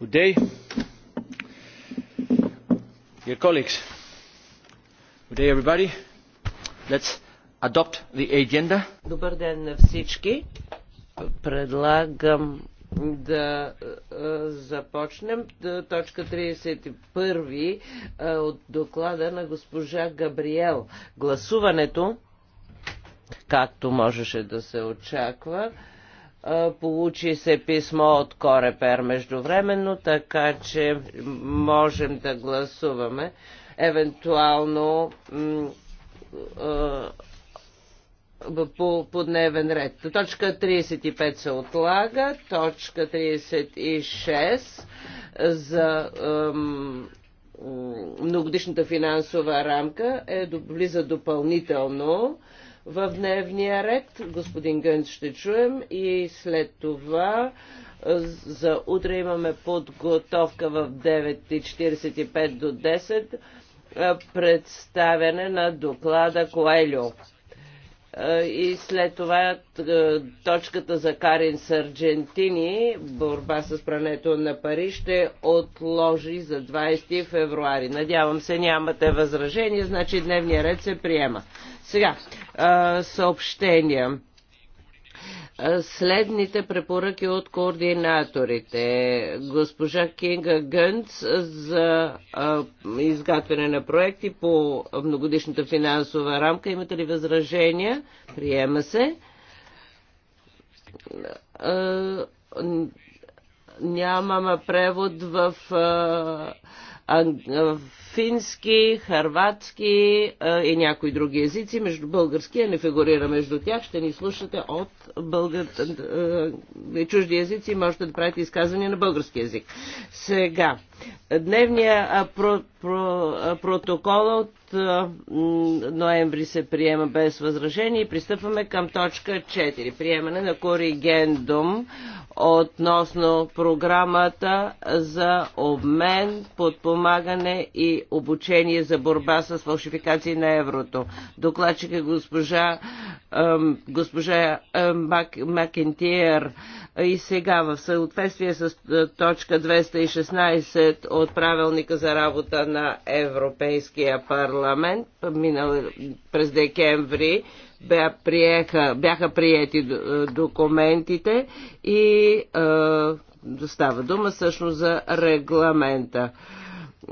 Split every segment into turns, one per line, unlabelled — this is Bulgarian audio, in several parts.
good day. Dear colleagues, good day everybody. Let's adopt the agenda. Добър ден на всички. Предлагам
да е, започнем точка 31 е, от доклада на госпожа Габриел. Гласуването, както можеше да се очаква, Получи се писмо от Корепер междувременно, така че можем да гласуваме евентуално по, по дневен ред. Точка 35 се отлага, точка 36 за ем, финансова рамка е, влиза допълнително в дневния ред. Господин Гънц ще чуем и след това за утре имаме подготовка в 9.45 до 10 представяне на доклада Коелю. Е, и след това е, точката за Карин Сарджентини, борба с прането на пари, ще отложи за 20 февруари. Надявам се нямате възражение, значи дневния ред се приема. Сега, е, съобщения следните препоръки от координаторите. Госпожа Кинга Гънц за изготвяне на проекти по многодишната финансова рамка. Имате ли възражения? Приема се. Нямаме превод в фински, хърватски и някои други езици. Между българския не фигурира между тях. Ще ни слушате от българ... чужди езици и можете да правите изказвания на български език. Сега, Дневния про, про, протокол от ноември се приема без възражение и пристъпваме към точка 4. Приемане на коригендум относно програмата за обмен, подпомагане и обучение за борба с фалшификации на еврото. Докладчика е госпожа, госпожа Мак, Макентиер. И сега в съответствие с е, точка 216 от правилника за работа на Европейския парламент, минал през декември, бя, приеха, бяха приети е, документите и е, става дума всъщност за регламента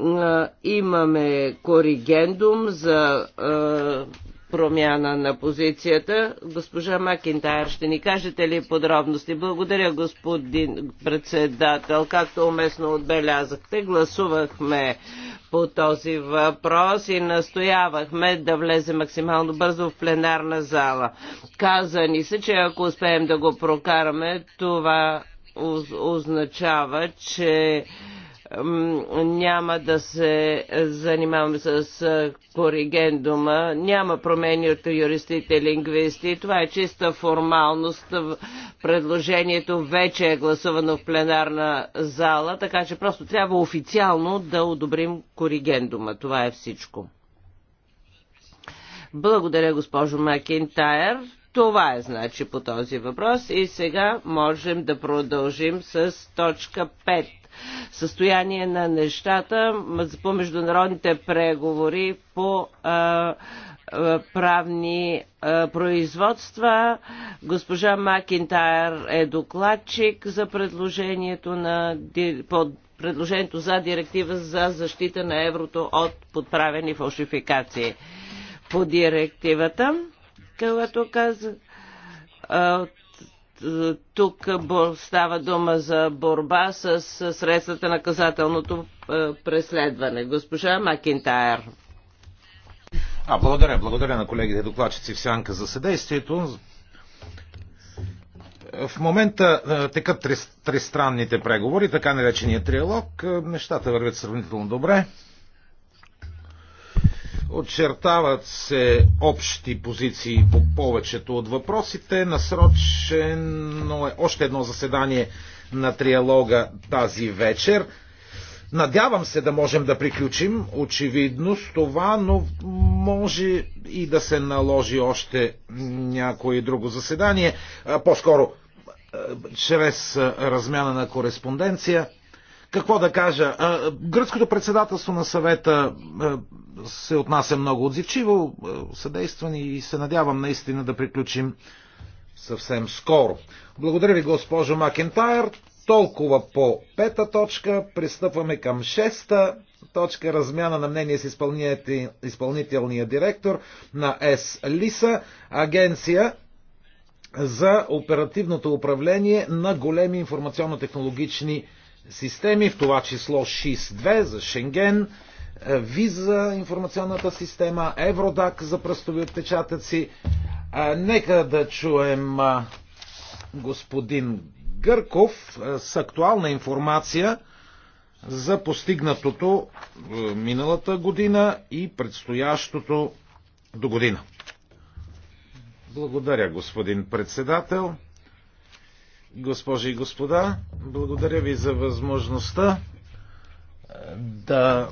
е, имаме коригендум за промяна на позицията. Госпожа Макинтайр, ще ни кажете ли подробности? Благодаря, господин председател. Както уместно отбелязахте, гласувахме по този въпрос и настоявахме да влезе максимално бързо в пленарна зала. Каза ни се, че ако успеем да го прокараме, това означава, че няма да се занимавам с коригендума, няма промени от юристите и лингвисти. Това е чиста формалност. Предложението вече е гласувано в пленарна зала, така че просто трябва официално да одобрим коригендума. Това е всичко. Благодаря, госпожо Макинтайр. Това е значи по този въпрос и сега можем да продължим с точка 5 състояние на нещата по международните преговори по правни производства. Госпожа Макинтайр е докладчик за предложението на под предложението за директива за защита на еврото от подправени фалшификации. По директивата, която каза, е, тук става дума за борба с средствата на казателното е, преследване. Госпожа Макинтайр.
А, благодаря. Благодаря на колегите докладчици в Сянка за съдействието. В момента е, текат тристранните преговори, така наречения триалог. Нещата вървят сравнително добре. Очертават се общи позиции по повечето от въпросите. Насрочено е още едно заседание на триалога тази вечер. Надявам се да можем да приключим, очевидно, с това, но може и да се наложи още някое друго заседание. По-скоро чрез размяна на кореспонденция. Какво да кажа? Гръцкото председателство на съвета се отнася много отзивчиво, съдействани и се надявам наистина да приключим съвсем скоро. Благодаря ви, госпожо Макентайр. Толкова по пета точка. Пристъпваме към шеста точка. Размяна на мнение с изпълнителния директор на С. Лиса, агенция за оперативното управление на големи информационно-технологични системи, в това число ШИС-2 за Шенген, е, виза информационната система, Евродак за пръстови отпечатъци. Е, нека да чуем е, господин Гърков с актуална информация за постигнатото миналата година и предстоящото до година. Благодаря, господин председател госпожи и господа, благодаря ви за възможността е, да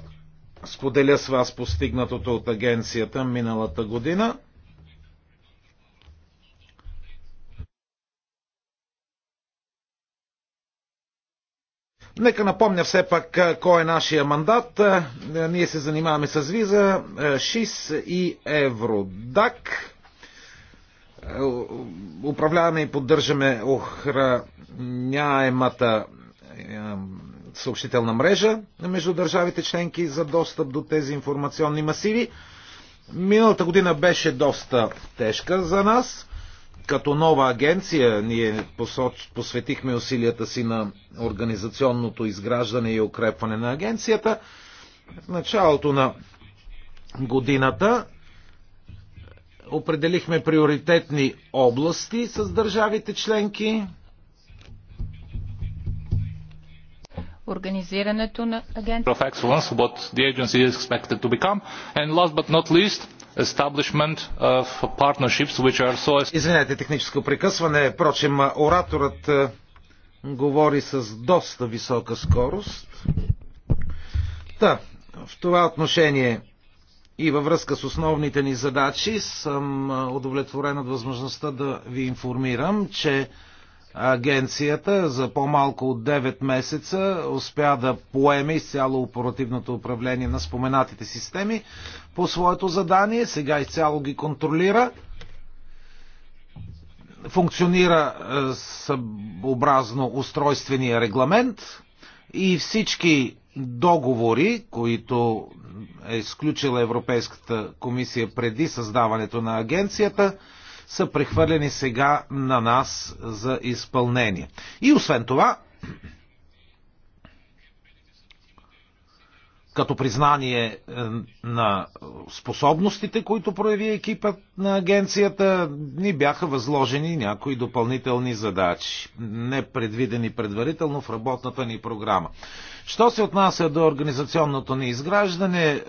споделя с вас постигнатото от агенцията миналата година. Нека напомня все пак е, кой е нашия мандат. Е, ние се занимаваме с виза, ШИС и Евродак. Е, управляваме и поддържаме охраняемата съобщителна мрежа между държавите членки за достъп до тези информационни масиви. Миналата година беше доста тежка за нас. Като нова агенция ние посветихме усилията си на организационното изграждане и укрепване на агенцията. В началото на годината определихме приоритетни области с държавите членки.
Организирането на агенцията.
So... Извинете, техническо прекъсване. Прочем, ораторът е, говори с доста висока скорост. Та, в това отношение и във връзка с основните ни задачи съм удовлетворен от възможността да ви информирам, че агенцията за по-малко от 9 месеца успя да поеме изцяло оперативното управление на споменатите системи по своето задание, сега изцяло ги контролира. Функционира съобразно устройствения регламент и всички договори, които е изключила Европейската комисия преди създаването на агенцията, са прехвърлени сега на нас за изпълнение. И освен това, като признание е, на способностите, които прояви екипът на агенцията, ни бяха възложени някои допълнителни задачи, непредвидени предварително в работната ни програма. Що се отнася до организационното ни изграждане, е,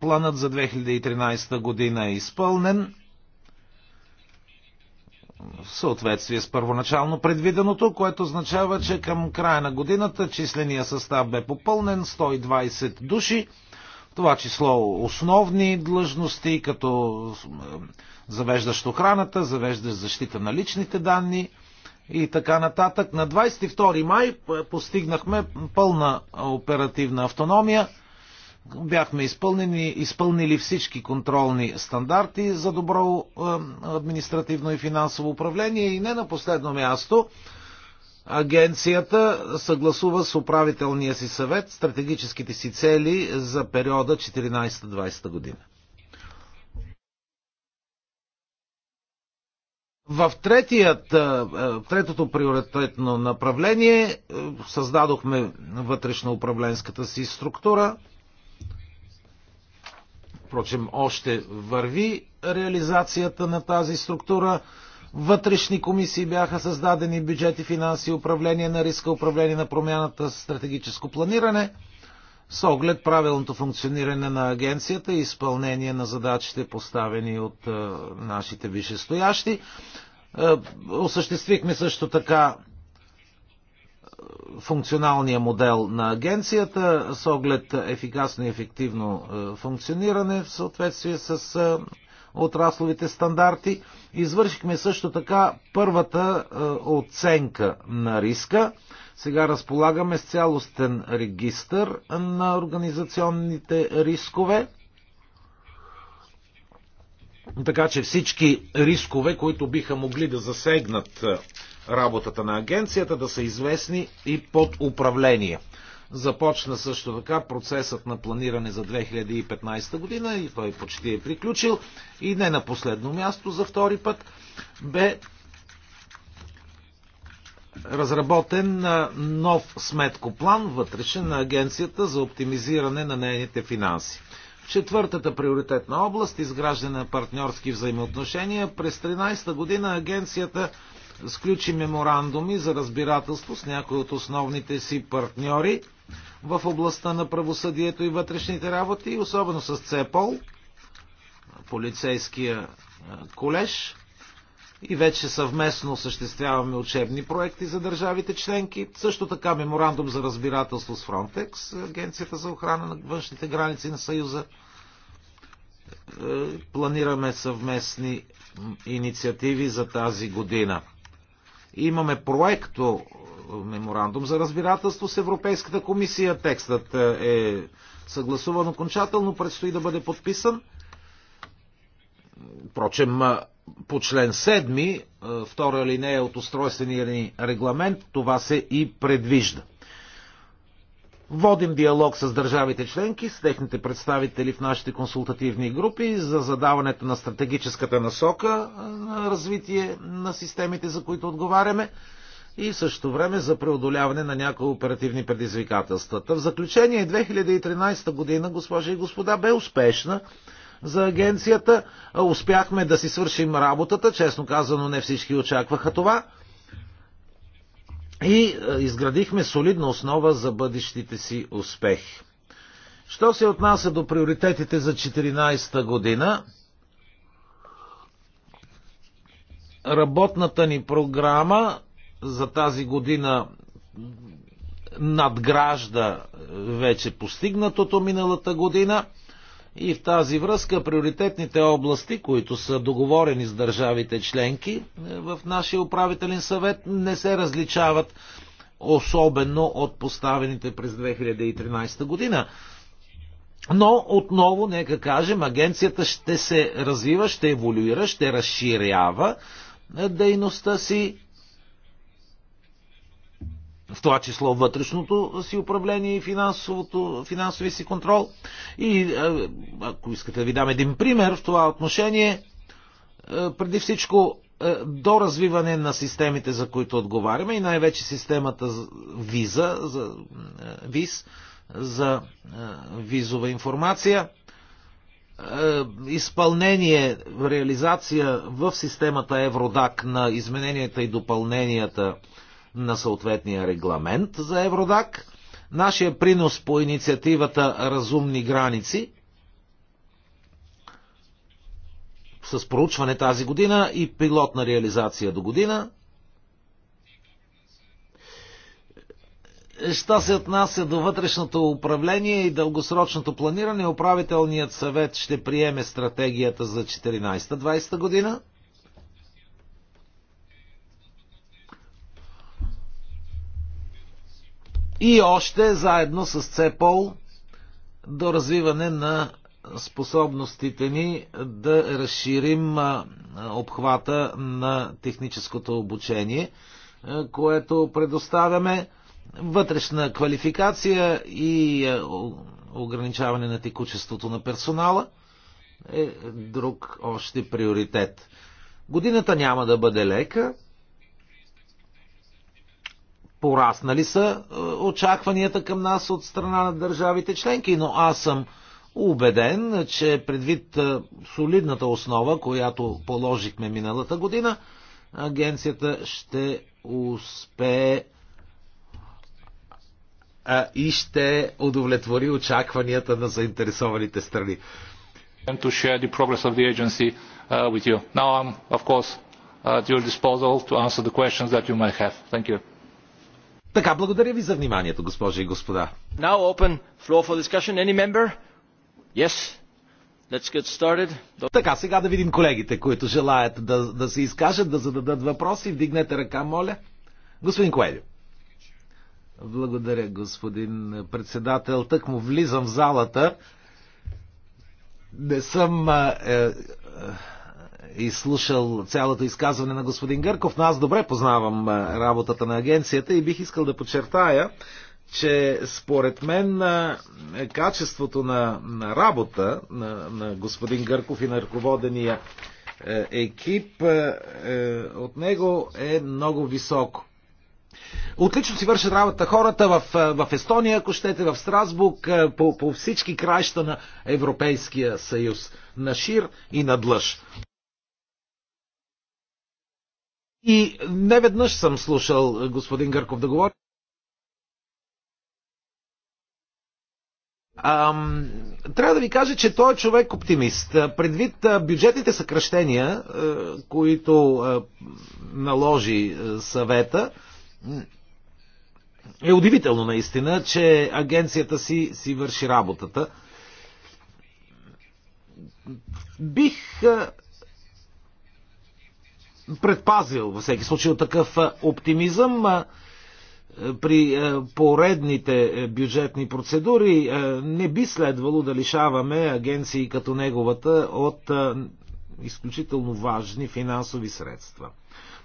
планът за 2013 година е изпълнен в съответствие с първоначално предвиденото, което означава, че към края на годината числения състав бе попълнен 120 души, в това число основни длъжности, като е, завеждащ охраната, завеждащ защита на личните данни и така нататък. На 22 май постигнахме пълна оперативна автономия – бяхме изпълнени, изпълнили всички контролни стандарти за добро е, административно и финансово управление и не на последно място агенцията съгласува с управителния си съвет стратегическите си цели за периода 14-20 година. В третият, е, е, третото приоритетно направление създадохме вътрешно управленската си структура – впрочем още върви реализацията на тази структура. Вътрешни комисии бяха създадени бюджети, финанси, управление на риска, управление на промяната, стратегическо планиране с оглед правилното функциониране на агенцията и изпълнение на задачите поставени от е, нашите висшестоящи. Е, осъществихме също така функционалния модел на агенцията с оглед ефикасно и ефективно е, функциониране в съответствие с е, отрасловите стандарти. Извършихме също така първата е, оценка на риска. Сега разполагаме с цялостен регистр на организационните рискове. Така че всички рискове, които биха могли да засегнат работата на агенцията, да са известни и под управление. Започна също така процесът на планиране за 2015 година и той почти е приключил. И не на последно място за втори път бе разработен нов сметкоплан вътрешен на агенцията за оптимизиране на нейните финанси. В четвъртата приоритетна област, изграждане на партньорски взаимоотношения, през 13-та година агенцията сключи меморандуми за разбирателство с някои от основните си партньори в областта на правосъдието и вътрешните работи, особено с ЦЕПОЛ, полицейския колеж, и вече съвместно осъществяваме учебни проекти за държавите членки. Също така меморандум за разбирателство с Фронтекс, Агенцията за охрана на външните граници на Съюза. Е, планираме съвместни инициативи за тази година. Имаме проекто меморандум за разбирателство с Европейската комисия. Текстът е, е съгласуван окончателно, предстои да бъде подписан. Впрочем, по член 7, втора линия от устройствения регламент, това се и предвижда. Водим диалог с държавите членки, с техните представители в нашите консултативни групи за задаването на стратегическата насока на развитие на системите, за които отговаряме и в същото време за преодоляване на някои оперативни предизвикателствата. В заключение 2013 година, госпожи и господа, бе успешна за агенцията. Успяхме да си свършим работата, честно казано не всички очакваха това и е, изградихме солидна основа за бъдещите си успехи. Що се отнася до приоритетите за 14-та година, работната ни програма за тази година надгражда е, вече постигнатото миналата година – и в тази връзка приоритетните области, които са договорени с държавите членки е, в нашия управителен съвет, не се различават особено от поставените през 2013 година. Но отново, нека кажем, агенцията ще се развива, ще еволюира, ще разширява е, дейността си в това число вътрешното си управление и финансови си контрол. И е, ако искате да ви дам един пример в това отношение, е, преди всичко е, до развиване на системите, за които отговаряме и най-вече системата виза, за, виз, за визова информация изпълнение, реализация в системата Евродак на измененията и допълненията на съответния регламент за Евродак. Нашия принос по инициативата Разумни граници с проучване тази година и пилотна реализация до година. Що се отнася до вътрешното управление и дългосрочното планиране, управителният съвет ще приеме стратегията за 14-20 година. и още заедно с ЦЕПОЛ до развиване на способностите ни да разширим обхвата на техническото обучение, което предоставяме вътрешна квалификация и ограничаване на текучеството на персонала е друг още приоритет. Годината няма да бъде лека, Пораснали са е, очакванията към нас от страна на държавите членки, но аз съм убеден, че предвид е, солидната основа, която положихме миналата година, агенцията ще успее е, и ще удовлетвори очакванията на заинтересованите страни. uh, with you. Now I'm, of course, uh, at your disposal to answer the questions that you might have. Thank you. Така, благодаря ви за вниманието, госпожи и господа.
Now open floor for discussion. Any member?
Yes. Let's get started. Така, сега да видим колегите, които желаят да, да се изкажат, да зададат въпроси. Вдигнете ръка, моля. Господин Коелю. Благодаря, господин председател. Тък му влизам в залата. Не съм... Е, е, изслушал цялото изказване на господин Гърков, но аз добре познавам е, работата на агенцията и бих искал да подчертая, че според мен е, е, качеството на, на работа на, на господин Гърков и на ръководения екип от него е много високо. Отлично си вършат работа хората в, в Естония, ако щете, в Страсбург, по, по всички краища на Европейския съюз, на шир и на длъж. И не веднъж съм слушал е, господин Гърков да говори. Ам, трябва да ви кажа, че той е човек оптимист. Е, предвид е, бюджетните съкръщения, които наложи съвета, е удивително наистина, че агенцията си, си върши работата. Бих предпазил във всеки случай от такъв оптимизъм. При поредните е, бюджетни процедури не би следвало да лишаваме агенции като неговата от изключително важни финансови средства.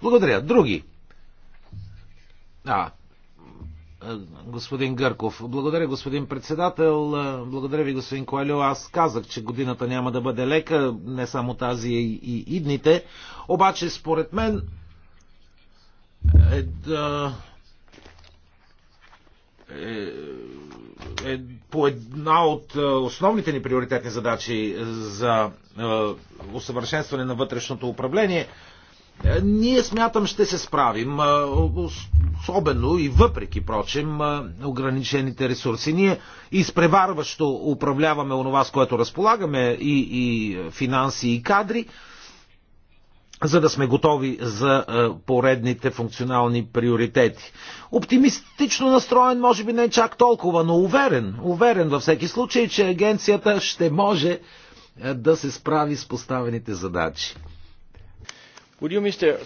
Благодаря. Други. А, господин Гърков. Благодаря, господин председател. Е, благодаря ви, господин Коалио. Аз казах, че годината няма да бъде лека, не само тази и, и идните. Обаче, според мен, е да... Е, е, е, по една от е, основните ни приоритетни задачи за е, усъвършенстване на вътрешното управление – е, ние смятам ще се справим, особено и въпреки, прочим, ограничените ресурси. Ние изпреварващо управляваме онова, с което разполагаме и, и е, финанси и кадри, за да сме готови за е, поредните функционални приоритети. Оптимистично настроен, може би не чак толкова, но уверен, уверен във всеки случай, че агенцията ще може да се справи с поставените задачи. Would you, Mr.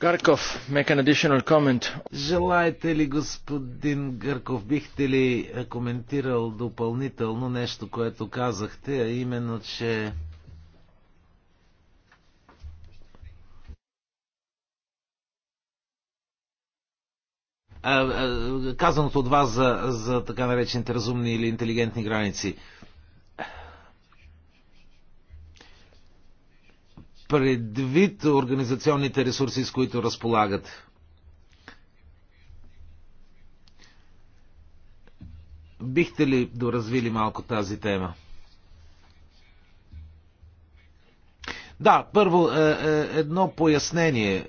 Гарков, make an additional comment? Желаете ли, господин Гърков, бихте ли е, коментирал допълнително нещо, което казахте, а именно, че казаното от вас за, за така наречените разумни или интелигентни граници – предвид организационните ресурси, с които разполагате? Бихте ли доразвили малко тази тема? Да, първо е, е, едно пояснение.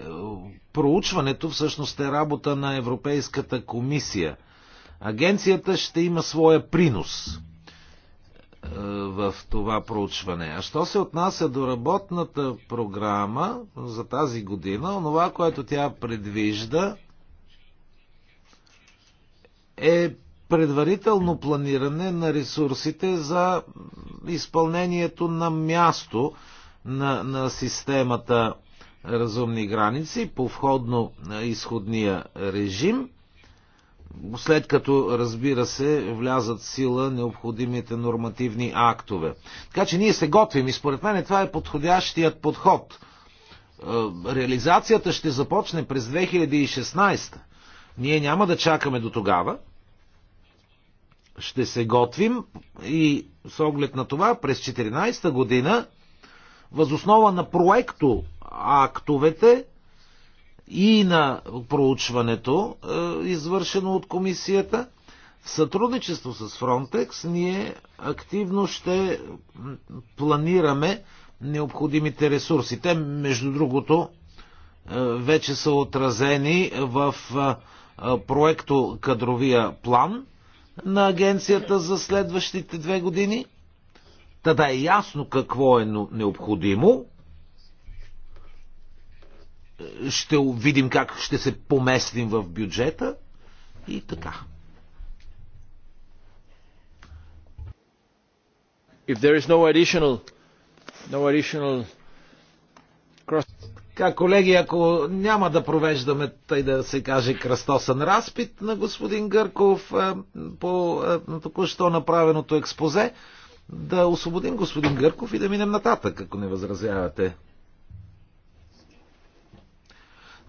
Проучването всъщност е работа на Европейската комисия. Агенцията ще има своя принос в това проучване. А що се отнася до работната програма за тази година, онова, което тя предвижда, е предварително планиране на ресурсите за изпълнението на място на, на системата разумни граници по входно-изходния режим – след като, разбира се, влязат в сила необходимите нормативни актове. Така че ние се готвим и според мен това е подходящият подход. Е, реализацията ще започне през 2016. Ние няма да чакаме до тогава. Ще се готвим и с оглед на това през 2014 година възоснова на проекто актовете и на проучването, е, извършено от комисията. В сътрудничество с Фронтекс ние активно ще планираме необходимите ресурси. Те, между другото, е, вече са отразени в е, проекто кадровия план на агенцията за следващите две години. Та да е ясно какво е необходимо ще видим как ще се поместим в бюджета и така. If there is no additional, no additional cross... Така, колеги, ако няма да провеждаме, тъй да се каже, кръстосен разпит на господин Гърков е, по е, току-що направеното експозе, да освободим господин Гърков и да минем нататък, ако не възразявате.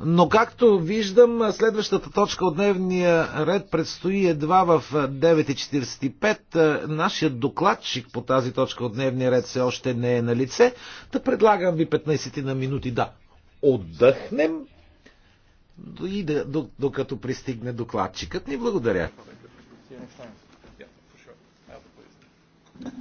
Но както виждам, следващата точка от дневния ред предстои едва в 9.45. Нашият докладчик по тази точка от дневния ред все още не е на лице. Да предлагам ви 15 на минути да отдъхнем и да, докато пристигне докладчикът ни. Благодаря. Thank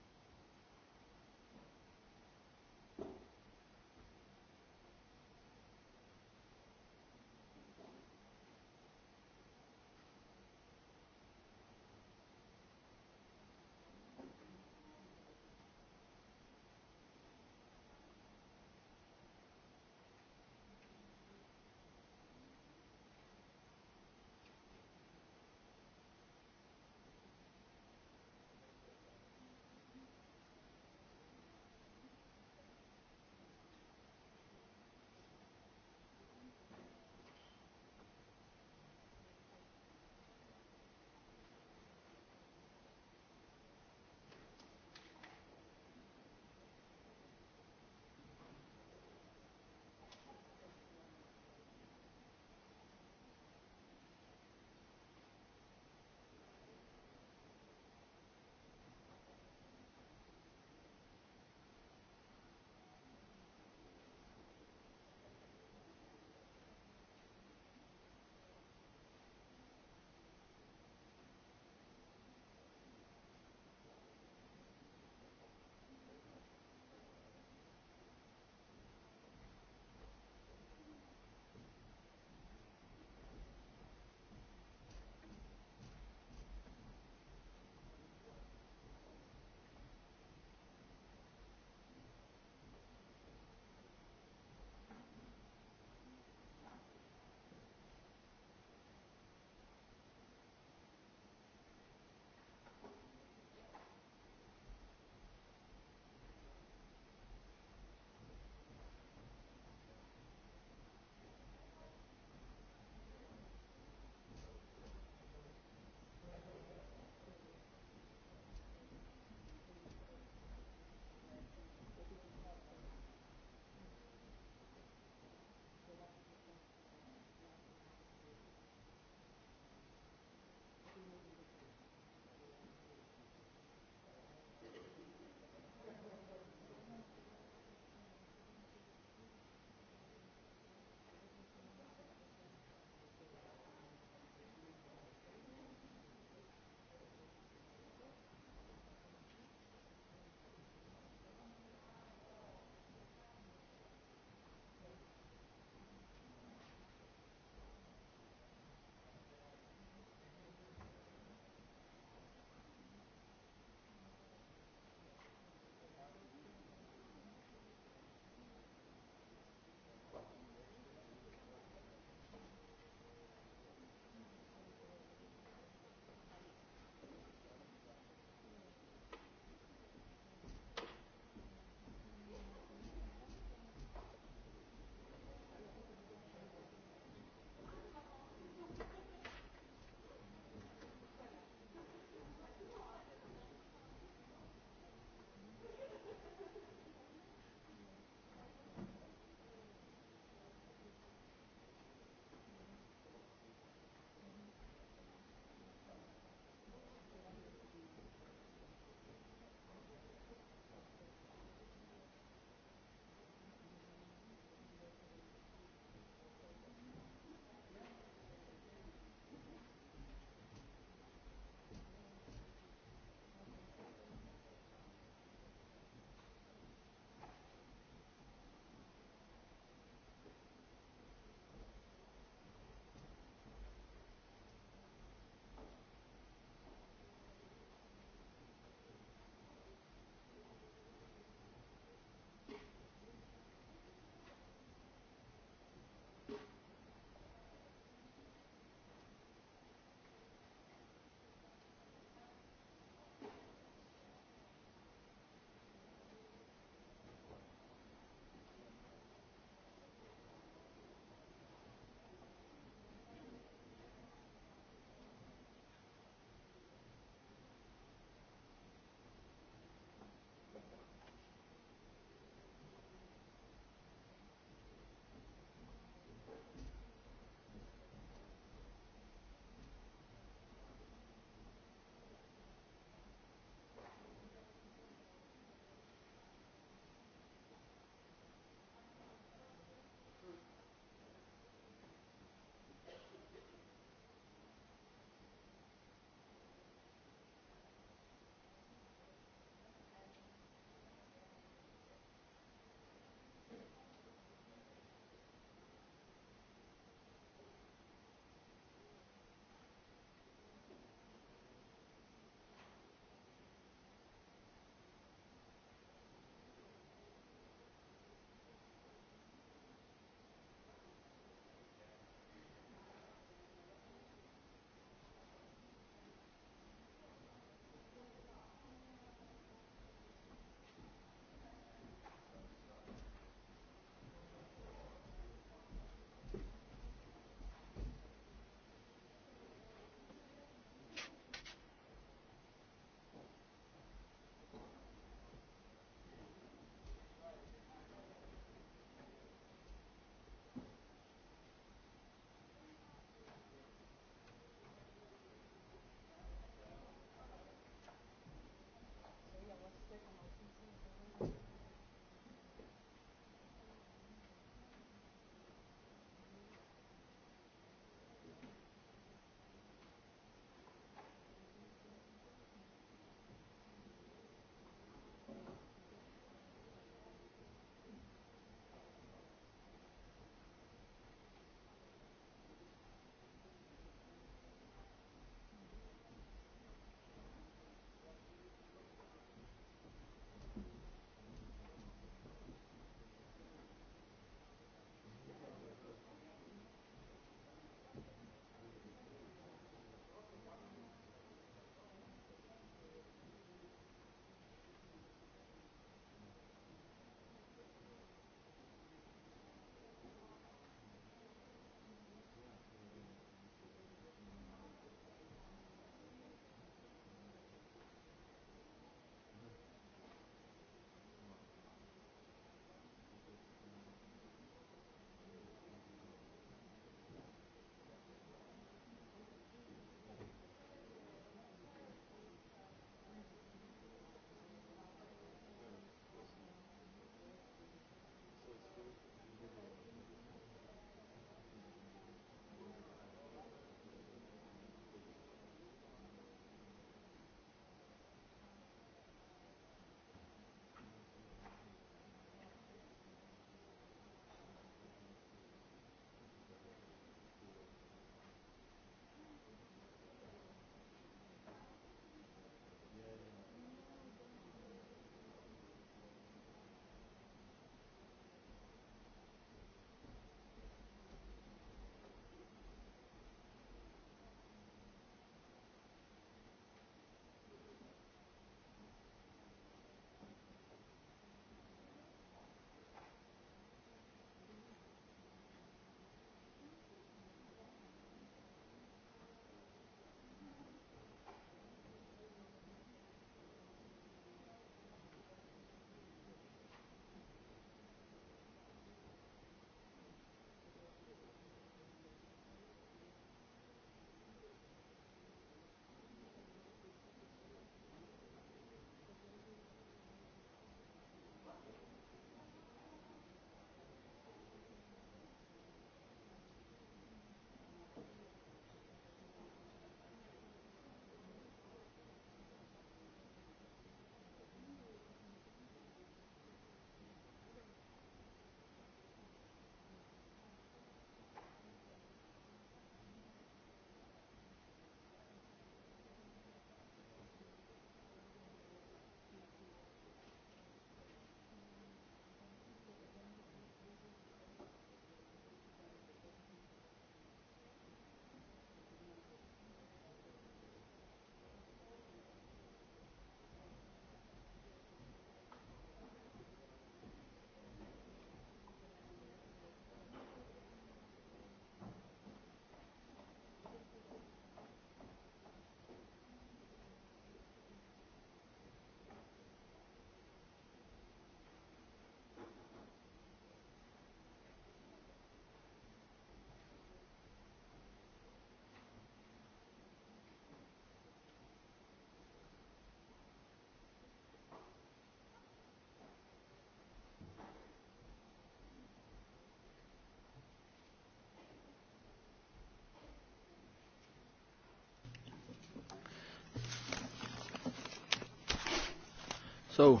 So.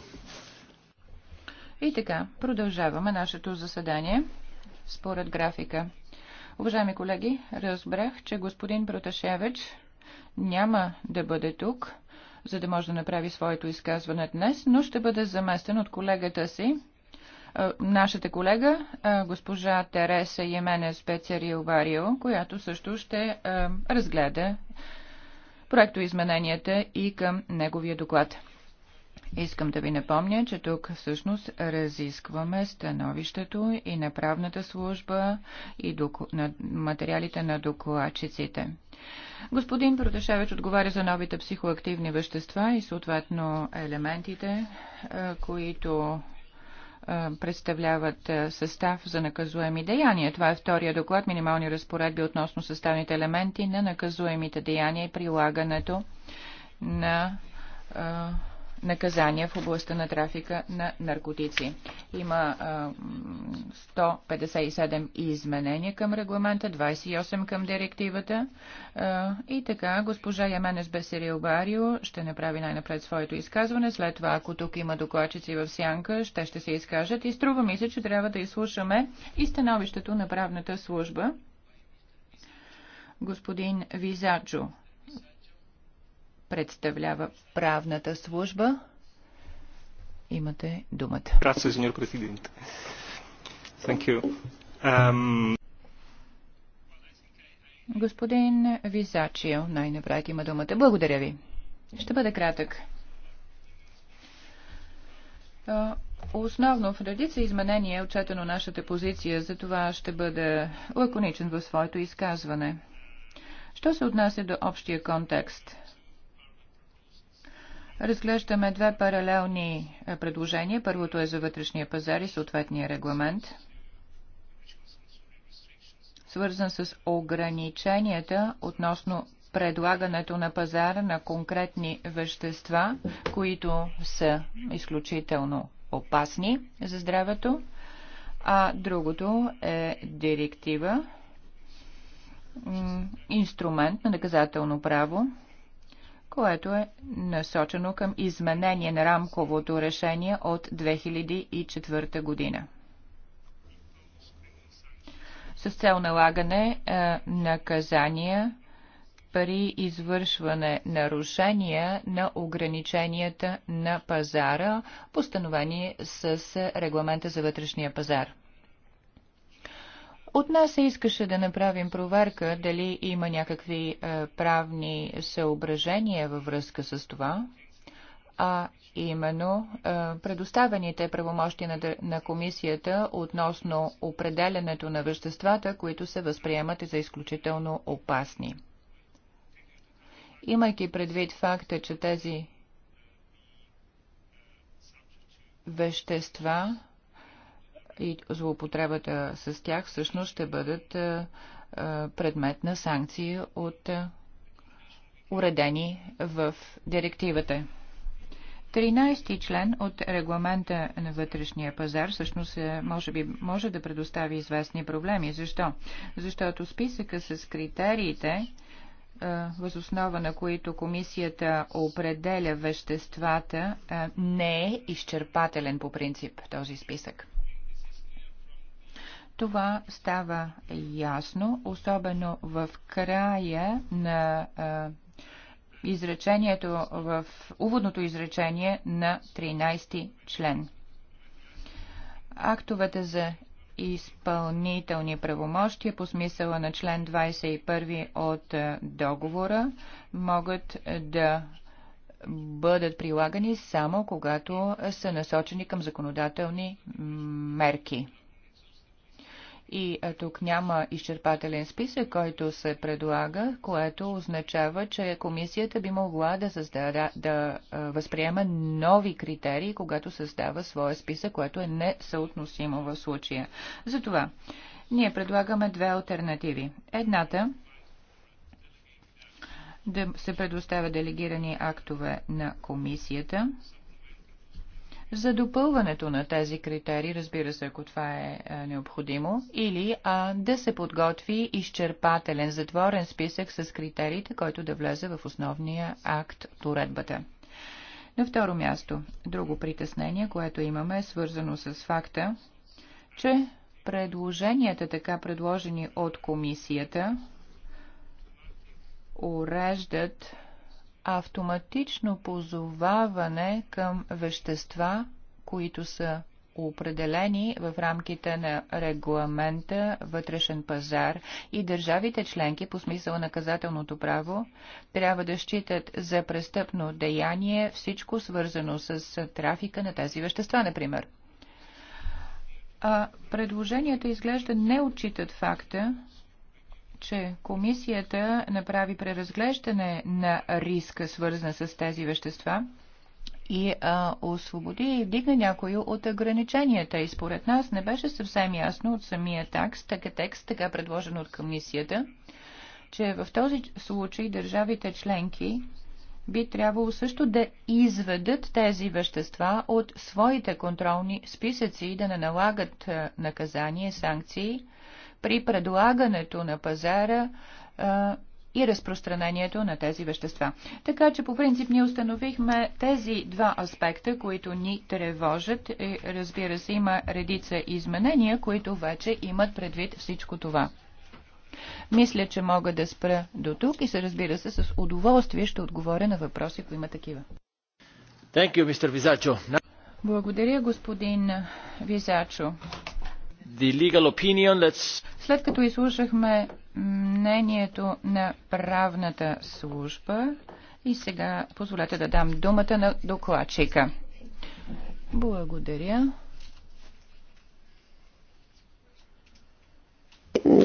И така, продължаваме нашето заседание според графика. Уважаеми колеги, разбрах, че господин Проташевич няма да бъде тук, за да може да направи своето изказване днес, но ще бъде заместен от колегата си, нашата колега, госпожа Тереса Йеменес Специарио Варио, която също ще разгледа проекто измененията и към неговия доклад. Искам да ви напомня, че тук всъщност разискваме становището и на правната служба и доку... на материалите на докладчиците. Господин Проташевич отговаря за новите психоактивни вещества и съответно елементите, които представляват състав за наказуеми деяния. Това е втория доклад минимални разпоредби относно съставните елементи на наказуемите деяния и прилагането на наказания в областта на трафика на наркотици. Има 157 изменения към регламента, 28 към директивата. И така, госпожа Яменес Бесерил Барио ще направи най-напред своето изказване. След това, ако тук има докладчици в сянка, ще ще се изкажат. И струва ми се, че трябва да изслушаме и становището на правната служба. Господин Визаджо представлява правната служба. Имате думата. Грация, сеньор президент. Thank you. Um... Господин Визачио, най-напред има думата. Благодаря ви. Ще бъде кратък. Основно в редица изменения е отчетено нашата позиция, за това ще бъда лаконичен в своето изказване. Що се отнася до общия контекст? Разглеждаме две паралелни е, предложения. Първото е за вътрешния пазар и съответния регламент, свързан с ограниченията относно предлагането на пазара на конкретни вещества, които са изключително опасни за здравето. А другото е директива, инструмент на наказателно право, което е насочено към изменение на рамковото решение от 2004 година. С цел налагане е, наказания при извършване нарушения на ограниченията на пазара, постановени с регламента за вътрешния пазар. От нас се искаше да направим проверка дали има някакви е, правни съображения във връзка с това, а именно е, предоставените правомощи на, на комисията относно определенето на веществата, които се възприемат за изключително опасни. Имайки предвид факта, че тези вещества и злоупотребата с тях всъщност ще бъдат е, е, предмет на санкции от е, уредени в директивата. 13 член от регламента на вътрешния пазар всъщност може би може да предостави известни проблеми. Защо? Защото списъка с критериите, възоснова на които комисията определя веществата, не е изчерпателен по принцип този списък. Това става ясно, особено в края на а, изречението, в уводното изречение на 13 член. Актовете за изпълнителни правомощия по смисъла на член 21 от договора могат да бъдат прилагани само когато са насочени към законодателни мерки. И тук няма изчерпателен списък, който се предлага, което означава, че комисията би могла да, създада, да възприема нови критерии, когато създава своя списък, което е несъотносимо в случая. Затова ние предлагаме две альтернативи. Едната да се предоставя делегирани актове на комисията за допълването на тези критерии, разбира се, ако това е, е необходимо, или а, да се подготви изчерпателен затворен списък с критериите, който да влезе в основния акт от уредбата. На второ място, друго притеснение, което имаме, е свързано с факта, че предложенията, така предложени от комисията, уреждат автоматично позоваване към вещества, които са определени в рамките на регламента вътрешен пазар и държавите членки по смисъл наказателното право трябва да считат за престъпно деяние всичко свързано с трафика на тези вещества, например. А предложенията изглежда не отчитат факта, че комисията направи преразглеждане на риска, свързан с тези вещества и а, освободи и вдигна някои от ограниченията. И според нас не беше съвсем ясно от самия такс, така текст, така предложен от комисията, че в този случай държавите членки би трябвало също да изведат тези вещества от своите контролни списъци и да не налагат наказания, санкции при предлагането на пазара а, и разпространението на тези вещества. Така че по принцип ние установихме тези два аспекта, които ни тревожат. И, е, разбира се, има редица изменения, които вече имат предвид всичко това. Мисля, че мога да спра до тук и се разбира се с удоволствие ще отговоря на въпроси, ако има такива.
Thank you, Mr.
Благодаря, господин Визачо
the legal opinion, let's...
След като изслушахме мнението на правната служба и сега позволете да дам думата на докладчика. Благодаря.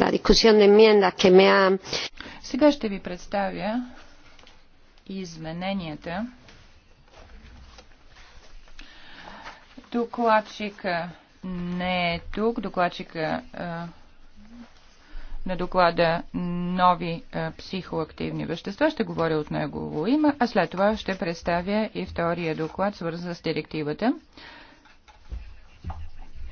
La discusión de enmiendas que me ha... Сега ще ви представя измененията. Докладчика не е тук. Докладчика е, на доклада нови е, психоактивни вещества. Ще говоря от негово има, а след това ще представя и втория доклад, свързан с директивата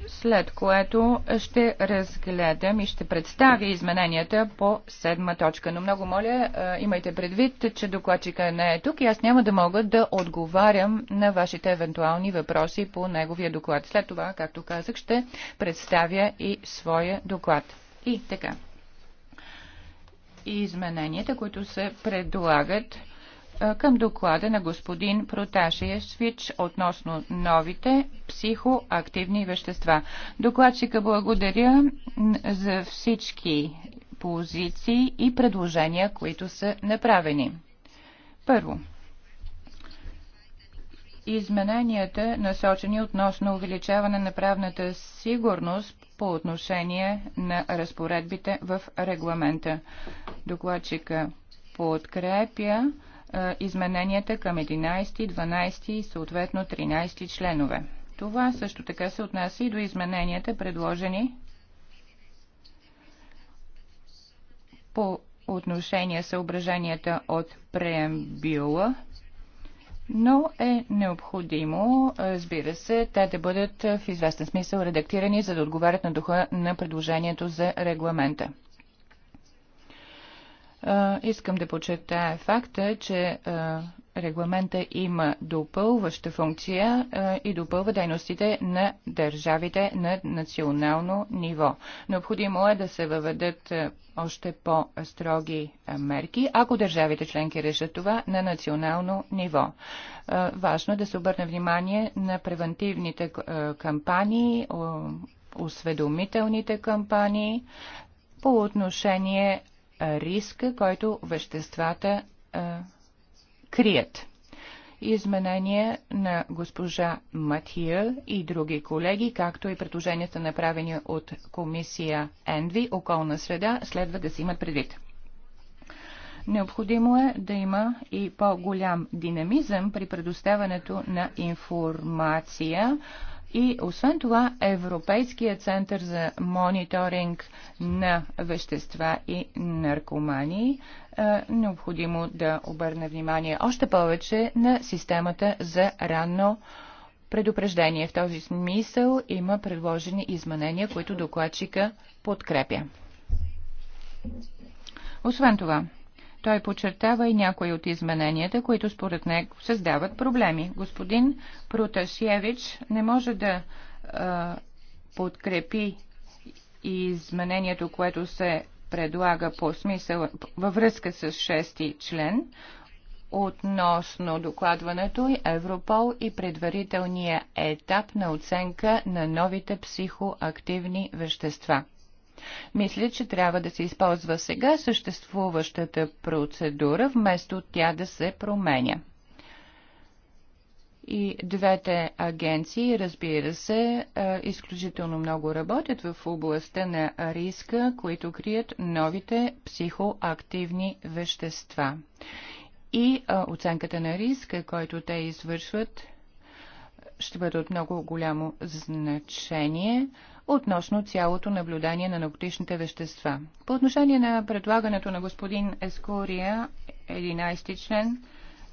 след което ще разгледам и ще представя измененията по седма точка. Но много моля, е, имайте предвид, че докладчика не е тук и аз няма да мога да отговарям на вашите евентуални въпроси по неговия доклад. След това, както казах, ще представя и своя доклад. И така. Измененията, които се предлагат към доклада на господин Свич относно новите психоактивни вещества. Докладчика благодаря за всички позиции и предложения, които са направени. Първо, измененията, насочени относно увеличаване на правната сигурност по отношение на разпоредбите в регламента. Докладчика подкрепя е, измененията към 11, 12 и съответно 13 членове. Това също така се отнася и до измененията, предложени по отношение съображенията от преамбюла, но е необходимо, разбира се, те да бъдат в известен смисъл редактирани, за да отговарят на духа на предложението за регламента. Искам да подчертая факта, че регламента има допълваща функция и допълва дейностите на държавите на национално ниво. Необходимо е да се въведат още по-строги мерки, ако държавите членки решат това на национално ниво. Важно е да се обърне внимание на превентивните кампании, осведомителните кампании по отношение риска, който веществата а, крият. Изменение на госпожа Матия и други колеги, както и предложенията направени от комисия ЕНВИ, околна среда, следва да се имат предвид. Необходимо е да има и по-голям динамизъм при предоставянето на информация и освен това, Европейския център за мониторинг на вещества и наркомании е необходимо да обърне внимание още повече на системата за ранно предупреждение. В този смисъл има предложени изменения, които докладчика подкрепя. Освен това, той подчертава и някои от измененията, които според него създават проблеми. Господин Протасевич не може да а, подкрепи изменението, което се предлага по смисъл във връзка с шести член относно докладването и Европол и предварителния етап на оценка на новите психоактивни вещества. Мисля, че трябва да се използва сега съществуващата процедура, вместо тя да се променя. И двете агенции, разбира се, е, изключително много работят в областта на риска, които крият новите психоактивни вещества. И е, оценката на риска, който те извършват, ще бъде от много голямо значение относно цялото наблюдение на наркотичните вещества. По отношение на предлагането на господин Ескория, 11 член,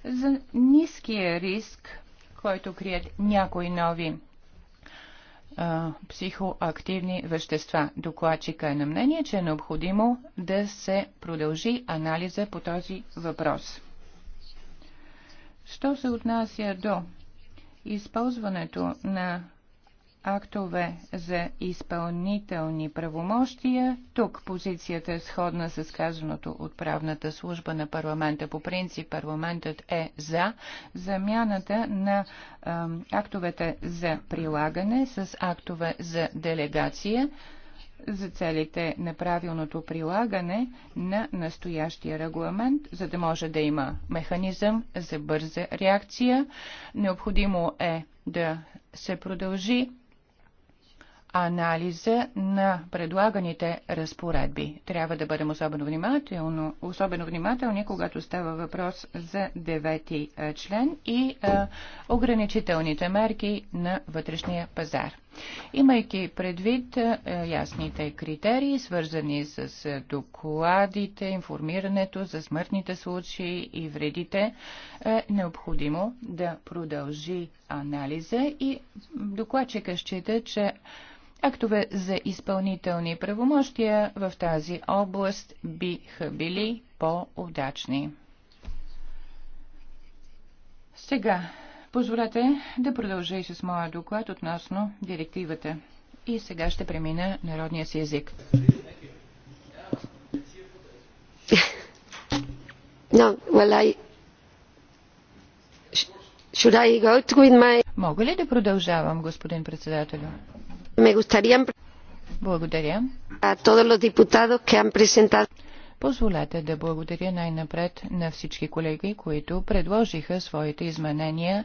за ниския риск, който крият някои нови психоактивни вещества. Докладчика е на мнение, че е необходимо да се продължи анализа по този въпрос. Що се отнася до използването на актове за изпълнителни правомощия. Тук позицията е сходна с казаното от правната служба на парламента. По принцип парламентът е за замяната на а, актовете за прилагане с актове за делегация за целите на правилното прилагане на настоящия регламент, за да може да има механизъм за бърза реакция. Необходимо е да се продължи анализа на предлаганите разпоредби. Трябва да бъдем особено, внимателно, особено внимателни, когато става въпрос за девети член и а, ограничителните мерки на вътрешния пазар. Имайки предвид а, ясните критерии, свързани с а, докладите, информирането за смъртните случаи и вредите, е необходимо да продължи анализа и докладчика счита, че Актове за изпълнителни правомощия в тази област биха били по-удачни. Сега, позволете да продължа и с моя доклад относно директивата. И сега ще премина народния си език. No, well, I... Should I go my... Мога ли да продължавам, господин председателю? Me gustaría... Благодаря. A todos los diputados que han presentado... Позволете да благодаря най-напред на всички колеги, които предложиха своите изменения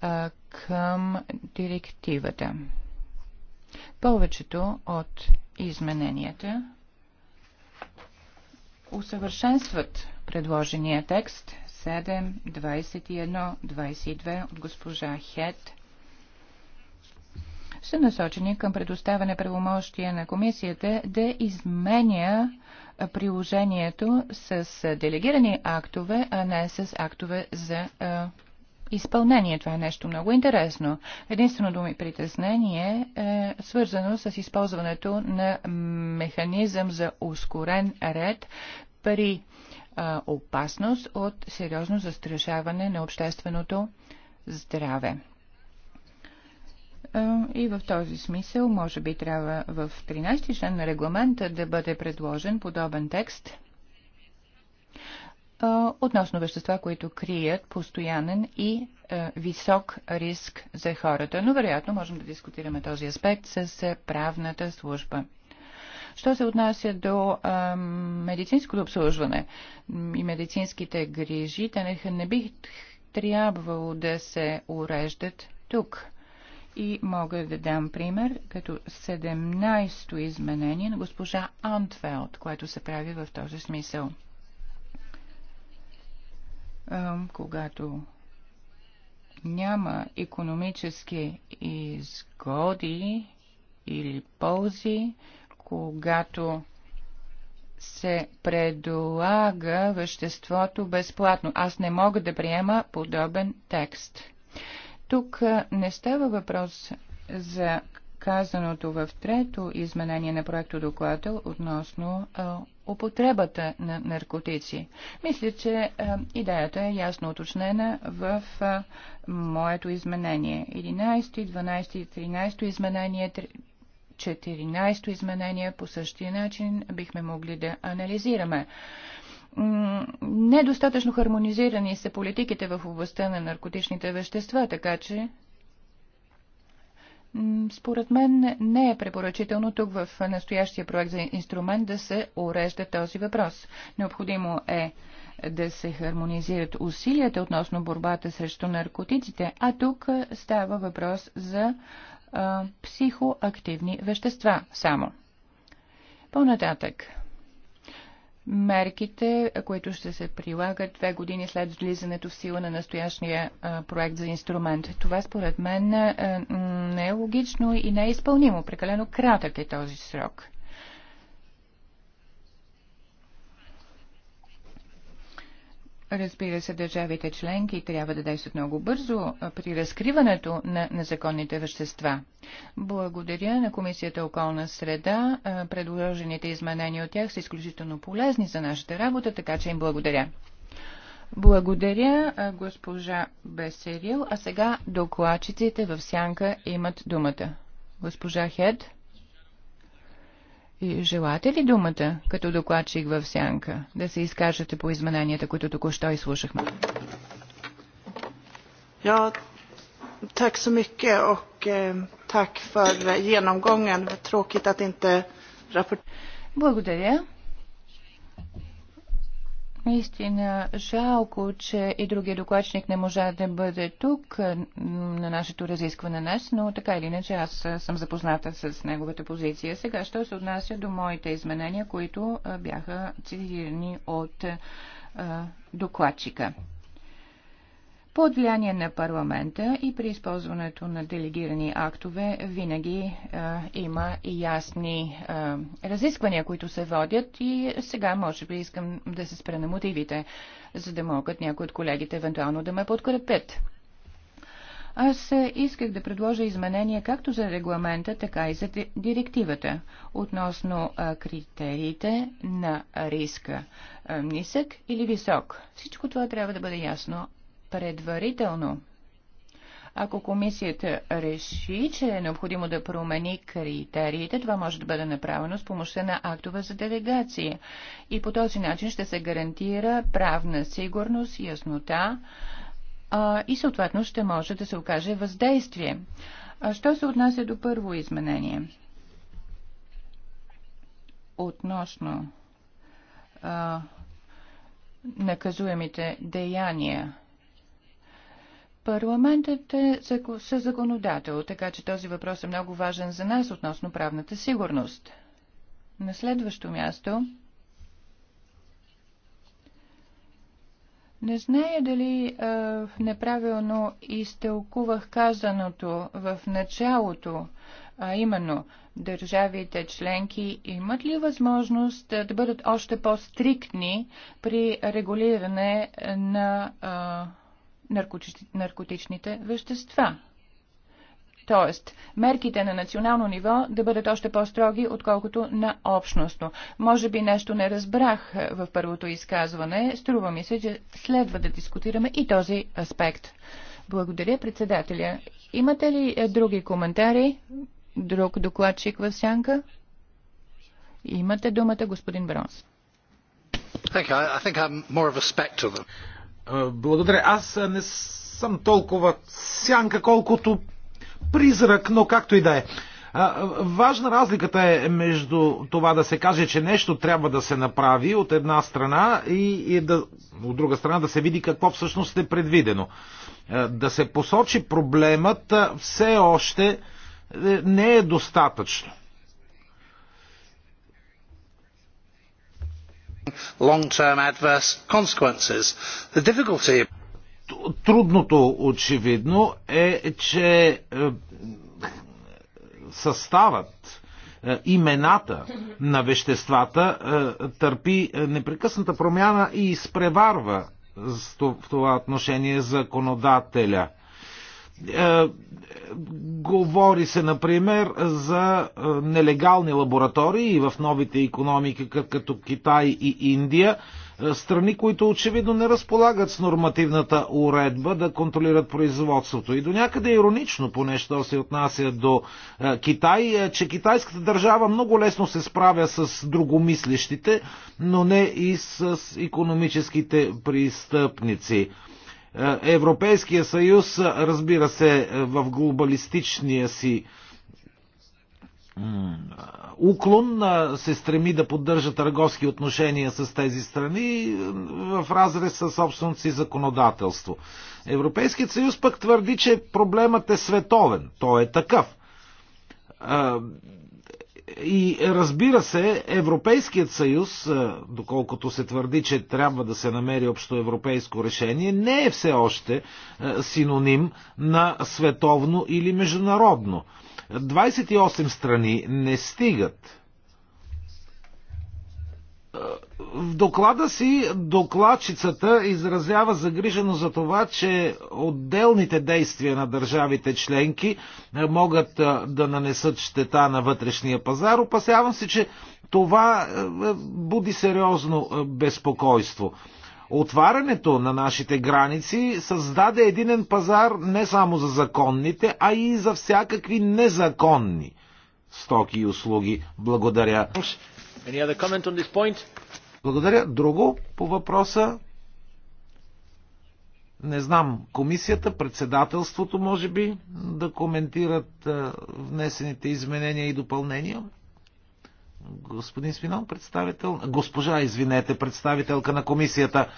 а, към директивата. Повечето от измененията усъвършенстват предложения текст 7, 21, 22 от госпожа Хет, са насочени към предоставяне правомощия на комисията да изменя приложението с делегирани актове, а не с актове за изпълнение. Това е нещо много интересно. Единственото ми притеснение е свързано с използването на механизъм за ускорен ред при опасност от сериозно застрашаване на общественото здраве. И в този смисъл, може би трябва в 13-ти член на регламента да бъде предложен подобен текст относно вещества, които крият постоянен и висок риск за хората. Но вероятно можем да дискутираме този аспект с правната служба. Що се отнася до медицинското обслужване и медицинските грижи, те не, не бих трябвало да се уреждат тук. И мога да дам пример като 17-то изменение на госпожа Антфелд, което се прави в този смисъл. Когато няма економически изгоди или ползи, когато се предлага веществото безплатно. Аз не мога да приема подобен текст. Тук не става въпрос за казаното в трето изменение на проекто доклада относно а, употребата на наркотици. Мисля, че а, идеята е ясно уточнена в а, моето изменение. 11, 12, 13 изменение, 14 изменение по същия начин бихме могли да анализираме недостатъчно хармонизирани са политиките в областта на наркотичните вещества, така че според мен не е препоръчително тук в настоящия проект за инструмент да се урежда този въпрос. Необходимо е да се хармонизират усилията относно борбата срещу наркотиците, а тук става въпрос за а, психоактивни вещества само. По-нататък мерките, които ще се прилагат две години след влизането в сила на настоящия проект за инструмент. Това според мен не е логично и не е изпълнимо. Прекалено кратък е този срок. Разбира се, държавите членки трябва да действат много бързо при разкриването на незаконните вещества. Благодаря на Комисията околна среда. Предложените изменения от тях са изключително полезни за нашата работа, така че им благодаря. Благодаря, госпожа Бесерил. А сега докладчиците в сянка имат думата. Госпожа Хед. И желаете ли думата, като докладчик в сянка, да се изкажете по измененията, които току-що изслушахме? Я, так са mycket och так eh, tack för genomgången. Tråkigt att inte Благодаря. Наистина жалко, че и другия докладчник не можа да бъде тук на нашето разискване днес, но така или иначе аз съм запозната с неговата позиция. Сега, що се отнася до моите изменения, които бяха цитирани от докладчика. Под влияние на парламента и при използването на делегирани актове винаги а, е, има и ясни а, е, разисквания, които се водят и сега може би искам да се спра на мотивите, за да могат някои от колегите евентуално да ме подкрепят. Аз е, исках да предложа изменения както за регламента, така и за директивата относно критериите на риска нисък или висок. Всичко това трябва да бъде ясно предварително. Ако комисията реши, че е необходимо да промени критериите, това може да бъде направено с помощта на актове за делегация. И по този начин ще се гарантира правна сигурност, яснота а, и съответно ще може да се окаже въздействие. А що се отнася до първо изменение? Относно а, наказуемите деяния Парламентът е законодател, така че този въпрос е много важен за нас относно правната сигурност. На следващо място Не зная дали а, неправилно изтълкувах казаното в началото, а именно държавите членки имат ли възможност да бъдат още по-стриктни при регулиране на а, наркотичните вещества. Тоест, мерките на национално ниво да бъдат още по-строги, отколкото на общностно. Може би нещо не разбрах е, в първото изказване. Струва ми се, че следва да дискутираме и този аспект. Благодаря, председателя. Имате ли е, други коментари? Друг докладчик в сянка? Имате думата, господин Бронс.
Е, благодаря. Аз е, не съм толкова сянка, колкото призрак, но както и да е. е. Важна разликата е между това да се каже, че нещо трябва да се направи от една страна и, и да, от друга страна да се види какво всъщност е предвидено. Да се посочи проблемът все още не е достатъчно. long-term adverse consequences. The difficulty... Трудното очевидно е, че е, съставът, е, имената на веществата е, търпи непрекъсната промяна и изпреварва в това отношение законодателя. Е, говори се, например, за е, нелегални лаборатории в новите економики, като Китай и Индия, е, страни, които очевидно не разполагат с нормативната уредба да контролират производството. И до някъде иронично, поне що се отнася до Китай, че китайската държава много лесно се справя с другомислещите, но не и с економическите престъпници. Е, Европейския съюз, разбира се, е, в глобалистичния си уклон се стреми да поддържа търговски отношения с тези страни в разрез с собственото си законодателство. Европейският съюз пък твърди, че проблемът е световен. Той е такъв. И разбира се, Европейският съюз, е, доколкото се твърди, че трябва да се намери общо европейско решение, не е все още е, синоним на световно или международно. 28 страни не стигат в доклада си докладчицата изразява загрижено за това, че отделните действия на държавите членки е, могат е, да нанесат щета на вътрешния пазар. Опасявам се, че това е, буди сериозно безпокойство. Отварянето на нашите граници създаде единен пазар не само за законните, а и за всякакви незаконни стоки и услуги. Благодаря. Any other comment on this point? Благодаря. Друго по въпроса? Не знам, комисията, председателството може би да коментират е, внесените изменения и допълнения. Господин Свинон, представител... Госпожа, извинете, представителка на комисията.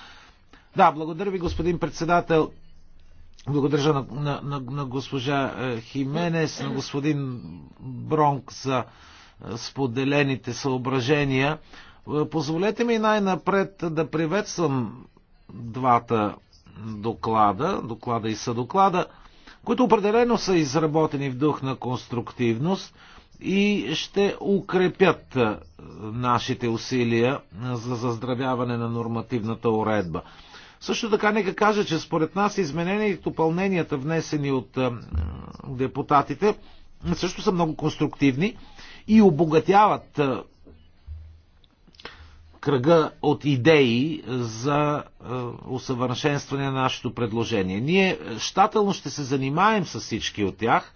Да, благодаря ви, господин председател. Благодаря на, на, на, на госпожа е, Хименес, на господин Бронк за споделените съображения. Е, позволете ми най-напред да приветствам двата доклада, доклада и съдоклада, които определено са изработени в дух на конструктивност и ще укрепят е, нашите усилия за заздравяване на нормативната уредба. Също така нека кажа, че според нас изменения и допълненията, внесени от е, депутатите, също са много конструктивни и обогатяват кръга от идеи за усъвършенстване на нашето предложение. Ние щателно ще се занимаем с всички от тях,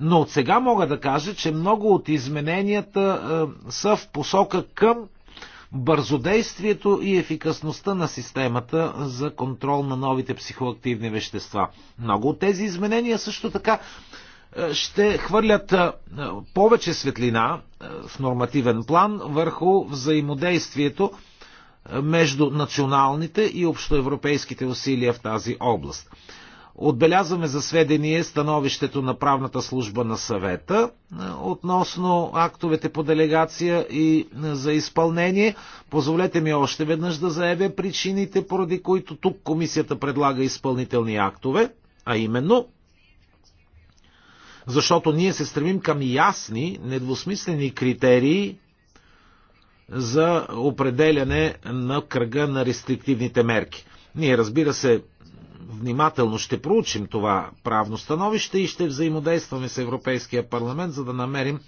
но от сега мога да кажа, че много от измененията са в посока към бързодействието и ефикасността на системата за контрол на новите психоактивни вещества. Много от тези изменения също така е, ще хвърлят е, повече светлина е, в нормативен план върху взаимодействието между националните и общоевропейските усилия в тази област. Отбелязваме за сведение становището на правната служба на съвета относно актовете по делегация и за изпълнение. Позволете ми още веднъж да заявя причините, поради които тук комисията предлага изпълнителни актове, а именно защото ние се стремим към ясни, недвусмислени критерии за определяне на кръга на рестриктивните мерки. Ние, разбира се, внимателно ще проучим това правно становище и ще взаимодействаме с Европейския парламент, за да намерим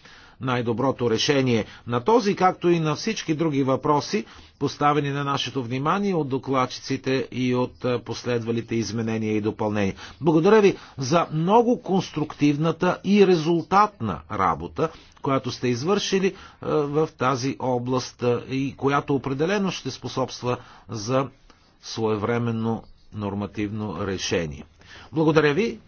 най-доброто решение на този, както и на всички други въпроси, поставени на нашето внимание от докладчиците и от последвалите изменения и допълнения. Благодаря ви за много конструктивната и резултатна работа, която сте извършили в тази област и която определено ще способства за своевременно нормативно решение. Благодаря ви.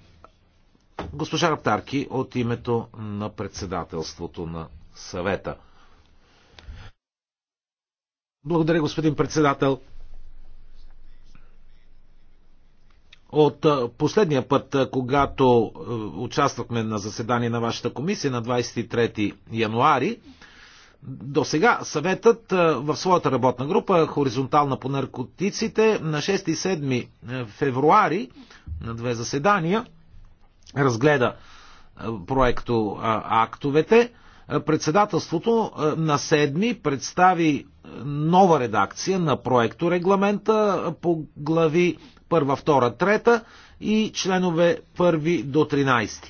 Госпожа Раптарки от името на председателството на съвета. Благодаря, господин председател. От последния път, когато участвахме на заседание на вашата комисия на 23 януари, до сега съветът в своята работна група, хоризонтална по наркотиците, на 6 и 7 февруари, на две заседания, разгледа е, проекто е, актовете, е, председателството на седми представи нова редакция на проекто регламента по глави 1, 2, 3 и членове 1 до 13.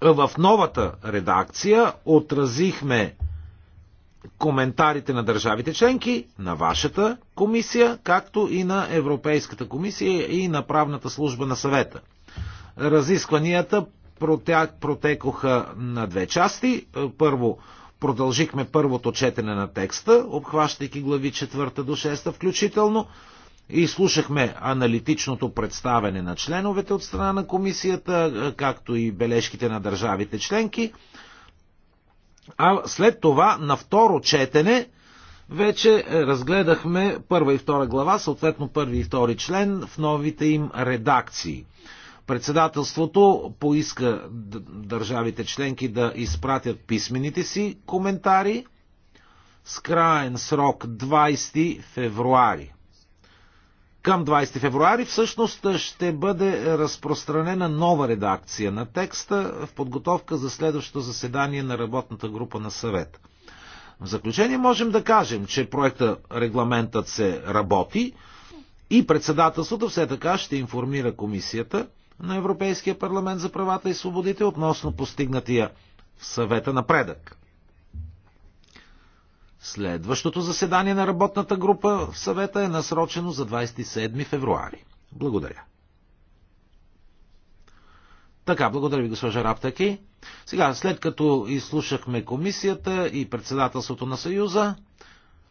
В новата редакция отразихме коментарите на държавите членки, на вашата комисия, както и на Европейската комисия и на правната служба на съвета – Разискванията протекоха на две части. Първо, продължихме първото четене на текста, обхващайки глави 4 до 6 включително. И слушахме аналитичното представене на членовете от страна на комисията, както и бележките на държавите членки. А след това на второ четене вече разгледахме първа и втора глава, съответно първи и втори член в новите им редакции. Председателството поиска държавите членки да изпратят писмените си коментари с краен срок 20 февруари. Към 20 февруари всъщност ще бъде разпространена нова редакция на текста в подготовка за следващото заседание на работната група на съвет. В заключение можем да кажем, че проекта регламентът се работи и председателството все така ще информира комисията на Европейския парламент за правата и свободите относно постигнатия в съвета напредък. Следващото заседание на работната група в съвета е насрочено за 27 февруари. Благодаря. Така, благодаря ви, госпожа Раптаки. Сега, след като изслушахме комисията и председателството на Съюза,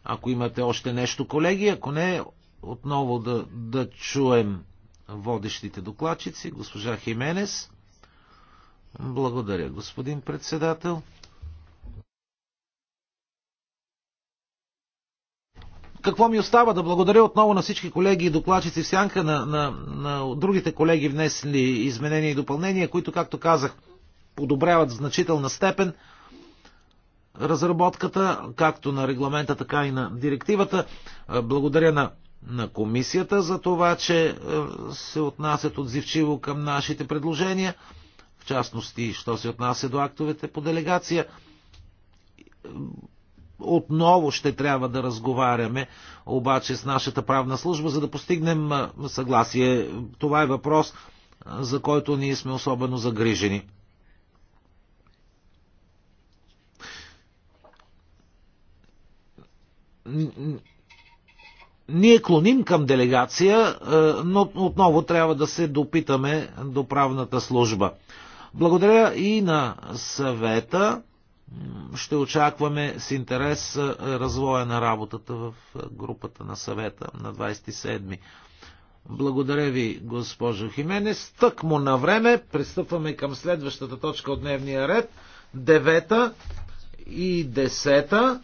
ако имате още нещо, колеги, ако не, отново да, да чуем водещите докладчици, госпожа Хименес. Благодаря, господин председател. Какво ми остава да благодаря отново на всички колеги и докладчици в сянка, на, на, на другите колеги внесли изменения и допълнения, които, както казах, подобряват в значителна степен разработката, както на регламента, така и на директивата. Благодаря на на комисията за това, че е, се отнасят отзивчиво към нашите предложения, в частности, що се отнася до актовете по делегация. Отново ще трябва да разговаряме обаче с нашата правна служба, за да постигнем е, съгласие. Това е въпрос, е, за който ние сме особено загрижени. Ние клоним към делегация, е, но отново трябва да се допитаме до правната служба. Благодаря и на съвета. Ще очакваме с интерес е, развоя на работата в групата на съвета на 27. Благодаря ви, госпожо Хименес. му на време пристъпваме към следващата точка от дневния ред. Девета и десета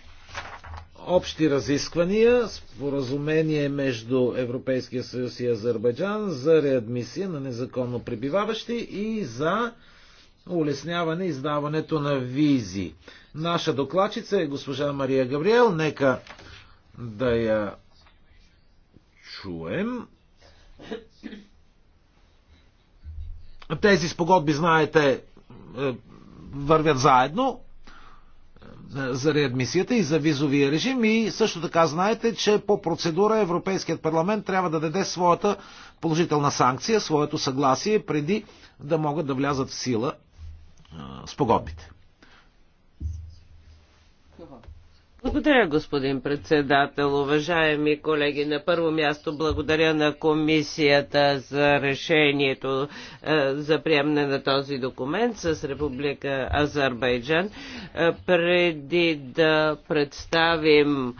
общи разисквания, споразумение между Европейския съюз и Азербайджан за реадмисия на незаконно пребиваващи и за улесняване издаването на визи. Наша докладчица е госпожа Мария Габриел. Нека да я чуем. Тези спогодби, знаете, е, вървят заедно за реадмисията и за визовия режим и също така знаете, че по процедура Европейският парламент трябва да даде своята положителна санкция, своето съгласие преди да могат да влязат в сила спогодбите. Благодаря, господин
председател. Уважаеми колеги, на първо място благодаря на комисията за решението е, за приемане на този документ с Република Азербайджан. Е, преди да представим е,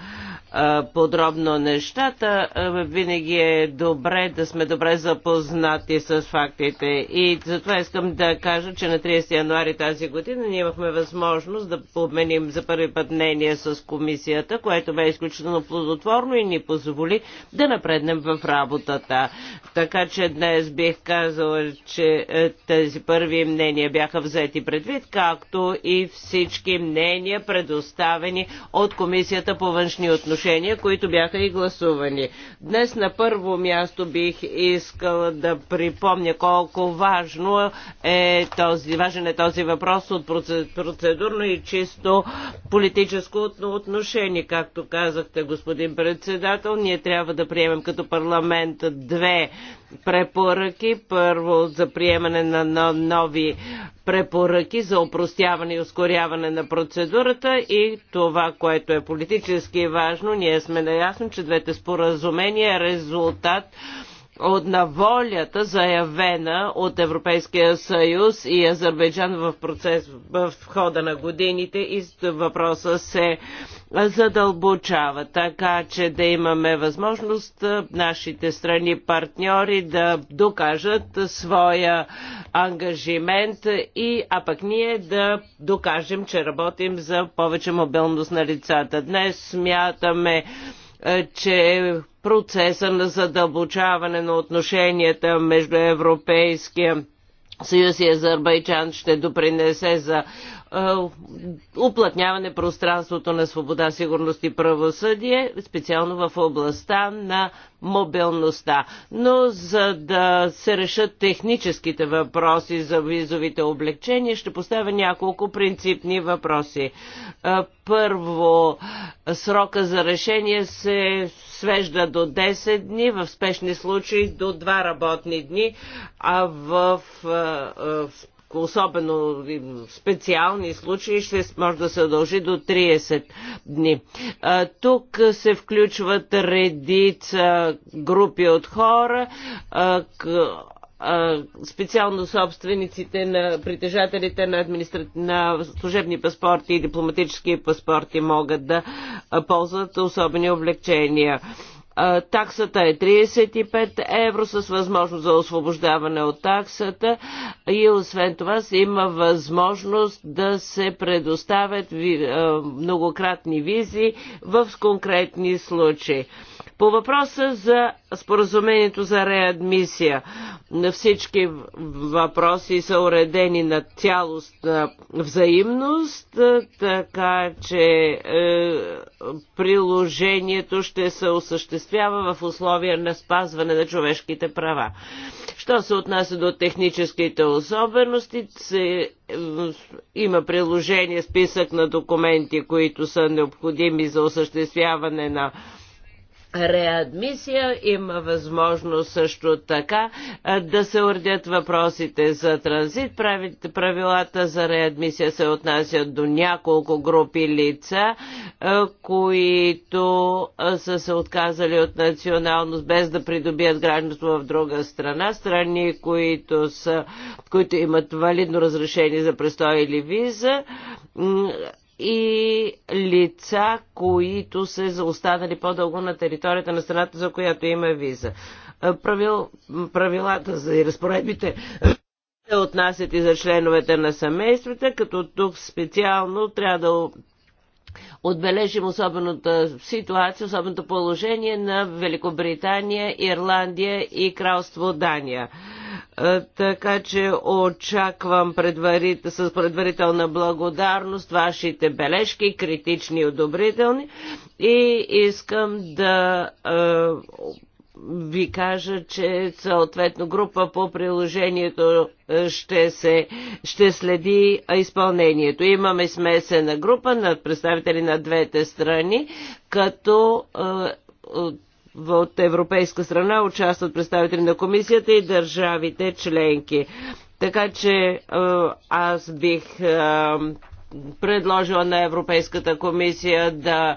подробно нещата, е, винаги е добре да сме добре запознати с фактите. И затова искам да кажа, че на 30 януари тази година ние имахме възможност да обменим за първи път мнение с комисията, което бе изключително плодотворно и ни позволи да напреднем в работата. Така че днес бих казала, че е, тези първи мнения бяха взети предвид, както и всички мнения предоставени от комисията по външни отношения, които бяха и гласувани. Днес на първо място бих искала да припомня колко важно е този, важен е този въпрос от процедурно и чисто политическо отношение. Както казахте, господин председател, ние трябва да приемем като парламент две препоръки. Първо за приемане на нови препоръки за опростяване и ускоряване на процедурата и това, което е политически важно, ние сме наясно, че двете споразумения е резултат от на волята, заявена от Европейския съюз и Азербайджан в процес в хода на годините и въпроса се задълбочава, така че да имаме възможност нашите страни партньори да докажат своя ангажимент и а пък ние да докажем, че работим за повече мобилност на лицата. Днес смятаме че процеса на задълбочаване на отношенията между Европейския съюз и Азербайджан ще допринесе за уплътняване пространството на свобода, сигурност и правосъдие, специално в областта на мобилността. Но за да се решат техническите въпроси за визовите облегчения, ще поставя няколко принципни въпроси. Първо, срока за решение се свежда до 10 дни, в спешни случаи до 2 работни дни, а в особено специални случаи ще може да се дължи до 30 дни. Тук се включват редица групи от хора, специално собствениците на притежателите на, администра... на служебни паспорти и дипломатически паспорти могат да ползват особени облегчения таксата е 35 евро с възможност за освобождаване от таксата и освен това се има възможност да се предоставят многократни визи в конкретни случаи. По въпроса за споразумението за реадмисия, всички въпроси са уредени на цялостна взаимност, така че е, приложението ще се осъществява в условия на спазване на човешките права. Що се отнася до техническите особености, се, е, има приложение списък на документи, които са необходими за осъществяване на реадмисия, има възможност също така да се урдят въпросите за транзит. Правилата за реадмисия се отнасят до няколко групи лица, които са се отказали от националност без да придобият гражданство в друга страна. Страни, които, са, които имат валидно разрешение за престой или виза и лица, които са заостанали по-дълго на територията на страната, за която има виза. Е, правил, правилата за и разпоредбите се отнасят и за членовете на семействата, като тук специално трябва да отбележим особената ситуация, особеното положение на Великобритания, Ирландия и Кралство Дания. Е, така че очаквам предварит, с предварителна благодарност вашите бележки, критични и одобрителни. И искам да е, ви кажа, че съответно група по приложението е, ще, се, ще следи изпълнението. Имаме смесена група на представители на двете страни, като е, от европейска страна участват представители на комисията и държавите членки. Така че е, аз бих предложила на Европейската комисия да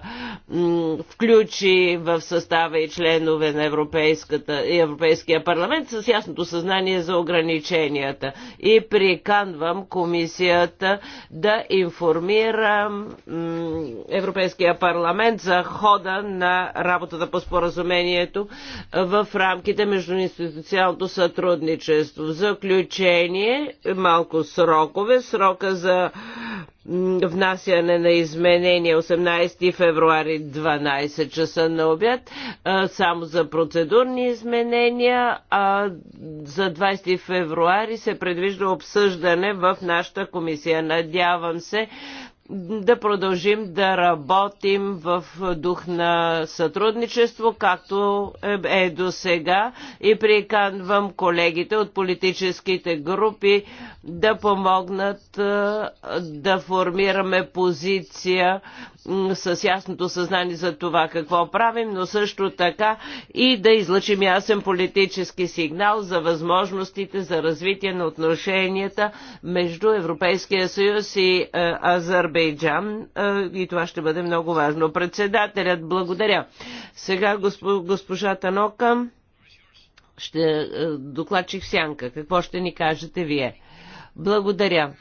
включи в състава и членове на Европейската, Европейския парламент с ясното съзнание за ограниченията. И приканвам комисията да информира Европейския парламент за хода на работата по споразумението в рамките между институционалното сътрудничество. В заключение, малко срокове, срока за внасяне на изменения 18 февруари 12 часа на обяд, само за процедурни изменения, а за 20 февруари се предвижда обсъждане в нашата комисия. Надявам се, да продължим да работим в дух на сътрудничество, както е, е до сега и приканвам колегите от политическите групи да помогнат е, да формираме позиция с ясното съзнание за това какво правим, но също така и да излъчим ясен политически сигнал за възможностите за развитие на отношенията между Европейския съюз и е, Азербайджан Азербайджан и това ще бъде много важно. Председателят, благодаря. Сега госпожа Танока, ще докладчих сянка. Какво ще ни кажете вие? Благодаря.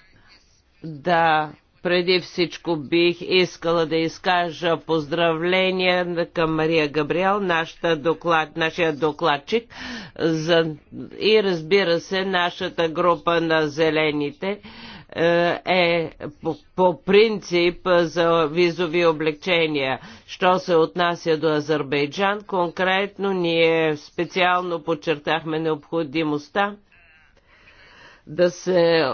Да, преди всичко бих искала да изкажа поздравления към Мария Габриел, нашата доклад, нашия докладчик за, и разбира се нашата група на зелените е по, по принцип за визови облегчения. Що се отнася до Азербайджан, конкретно ние специално подчертахме необходимостта да се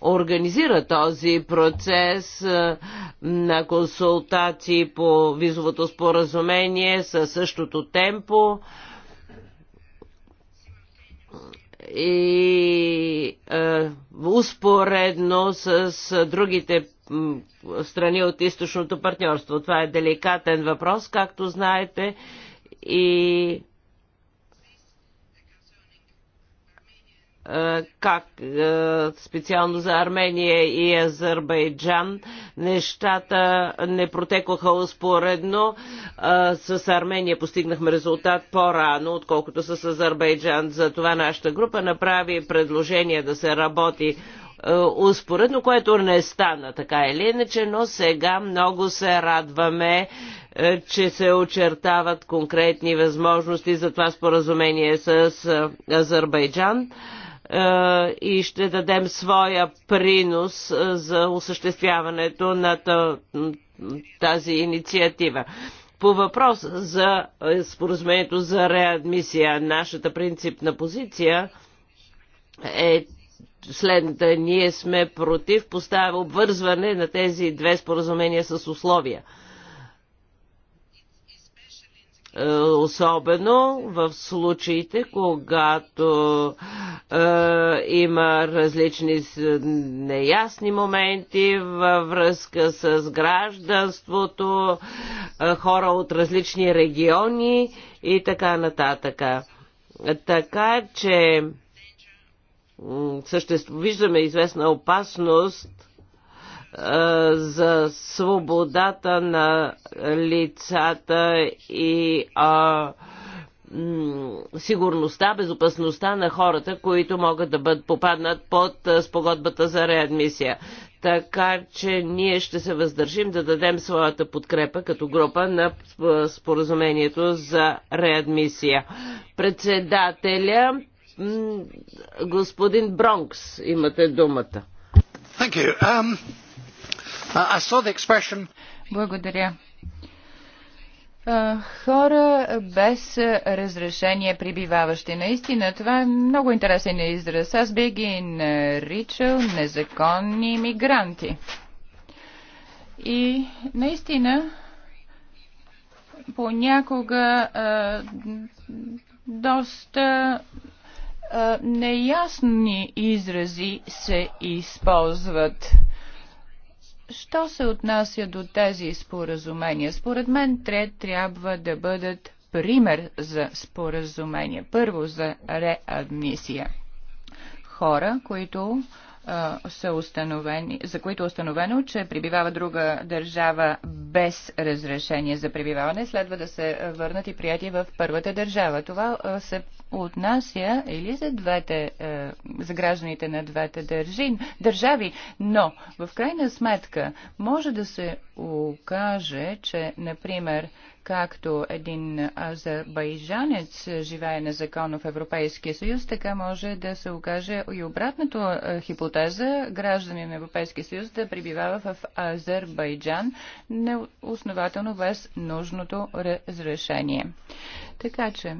организира този процес е, на консултации по визовото споразумение със същото темпо и е, успоредно с другите страни от източното партньорство. Това е деликатен въпрос, както знаете, и Е, как е, специално за Армения и Азербайджан нещата не протекоха успоредно. Е, с Армения постигнахме резултат по-рано, отколкото с Азербайджан. Затова нашата група направи предложение да се работи успоредно, което не стана така или иначе, но сега много се радваме, че се очертават конкретни възможности за това споразумение с Азербайджан. Е, и ще дадем своя принос е, за осъществяването на тази инициатива. По въпрос за е, споразумението за реадмисия, нашата принципна позиция е следната. Ние сме против поставя обвързване на тези две споразумения с условия. Е, особено в случаите, когато е, има различни неясни моменти във връзка с гражданството, е, хора от различни региони и така нататък. Така че също виждаме известна опасност за свободата на лицата и а, сигурността, безопасността на хората, които могат да бъдат попаднат под спогодбата за реадмисия. Така че ние ще се въздържим да дадем своята подкрепа като група на споразумението за реадмисия. Председателя, господин Бронкс, имате думата. Thank
you. Um...
Uh, Благодаря. Хора без разрешение прибиваващи. Наистина, това е много интересен израз. Аз би ги наричал незаконни мигранти. И наистина, понякога а, доста а, неясни изрази се използват. А, Що се отнася до тези споразумения? Според мен те трябва да бъдат пример за споразумение. Първо за реадмисия. Хора, които са установени, за които е установено, че прибивава друга държава без разрешение за прибиваване, следва да се върнат и прияти в първата държава. Това се отнася или за, двете, за гражданите на двете държин, държави, но в крайна сметка може да се окаже, че, например, Както един азербайджанец живее незаконно в Европейския съюз, така може да се окаже и обратното хипотеза граждани на Европейския съюз да прибивава в Азербайджан неоснователно без нужното разрешение. Така че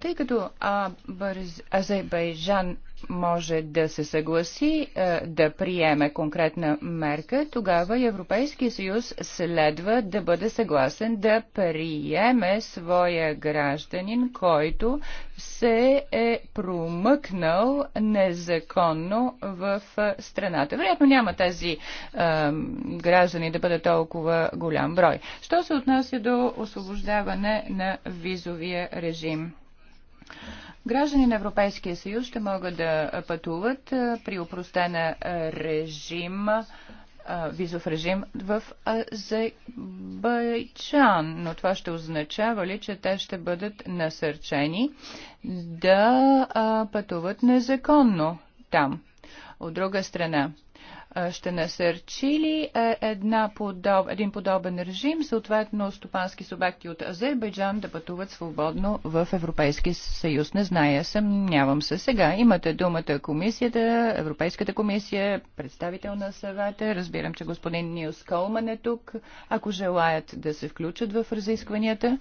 тъй като Азербайджан може да се съгласи е, да приеме конкретна мерка, тогава Европейския съюз следва да бъде съгласен да приеме своя гражданин, който се е промъкнал незаконно в е, страната. Вероятно няма тези е, граждани да бъде толкова голям брой. Що се отнася до освобождаване на визовия режим? Граждани на Европейския съюз ще могат да пътуват при упростена режим визов режим в Азербайджан. Но това ще означава ли, че те ще бъдат насърчени да пътуват незаконно там? От друга страна, ще насърчили една подоб, един подобен режим, съответно стопански субекти от Азербайджан да пътуват свободно в Европейски съюз. Не зная, съмнявам се. Сега имате думата комисията, Европейската комисия, представител на съвета. Разбирам, че господин Нилс Колман е тук, ако желаят да се включат в разискванията.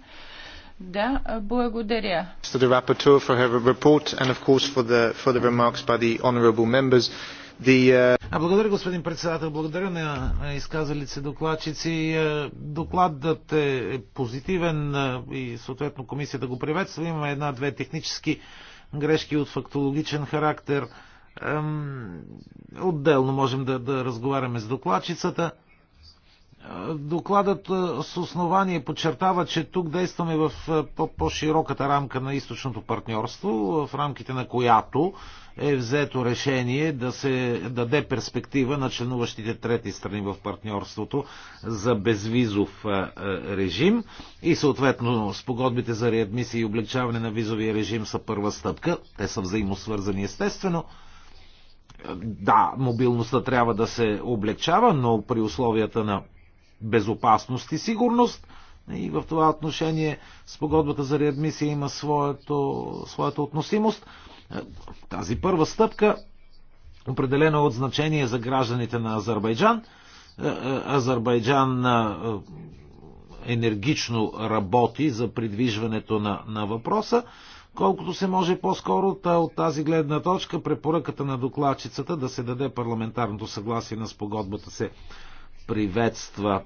Да, благодаря.
To the rapporteur for her report and of course for the, for the remarks by the members. The... Uh, а благодаря, господин председател. Благодаря на изказали се докладчици. Е, докладът е, е позитивен е, и съответно комисията го приветства. Имаме една-две технически грешки от фактологичен характер. Отделно можем да, да разговаряме с докладчицата. Докладът с основание подчертава, че тук действаме в по-широката рамка на източното партньорство, в рамките на която е взето решение да се даде перспектива на членуващите трети страни в партньорството за безвизов режим и съответно спогодбите за реадмисия и облегчаване на визовия режим са първа стъпка. Те са взаимосвързани естествено. Да, мобилността трябва да се облегчава, но при условията на безопасност и сигурност. И в това отношение спогодбата за реадмисия има своето, своята относимост. Тази първа стъпка определено от значение за гражданите на Азербайджан. Азербайджан енергично работи за придвижването на, на въпроса, колкото се може по-скоро от тази гледна точка препоръката на докладчицата да се даде парламентарното съгласие на спогодбата се приветства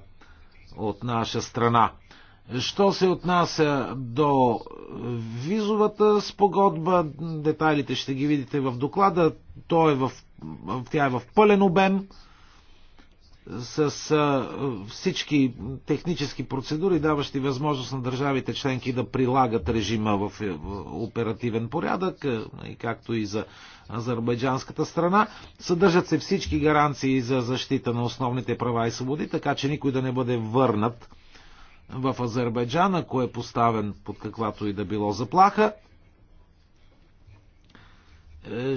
от наша страна. Що се отнася до визовата спогодба, детайлите ще ги видите в доклада. Той е в, тя е в пълен обем с а, всички технически процедури, даващи възможност на държавите членки да прилагат режима в, в оперативен порядък, както и за азербайджанската страна. Съдържат се всички гаранции за защита на основните права и свободи, така че никой да не бъде върнат в Азербайджан, ако е поставен под каквато и да било заплаха.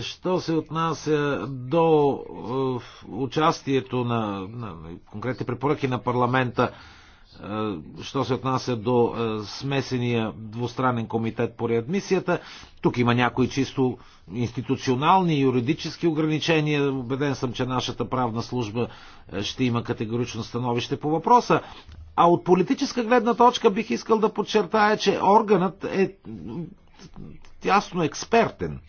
Що се отнася до е, участието на, на конкретни препоръки на парламента, е, що се отнася до е, смесения двустранен комитет по реадмисията, тук има някои чисто институционални и юридически ограничения. Обеден съм, че нашата правна служба ще има категорично становище по въпроса. А от политическа гледна точка бих искал да подчертая, че органът е тясно експертен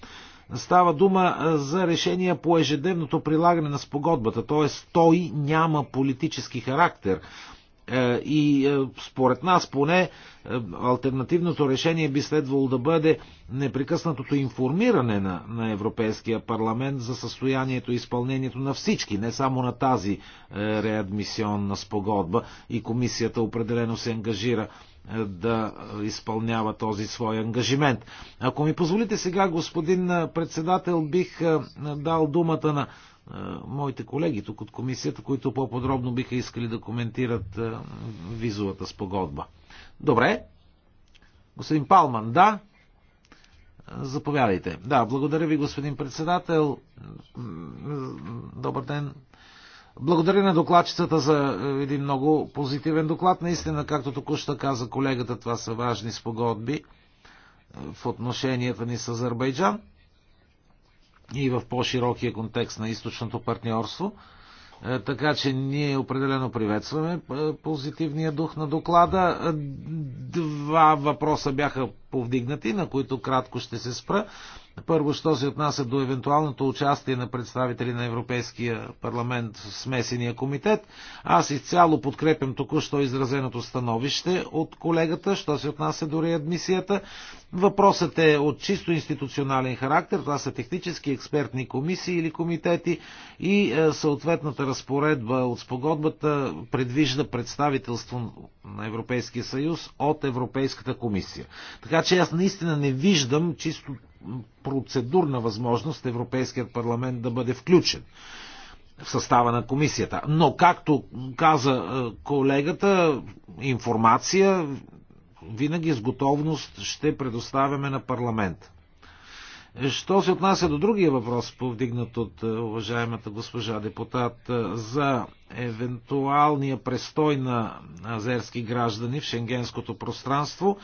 Става дума за решения по ежедневното прилагане на спогодбата, т.е. той няма политически характер. И според нас поне альтернативното решение би следвало да бъде непрекъснатото информиране на, на Европейския парламент за състоянието и изпълнението на всички, не само на тази реадмисионна спогодба и комисията определено се ангажира да изпълнява този свой ангажимент. Ако ми позволите сега, господин председател, бих дал думата на моите колеги тук от комисията, които по-подробно биха искали да коментират визовата спогодба. Добре. Господин Палман, да. Заповядайте. Да, благодаря ви, господин председател. Добър ден, благодаря на докладчицата за е, един много позитивен доклад. Наистина, както току-що каза колегата, това са важни спогодби е, в отношенията ни с Азербайджан и в по-широкия контекст на източното партньорство. Е, така че ние определено приветстваме позитивния дух на доклада. Два въпроса бяха повдигнати, на които кратко ще се спра. Първо, що се отнася до евентуалното участие на представители на Европейския парламент в смесения комитет, аз изцяло подкрепям току-що изразеното становище от колегата, що се отнася до реадмисията. Въпросът е от чисто институционален характер, това са технически експертни комисии или комитети и е, съответната разпоредба от спогодбата предвижда представителство на Европейския съюз от Европейската комисия. Така че аз наистина не виждам чисто процедурна възможност Европейският парламент да бъде включен в състава на комисията. Но, както каза е, колегата, информация винаги с готовност ще предоставяме на парламента. Що се отнася до другия въпрос, повдигнат от е, уважаемата госпожа депутат, е, за евентуалния престой на азерски граждани в шенгенското пространство,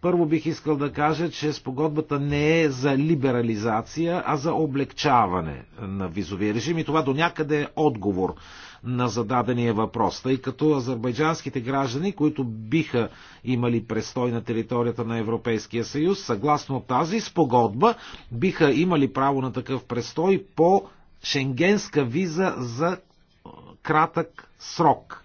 първо бих искал да кажа, че спогодбата не е за либерализация, а за облегчаване на визовия режим и това до някъде е отговор на зададения въпрос, тъй като азербайджанските граждани, които биха имали престой на територията на Европейския съюз, съгласно тази спогодба, биха имали право на такъв престой по шенгенска виза за е, кратък срок.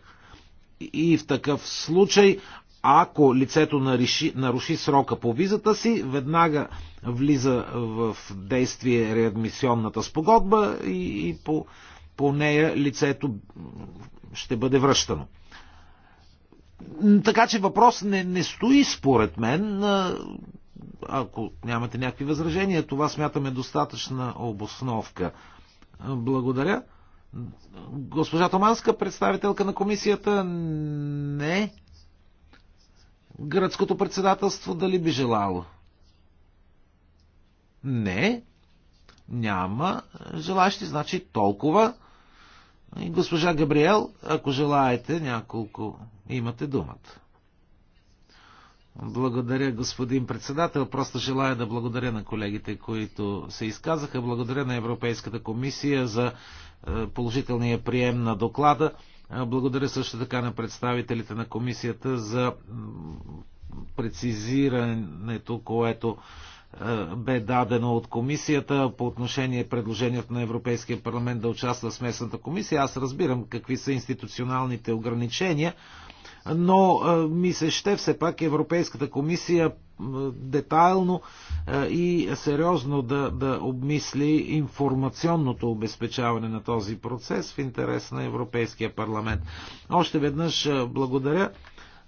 И в такъв случай, ако лицето наруши, наруши срока по визата си, веднага влиза в действие реадмисионната спогодба и, и по по нея лицето ще бъде връщано. Така че въпрос не, не стои според мен. Ако нямате някакви възражения, това смятаме достатъчна обосновка. Благодаря. Госпожа Томанска, представителка на комисията, не. Гръцкото председателство дали би желало? Не. Няма желащи, значи толкова. И госпожа Габриел, ако желаете, няколко имате думата. Благодаря, господин председател. Просто желая да благодаря на колегите, които се изказаха. Благодаря на Европейската комисия за е, положителния прием на доклада. Е, благодаря също така на представителите на комисията за прецизирането, което е, бе дадено от комисията по отношение предложението на Европейския парламент да участва с местната комисия. Аз разбирам какви са институционалните ограничения, но е, ми се ще все пак Европейската комисия е, детайлно и сериозно да, да обмисли информационното обезпечаване на този процес в интерес на Европейския парламент. Още веднъж благодаря.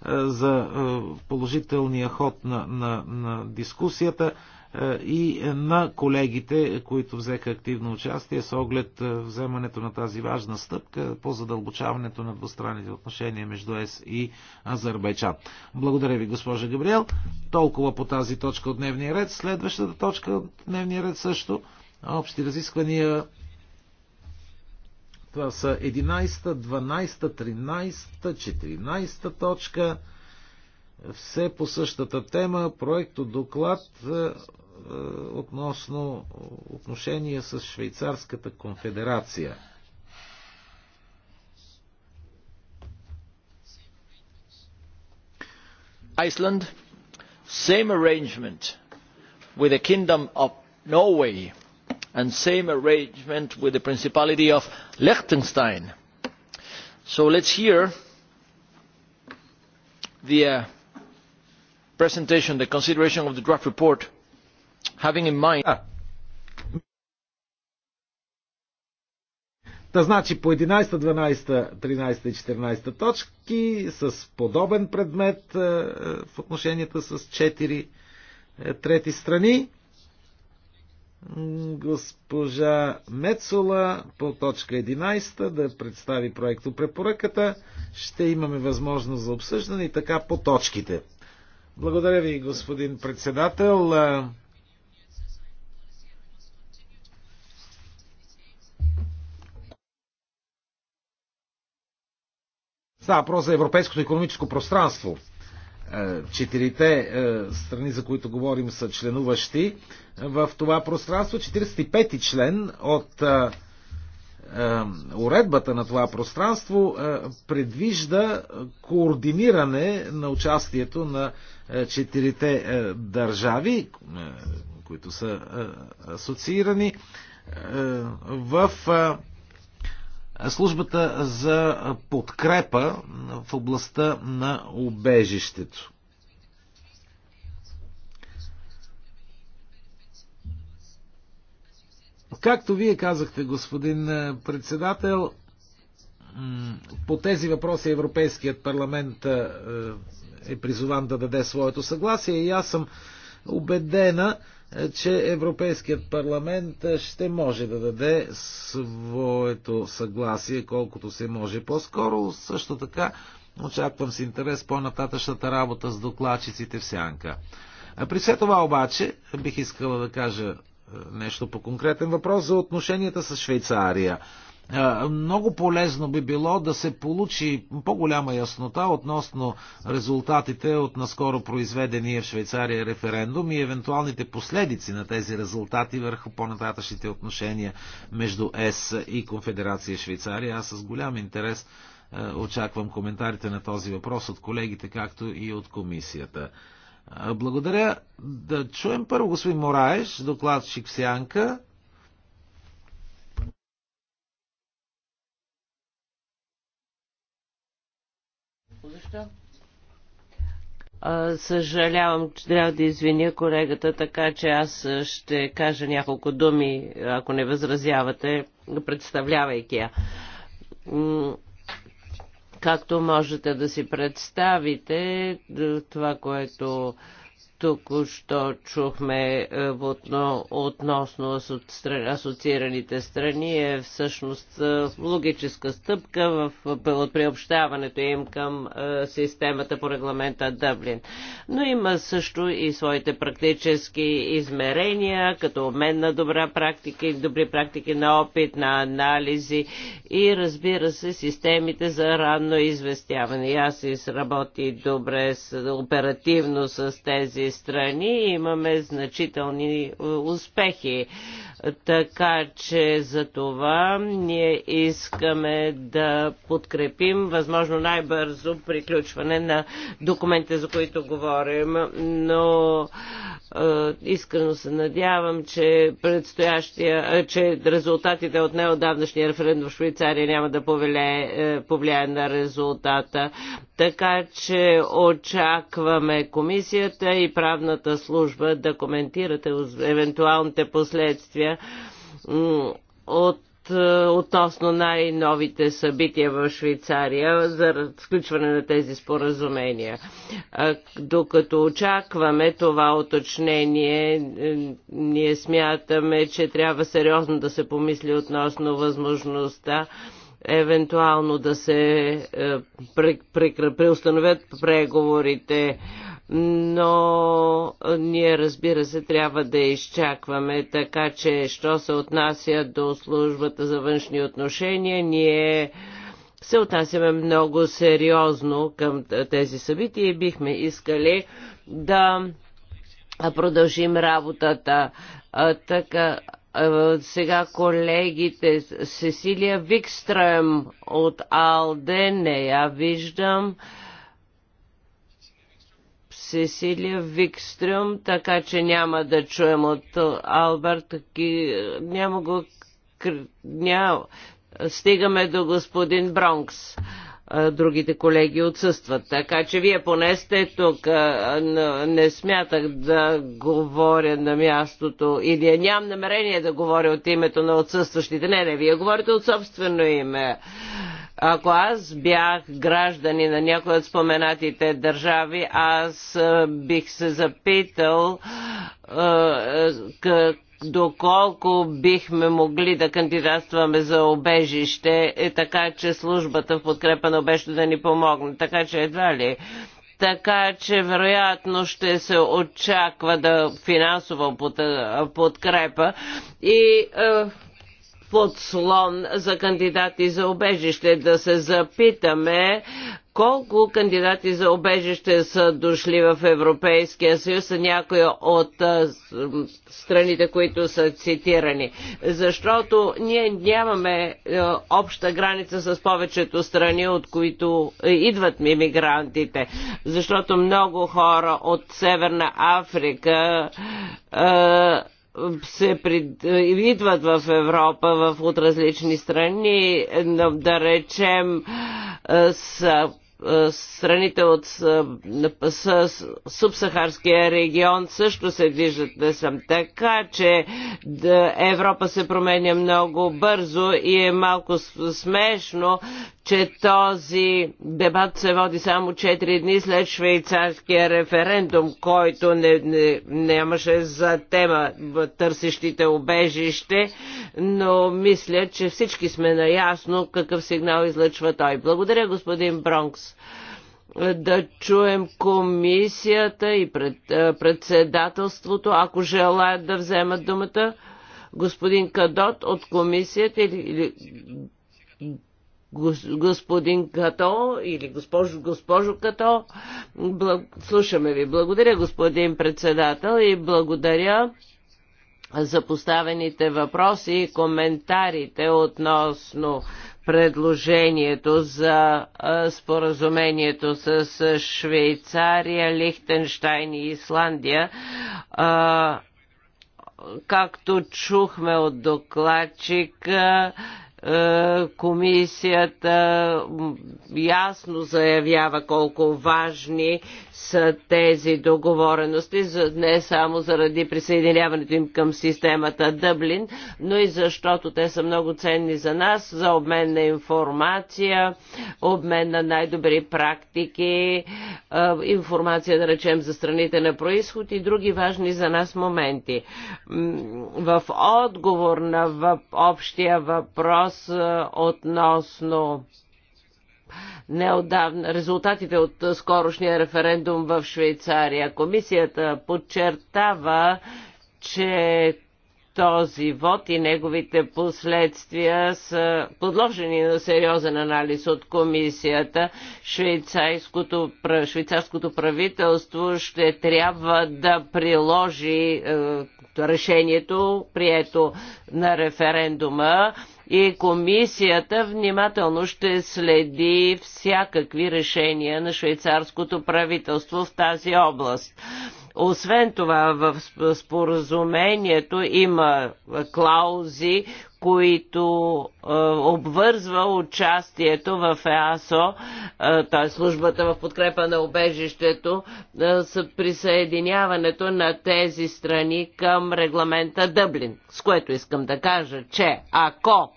Е, за е, положителния ход на, на, на дискусията е, и на колегите, които взеха активно участие с оглед вземането на тази важна стъпка по задълбочаването на двустранните отношения между ЕС и Азербайджан. Благодаря ви, госпожа Габриел. Толкова по тази точка от дневния ред. Следващата точка от дневния ред също. Общи разисквания това са 11, 12, 13, 14 точка. Все по същата тема. Проекто доклад е, е, относно отношения с Швейцарската конфедерация.
Iceland, same arrangement with the Kingdom of Norway and same arrangement with the principality of liechtenstein. so let us hear the presentation the consideration of the draft report having in mind
Та значи по 11, 12, 13 и 14 точки с подобен предмет в отношенията с 4 трети страни госпожа Мецола по точка 11 да представи проекто препоръката. Ще имаме възможност за обсъждане и така по точките. Благодаря ви, господин председател. Става въпрос за Европейското економическо пространство. Е, четирите е, страни, за които говорим, са членуващи е, в това пространство. 45-ти член от уредбата на това пространство предвижда координиране на участието на четирите държави, които са асоциирани в службата за подкрепа в областта на убежището. Както вие казахте, господин е, председател, по тези въпроси Европейският парламент е, е призован да даде своето съгласие и аз съм убедена, че Европейският парламент ще може да даде своето съгласие колкото се може по-скоро. Също така очаквам с интерес по-нататъчната работа с докладчиците в Сянка. При все това обаче бих искала да кажа е, нещо по конкретен въпрос за отношенията с Швейцария. Е, много полезно би било да се получи по-голяма яснота относно резултатите от наскоро произведения в Швейцария референдум и евентуалните последици на тези резултати върху по-нататъчните отношения между ЕС и Конфедерация Швейцария. Аз с голям интерес е, очаквам коментарите на този въпрос от колегите, както и от комисията. Е, благодаря. Да чуем първо господин Мораеш, докладчик в Сянка
Съжалявам, че трябва да извиня колегата, така че аз ще кажа няколко думи, ако не възразявате, представлявайки я. Както можете да си представите, това, което Току-що чухме е, отно, относно асоциираните страни е всъщност е, логическа стъпка в, от приобщаването им към е, системата по регламента Дъблин. Но има също и своите практически измерения, като обмен на добра практика, и добри практики на опит, на анализи и разбира се системите за ранно известяване. аз изработи добре с, оперативно с тези страни и имаме значителни е, успехи. Така че за това ние искаме да подкрепим възможно най-бързо приключване на документите, за които говорим, но е, искрено се надявам, че предстоящия, е, че резултатите от неодавнашния референдум в Швейцария няма да повлияе, е, повлияе на резултата. Така че очакваме комисията и правната служба да коментирате евентуалните последствия от е, относно най-новите събития в Швейцария за включване на тези споразумения. Докато очакваме това уточнение, е, ние смятаме, че трябва сериозно да се помисли относно възможността евентуално да се е, преустановят преговорите но ние разбира се трябва да изчакваме, така че, що се отнася до службата за външни отношения, ние се отнасяме много сериозно към тези събития и бихме искали да продължим работата. А, така, сега колегите Сесилия Викстрем от Алде, не я виждам. Сесилия Викстрюм, така че няма да чуем от Алберт. Няма го... Няма. Стигаме до господин Бронкс другите колеги отсъстват. Така че вие поне сте тук. Не смятах да говоря на мястото или нямам намерение да говоря от името на отсъстващите. Не, не, вие говорите от собствено име. Ако аз бях граждани на някои от споменатите държави, аз е, бих се запитал е, е, доколко бихме могли да кандидатстваме за обежище, е така че службата в подкрепа на обежище да ни помогне. Така че едва ли така че вероятно ще се очаква да финансова подкрепа и подслон за кандидати за обежище, да се запитаме колко кандидати за обежище са дошли в Европейския съюз, някои от страните, които са цитирани. Защото ние нямаме е, обща граница с повечето страни, от които е, идват мигрантите. Защото много хора от Северна Африка е, се пред... Е, идват в Европа в, от различни страни, да речем е, с е, страните от субсахарския регион също се движат да съм. Така че Европа се променя много бързо и е малко смешно, че този дебат се води само 4 дни след швейцарския референдум, който не, не, нямаше за тема търсещите обежище, но мисля, че всички сме наясно какъв сигнал излъчва той. Благодаря, господин Бронкс да чуем комисията и пред, председателството, ако желаят да вземат думата. Господин Кадот от комисията или, или господин Като или госпожо, госпожо Като. Благ... Слушаме ви. Благодаря, господин председател, и благодаря за поставените въпроси и коментарите относно предложението за споразумението с Швейцария, Лихтенштайн и Исландия. Както чухме от докладчика, е, комисията ясно заявява колко важни са тези договорености, не само заради присъединяването им към системата Дъблин, но и защото те са много ценни за нас, за обмен на информация, обмен на най-добри практики, информация, да речем, за страните на происход и други важни за нас моменти. В отговор на общия въпрос относно неодавна, резултатите от скорошния референдум в Швейцария. Комисията подчертава, че този вод и неговите последствия са подложени на сериозен анализ от комисията. Швейцарското, швейцарското правителство ще трябва да приложи е, решението, прието на референдума и комисията внимателно ще следи всякакви решения на швейцарското правителство в тази област. Освен това, в споразумението има клаузи, които е, обвързва участието в ЕАСО, е, т.е. службата в подкрепа на обежището, е, с присъединяването на тези страни към регламента Дъблин. С което искам да кажа, че ако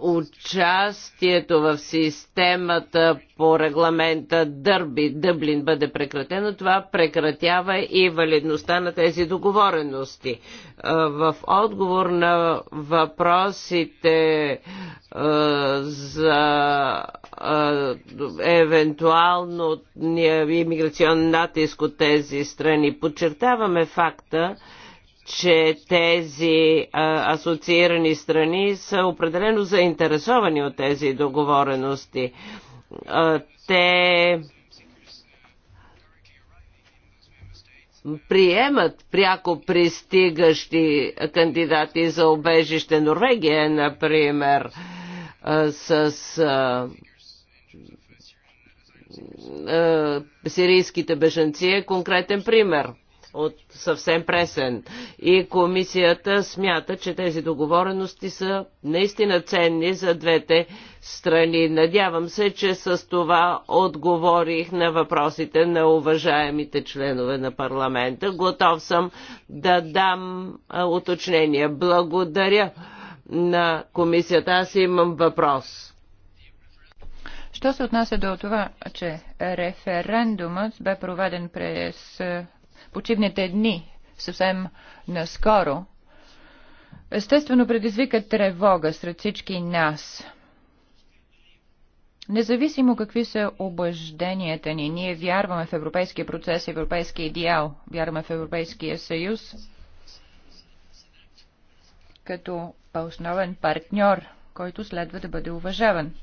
участието в системата по регламента Дърби, Дъблин бъде прекратено, това прекратява и валидността на тези договорености. В отговор на въпросите за евентуално иммиграционен натиск от тези страни, подчертаваме факта, че тези а, асоциирани страни са определено заинтересовани от тези договорености. А, те приемат пряко пристигащи кандидати за обежище Норвегия, например, с сирийските бежанци е конкретен пример от съвсем пресен. И комисията смята, че тези договорености са наистина ценни за двете страни. Надявам се, че с това отговорих на въпросите на уважаемите членове на парламента. Готов съм да дам уточнение. Благодаря на комисията. Аз имам въпрос.
Що се отнася до това, че референдумът бе проведен през почивните дни съвсем наскоро, естествено предизвика тревога сред всички нас. Независимо какви са убежденията ни, ние вярваме в европейския процес, европейския идеал, вярваме в Европейския съюз като основен партньор, който следва да бъде уважаван.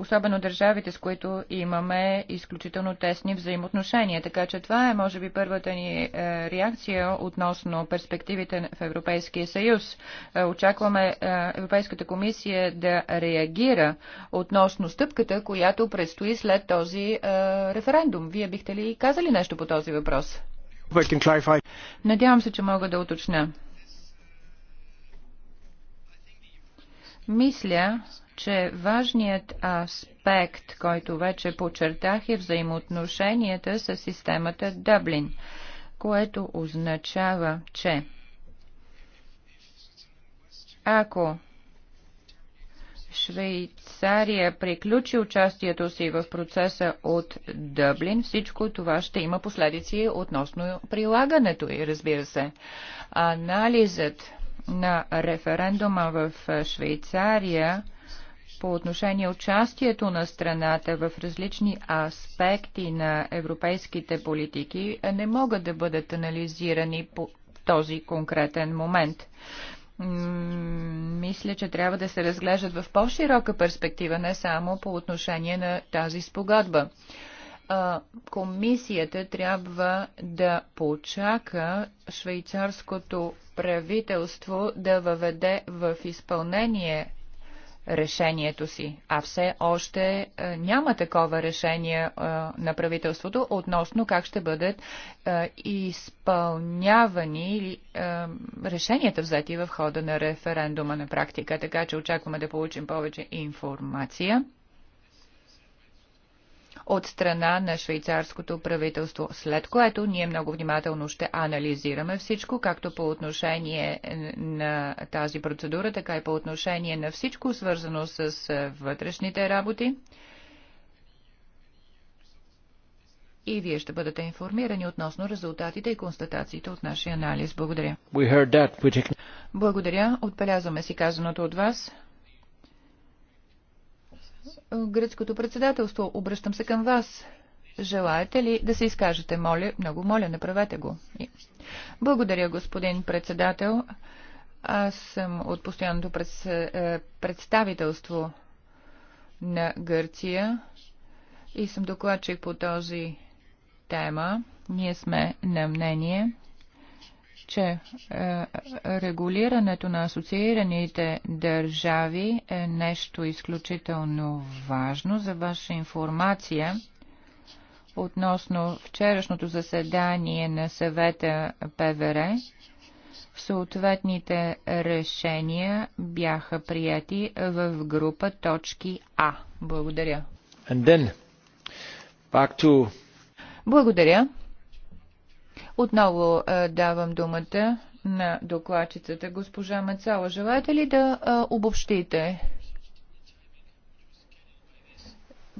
особено държавите, с които имаме изключително тесни взаимоотношения. Така че това е, може би, първата ни е, реакция относно перспективите в Европейския съюз. Е, очакваме е, Европейската комисия да реагира относно стъпката, която предстои след този референдум. Вие бихте ли казали нещо по този въпрос? Надявам се, че мога да уточня. Мисля, че важният аспект, който вече подчертах, е взаимоотношенията с системата Дъблин, което означава, че ако Швейцария приключи участието си в процеса от Дъблин, всичко това ще има последици относно прилагането и разбира се. Анализът на референдума в Швейцария по отношение участието на страната в различни аспекти на европейските политики не могат да бъдат анализирани по този конкретен момент мисля, че трябва да се разглеждат в по-широка перспектива, не само по отношение на тази спогадба. Комисията трябва да почака швейцарското правителство да въведе в изпълнение решението си, а все още е, няма такова решение е, на правителството относно как ще бъдат е, изпълнявани решенията взети в хода на референдума на практика, така че очакваме да получим повече информация от страна на швейцарското правителство, след което ние много внимателно ще анализираме всичко, както по отношение на тази процедура, така и по отношение на всичко свързано с вътрешните работи. и вие ще бъдете информирани относно резултатите и констатациите от нашия анализ. Благодаря. Благодаря. Отбелязваме си казаното от вас гръцкото председателство. Обръщам се към вас. Желаете ли да се изкажете? Моля, много моля, направете го. Благодаря, господин председател. Аз съм от постоянното е, представителство на Гърция и съм докладчик по този тема. Ние сме на мнение, че е, регулирането на асоциираните държави е нещо изключително важно. За ваша информация, относно вчерашното заседание на съвета ПВР, съответните решения бяха прияти в група точки А. Благодаря.
And then, back to...
Благодаря. Отново е, давам думата на докладчицата госпожа Мецала. Желаете ли да е, обобщите?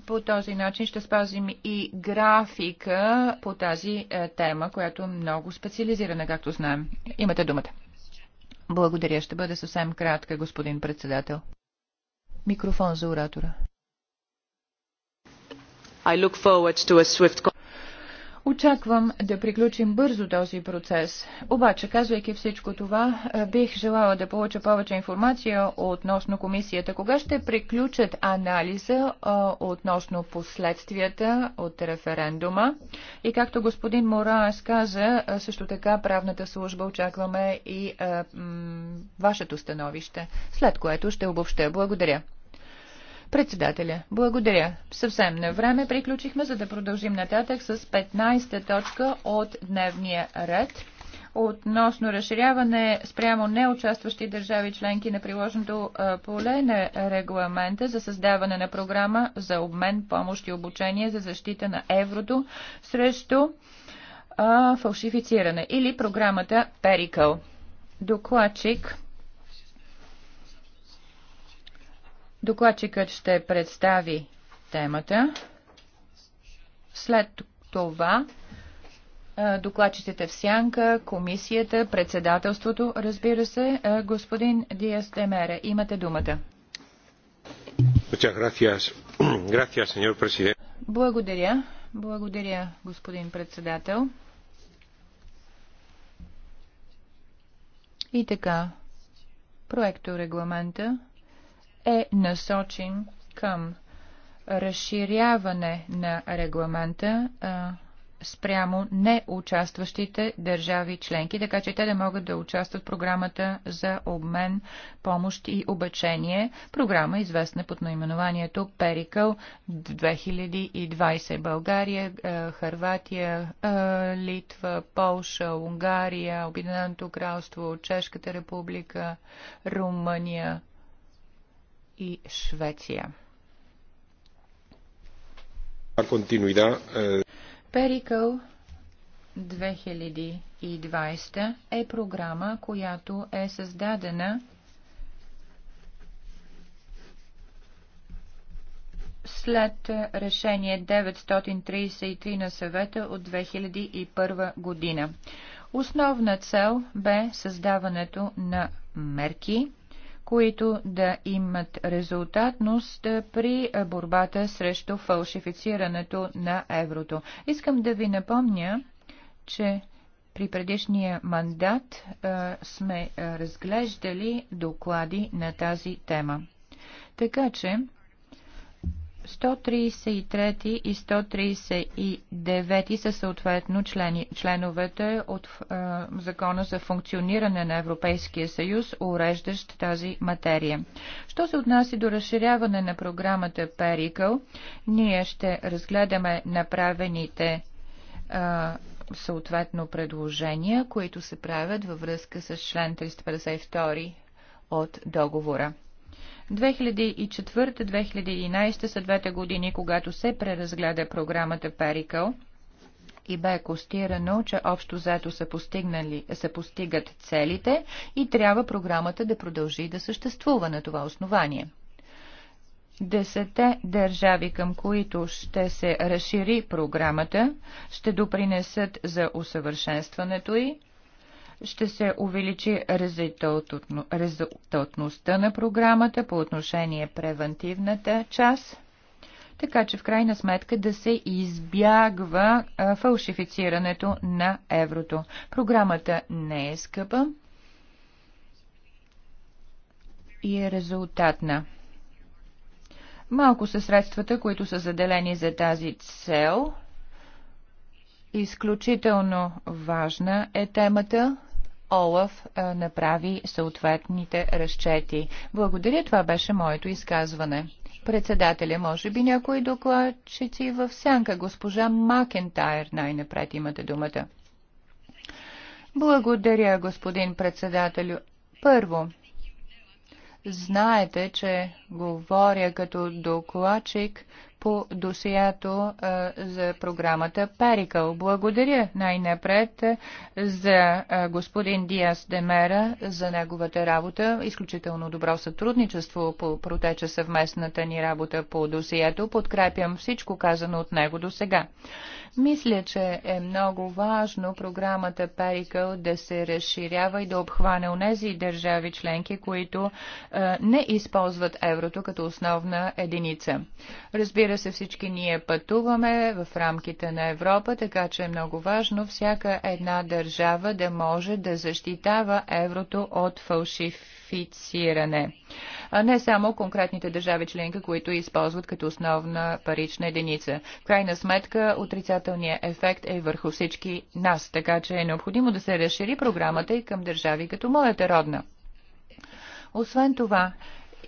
По този начин ще спазим и графика по тази е, тема, която е много специализирана, както знаем. Имате думата. Благодаря. Ще бъде съвсем кратка, господин председател. Микрофон за оратора.
I look forward to a swift
Очаквам да приключим бързо този процес. Обаче, казвайки всичко това, бих желала да получа повече информация относно комисията. Кога ще приключат анализа относно последствията от референдума? И както господин Мораес каза, също така правната служба очакваме и а, вашето становище, след което ще обобща. Благодаря. Председателя, благодаря. Съвсем на време приключихме, за да продължим нататък с 15-та точка от дневния ред относно разширяване спрямо неучастващи държави членки на приложеното поле на регламента за създаване на програма за обмен, помощ и обучение за защита на еврото срещу а, фалшифициране или програмата Перикъл. Докладчик Докладчикът ще представи темата. След това докладчиците в сянка, комисията, председателството, разбира се. Господин Диас Демере, имате думата. Благодаря. Благодаря, господин председател. И така, проекто регламента е насочен към разширяване на регламента а, спрямо неучастващите държави членки, така че те да могат да участват в програмата за обмен, помощ и обучение, програма известна под наименованието Перикъл 2020. България, Харватия, Литва, Полша, Унгария, Обединеното кралство, Чешката република, Румъния, и Швеция. Е, Перикъл 2020 е програма, която е създадена след решение 933 на съвета от 2001 година. Основна цел бе създаването на мерки, които да имат резултатност при борбата срещу фалшифицирането на еврото. Искам да ви напомня, че при предишния мандат а, сме разглеждали доклади на тази тема. Така че 133 и 139 са съответно члени, членовете от е, Закона за функциониране на Европейския съюз, уреждащ тази материя. Що се отнася до разширяване на програмата Перикъл, ние ще разгледаме направените е, съответно предложения, които се правят във връзка с член 352 от договора. 2004-2011 са двете години, когато се преразгледа програмата Перикъл и бе костирано, че общо заето постигнали, са постигат целите и трябва програмата да продължи да съществува на това основание. Десете държави, към които ще се разшири програмата, ще допринесат за усъвършенстването й ще се увеличи резултатността на програмата по отношение превентивната част, така че в крайна сметка да се избягва фалшифицирането на еврото. Програмата не е скъпа и е резултатна. Малко са средствата, които са заделени за тази цел. Изключително важна е темата Олаф направи съответните разчети. Благодаря, това беше моето изказване. Председателя, може би някои докладчици в сянка, госпожа Макентайр, най-напред имате думата. Благодаря, господин председателю. Първо, знаете, че говоря като докладчик по досието за програмата Перикъл. Благодаря най-напред за господин Диас Демера за неговата работа. Изключително добро сътрудничество по протече съвместната ни работа по досието. Подкрепям всичко казано от него до сега. Мисля, че е много важно програмата Перикъл да се разширява и да обхване онези държави членки, които е, не използват еврото като основна единица. Разбира се, всички ние пътуваме в рамките на Европа, така че е много важно всяка една държава да може да защитава еврото от фалшив ратифициране. А не само конкретните държави членки, които използват като основна парична единица. В крайна сметка отрицателният ефект е върху всички нас, така че е необходимо да се разшири програмата и към държави като моята родна. Освен това,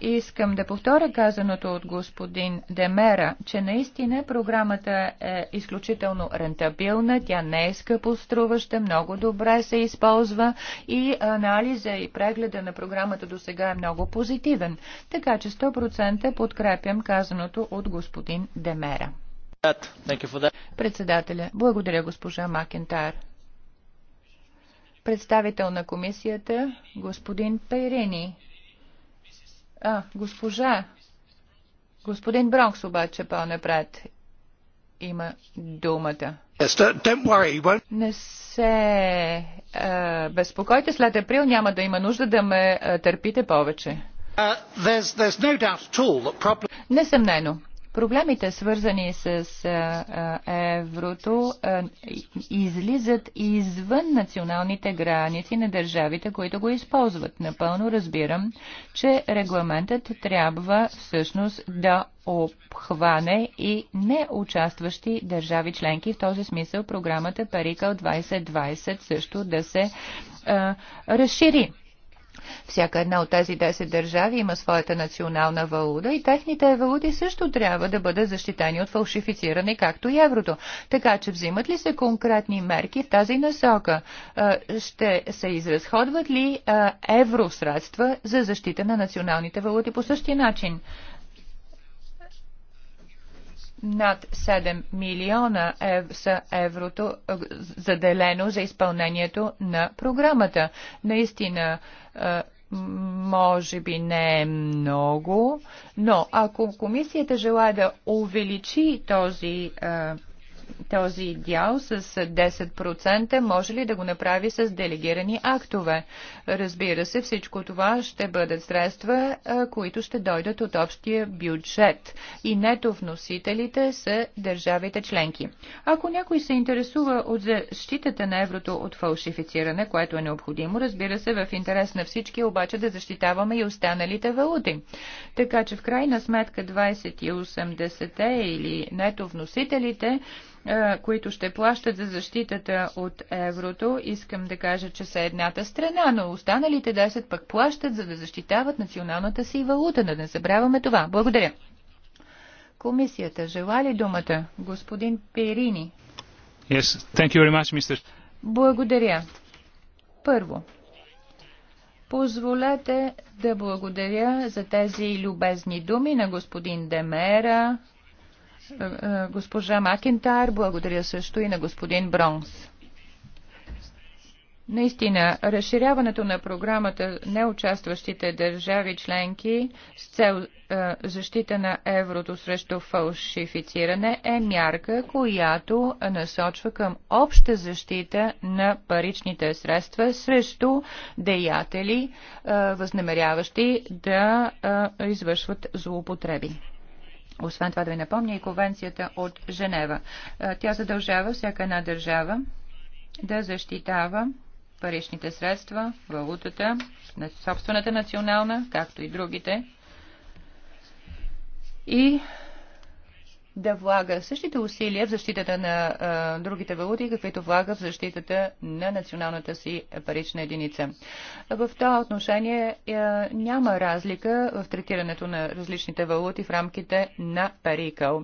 Искам да повторя казаното от господин Демера, че наистина програмата е изключително рентабилна, тя не е скъпоструваща, много добре се използва и анализа и прегледа на програмата до сега е много позитивен. Така че 100% подкрепям казаното от господин Демера. Председателя, благодаря госпожа Макентар. Представител на комисията, господин Пейрени. А, госпожа. Господин Бронкс обаче по-напред има думата. Не се а, безпокойте, след април няма да има нужда да ме а, търпите повече. Uh, Несъмнено, Проблемите, свързани с еврото, излизат извън националните граници на държавите, които го използват. Напълно разбирам, че регламентът трябва всъщност да обхване и не участващи държави членки. В този смисъл програмата Парикал 2020 също да се а, разшири. Всяка една от тези 10 държави има своята национална валута и техните валути също трябва да бъдат защитени от фалшифициране, както и еврото. Така че взимат ли се конкретни мерки в тази насока? Ще се изразходват ли евросредства за защита на националните валути по същия начин? над 7 милиона ев, са еврото е, заделено за изпълнението на програмата. Наистина, е, може би не е много, но ако комисията желая да увеличи този е, този дял с 10%, може ли да го направи с делегирани актове? Разбира се, всичко това ще бъдат средства, които ще дойдат от общия бюджет. И нето вносителите са държавите членки. Ако някой се интересува от защитата на еврото от фалшифициране, което е необходимо, разбира се, в интерес на всички, обаче да защитаваме и останалите валути. Така че в крайна сметка 20 и 80 или нето вносителите е, които ще плащат за защитата от еврото, искам да кажа, че са едната страна, но останалите 10 пък плащат, за да защитават националната си валута. Да не забравяме това. Благодаря. Комисията жела ли думата? Господин Перини. Yes, thank you very much, Mr. Благодаря. Първо, позволете да благодаря за тези любезни думи на господин Демера, госпожа Макентар, благодаря също и на господин Бронс. Наистина, разширяването на програмата неучастващите държави членки с цел е, защита на еврото срещу фалшифициране е мярка, която насочва към обща защита на паричните средства срещу деятели, е, възнамеряващи да е, извършват злоупотреби. Освен това да ви напомня и конвенцията от Женева. Е, тя задължава всяка една държава да защитава паричните средства, валутата, собствената национална, както и другите. И да влага същите усилия в защитата на а, другите валути, каквито влага в защитата на националната си парична единица. В това отношение а, няма разлика в третирането на различните валути в рамките на парикал.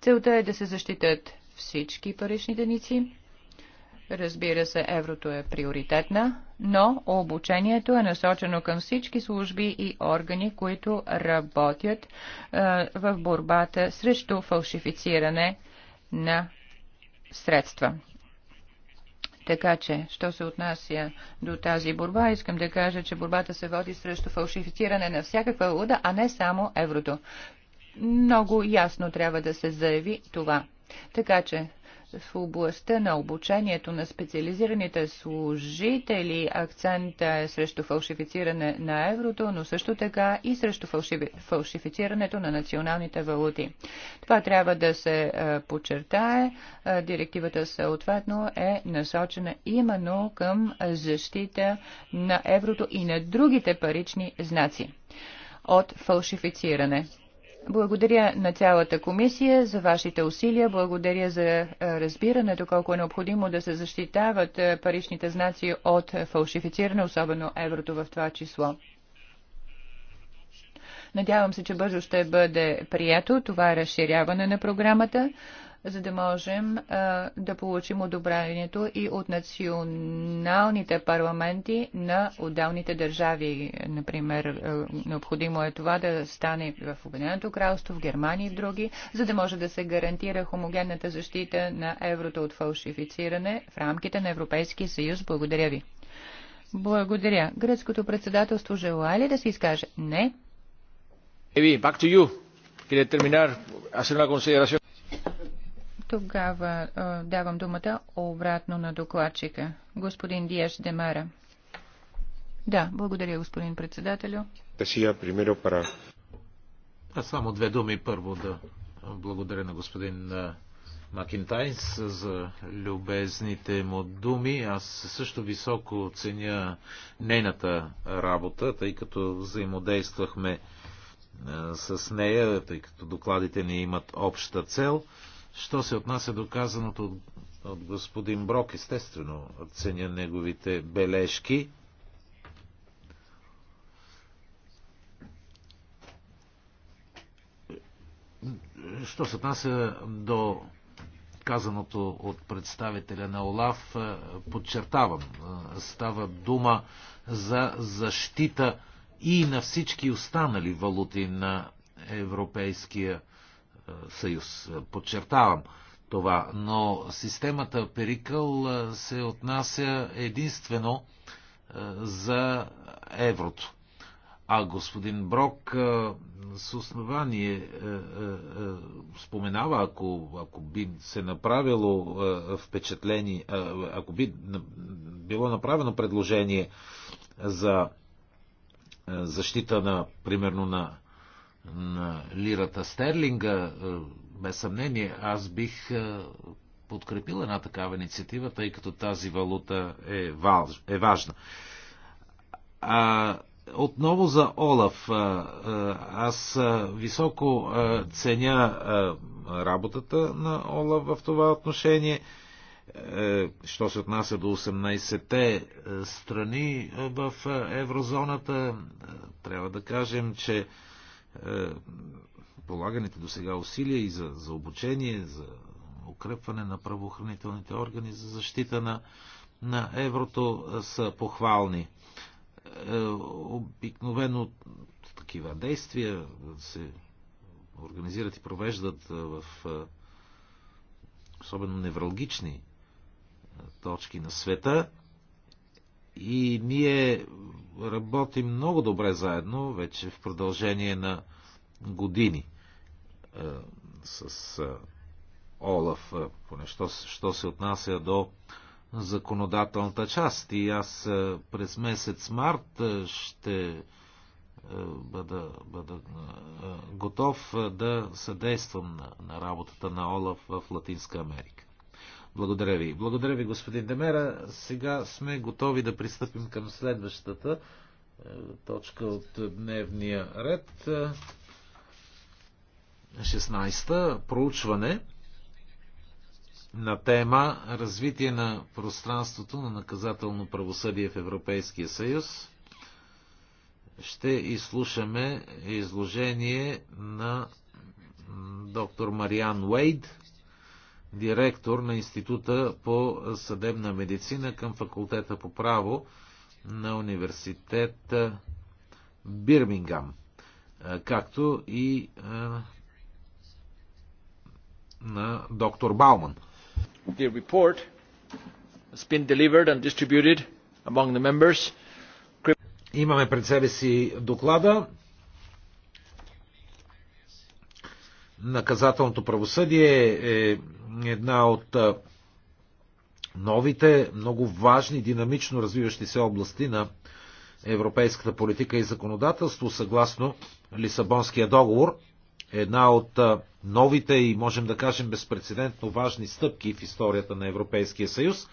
Целта е да се защитат всички парични единици Разбира се, еврото е приоритетна, но обучението е насочено към всички служби и органи, които работят е, в борбата срещу фалшифициране на средства. Така че, що се отнася до тази борба, искам да кажа, че борбата се води срещу фалшифициране на всякаква луда, а не само еврото. Много ясно трябва да се заяви това. Така че, в областта на обучението на специализираните служители акцент е срещу фалшифициране на еврото, но също така и срещу фалшифицирането на националните валути. Това трябва да се е, подчертае. Е, директивата съответно е насочена именно към защита на еврото и на другите парични знаци от фалшифициране. Благодаря на цялата комисия за вашите усилия. Благодаря за е, разбирането колко е необходимо да се защитават е, паричните знаци от фалшифициране, особено еврото в това число. Надявам се, че бързо ще бъде прието това е разширяване на програмата за да можем а, да получим одобрението и от националните парламенти на отделните държави. Например, а, необходимо е това да стане в Обединеното кралство, в Германия и в други, за да може да се гарантира хомогенната защита на еврото от фалшифициране в рамките на Европейския съюз. Благодаря ви. Благодаря. Гръцкото председателство желая ли да се изкаже? Не.
Evi, back to you. Quiere terminar, hacer una consideración.
Тогава а, давам думата обратно на докладчика. Господин Диеш Демара. Да, благодаря, господин председателю.
Аз само две думи първо да благодаря на господин Макинтайнс за любезните му думи. Аз също високо ценя нейната работа, тъй като взаимодействахме с нея, тъй като докладите ни имат обща цел – Що се отнася до казаното от, от господин Брок, естествено ценя неговите бележки. Що се отнася до казаното от представителя на ОЛАВ, е, подчертавам, е, става дума за защита и на всички останали валути на Европейския съюз. Подчертавам това, но системата Перикъл се отнася единствено за еврото. А господин Брок с основание споменава, ако, ако би се направило впечатление, ако би било направено предложение за защита на, примерно, на на лирата стерлинга, е, без съмнение, аз бих е, подкрепил една такава инициатива, тъй като тази валута е, важ, е важна. А, отново за Олаф. Е, аз високо ценя работата на Олаф в това отношение. Що се отнася до 18-те страни в еврозоната, трябва да кажем, че е, полаганите до сега усилия и за, за обучение, за укрепване на правоохранителните органи, за защита на, на еврото е, са похвални. Е, обикновено такива действия се организират и провеждат в особено невралгични точки на света. И ние работим много добре заедно, вече в продължение на години е, с е, Олаф, е, поне що, що се отнася до законодателната част. И аз е, през месец март е, ще е, бъда, бъда е, готов е, да съдействам на, на работата на Олаф в Латинска Америка. Благодаря ви. Благодаря ви, господин Демера. Сега сме готови да пристъпим към следващата е, точка от дневния ред. 16. та Проучване на тема Развитие на пространството на наказателно правосъдие в Европейския съюз. Ще изслушаме изложение на доктор Мариан Уейд, директор на Института по съдебна медицина към факултета по право на университета Бирмингам, както и на доктор Бауман. The report has been delivered and distributed among the members. Имаме пред себе си доклада. наказателното правосъдие е, е една от новите, много важни, динамично развиващи се области на европейската политика и законодателство, съгласно Лисабонския договор. Една от новите и, можем да кажем, безпредседентно важни стъпки в историята на Европейския съюз.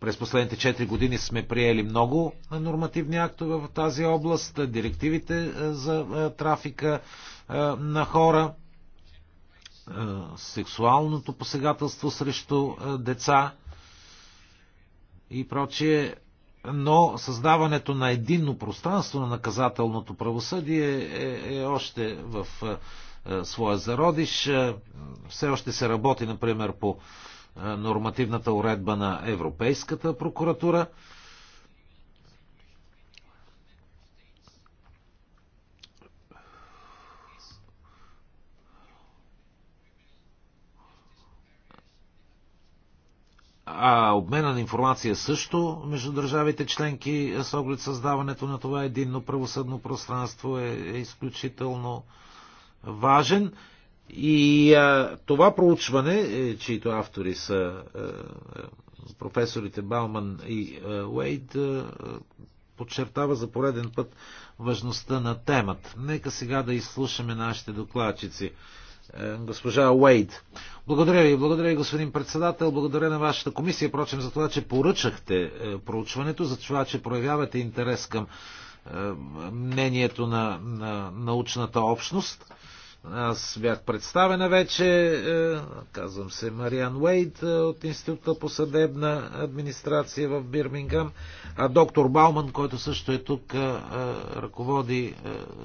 През последните 4 години сме приели много нормативни актове в тази област, директивите за трафика на хора, е, сексуалното посегателство срещу е, деца и прочие. Но създаването на единно пространство на наказателното правосъдие е, е още в е, е своя зародиш. Все още се работи, например, по нормативната уредба на Европейската прокуратура. а обмена на информация също между държавите членки с оглед създаването на това единно правосъдно пространство е, е изключително важен. И а, това проучване, е, чието автори са а, е, е, професорите Бауман и а, Уейд, а, подчертава за пореден път важността на темата. Нека сега да изслушаме нашите докладчици. Е, госпожа Уейд. Благодаря ви, благодаря ви, господин председател, благодаря на вашата комисия, прочим, за това, че поръчахте е, проучването, за това, че проявявате интерес към е, мнението на, на научната общност. Аз бях представена вече, казвам се Мариан Уейд от Института по съдебна администрация в Бирмингам, а доктор Бауман, който също е тук, ръководи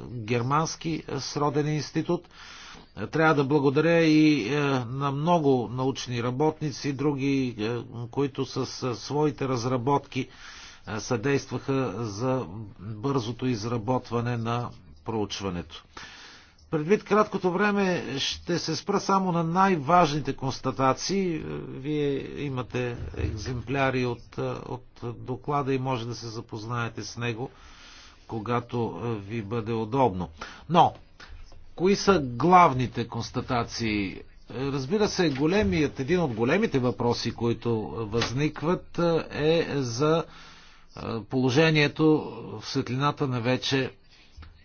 германски сроден институт. Трябва да благодаря и е, на много научни работници, други, е, които с е, своите разработки съдействаха за бързото изработване на проучването. Предвид краткото време ще се спра само на най-важните констатации. Вие имате екземпляри от, от доклада и може да се запознаете с него, когато ви бъде удобно. Но Кои са главните констатации? Разбира се, големият, един от големите въпроси, които възникват е за е, положението в светлината на вече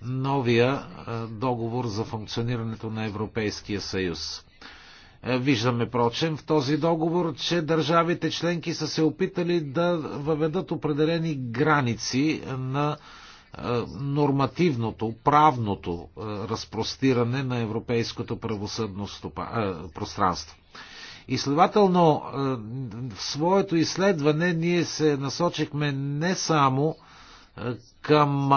новия е, договор за функционирането на Европейския съюз. Е, виждаме, прочем, в този договор, че държавите членки са се опитали да въведат определени граници на е, нормативното, правното е, разпростиране на европейското правосъдно е, пространство. И следователно, в своето изследване ние се насочихме не само към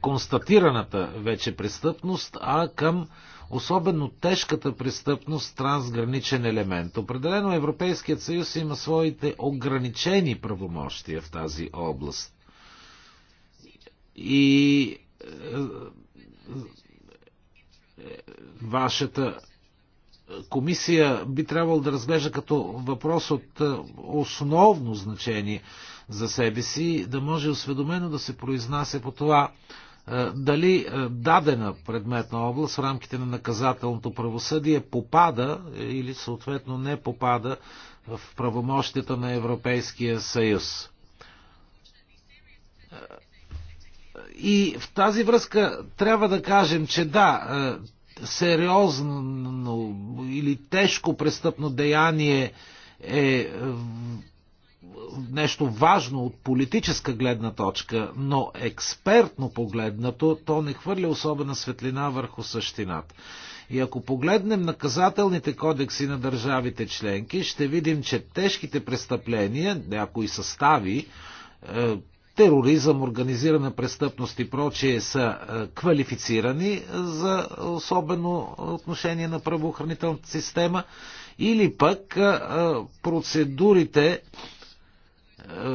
констатираната вече престъпност, а към особено тежката престъпност трансграничен елемент. Определено Европейският съюз има своите ограничени правомощия в тази област и е, е, вашата комисия би трябвало да разглежда като въпрос от е, основно значение за себе си, да може осведомено да се произнася по това дали дадена предметна област в рамките на наказателното правосъдие попада или съответно не попада в правомощията на Европейския съюз. И в тази връзка трябва да кажем, че да, е, сериозно или тежко престъпно деяние е нещо важно от политическа гледна точка, но експертно погледнато, то не хвърля особена светлина върху същината. И ако погледнем наказателните кодекси на държавите членки, ще видим, че тежките престъпления, някои състави, е, тероризъм, организирана престъпност и прочие са е, квалифицирани за особено отношение на правоохранителната система или пък е, е, процедурите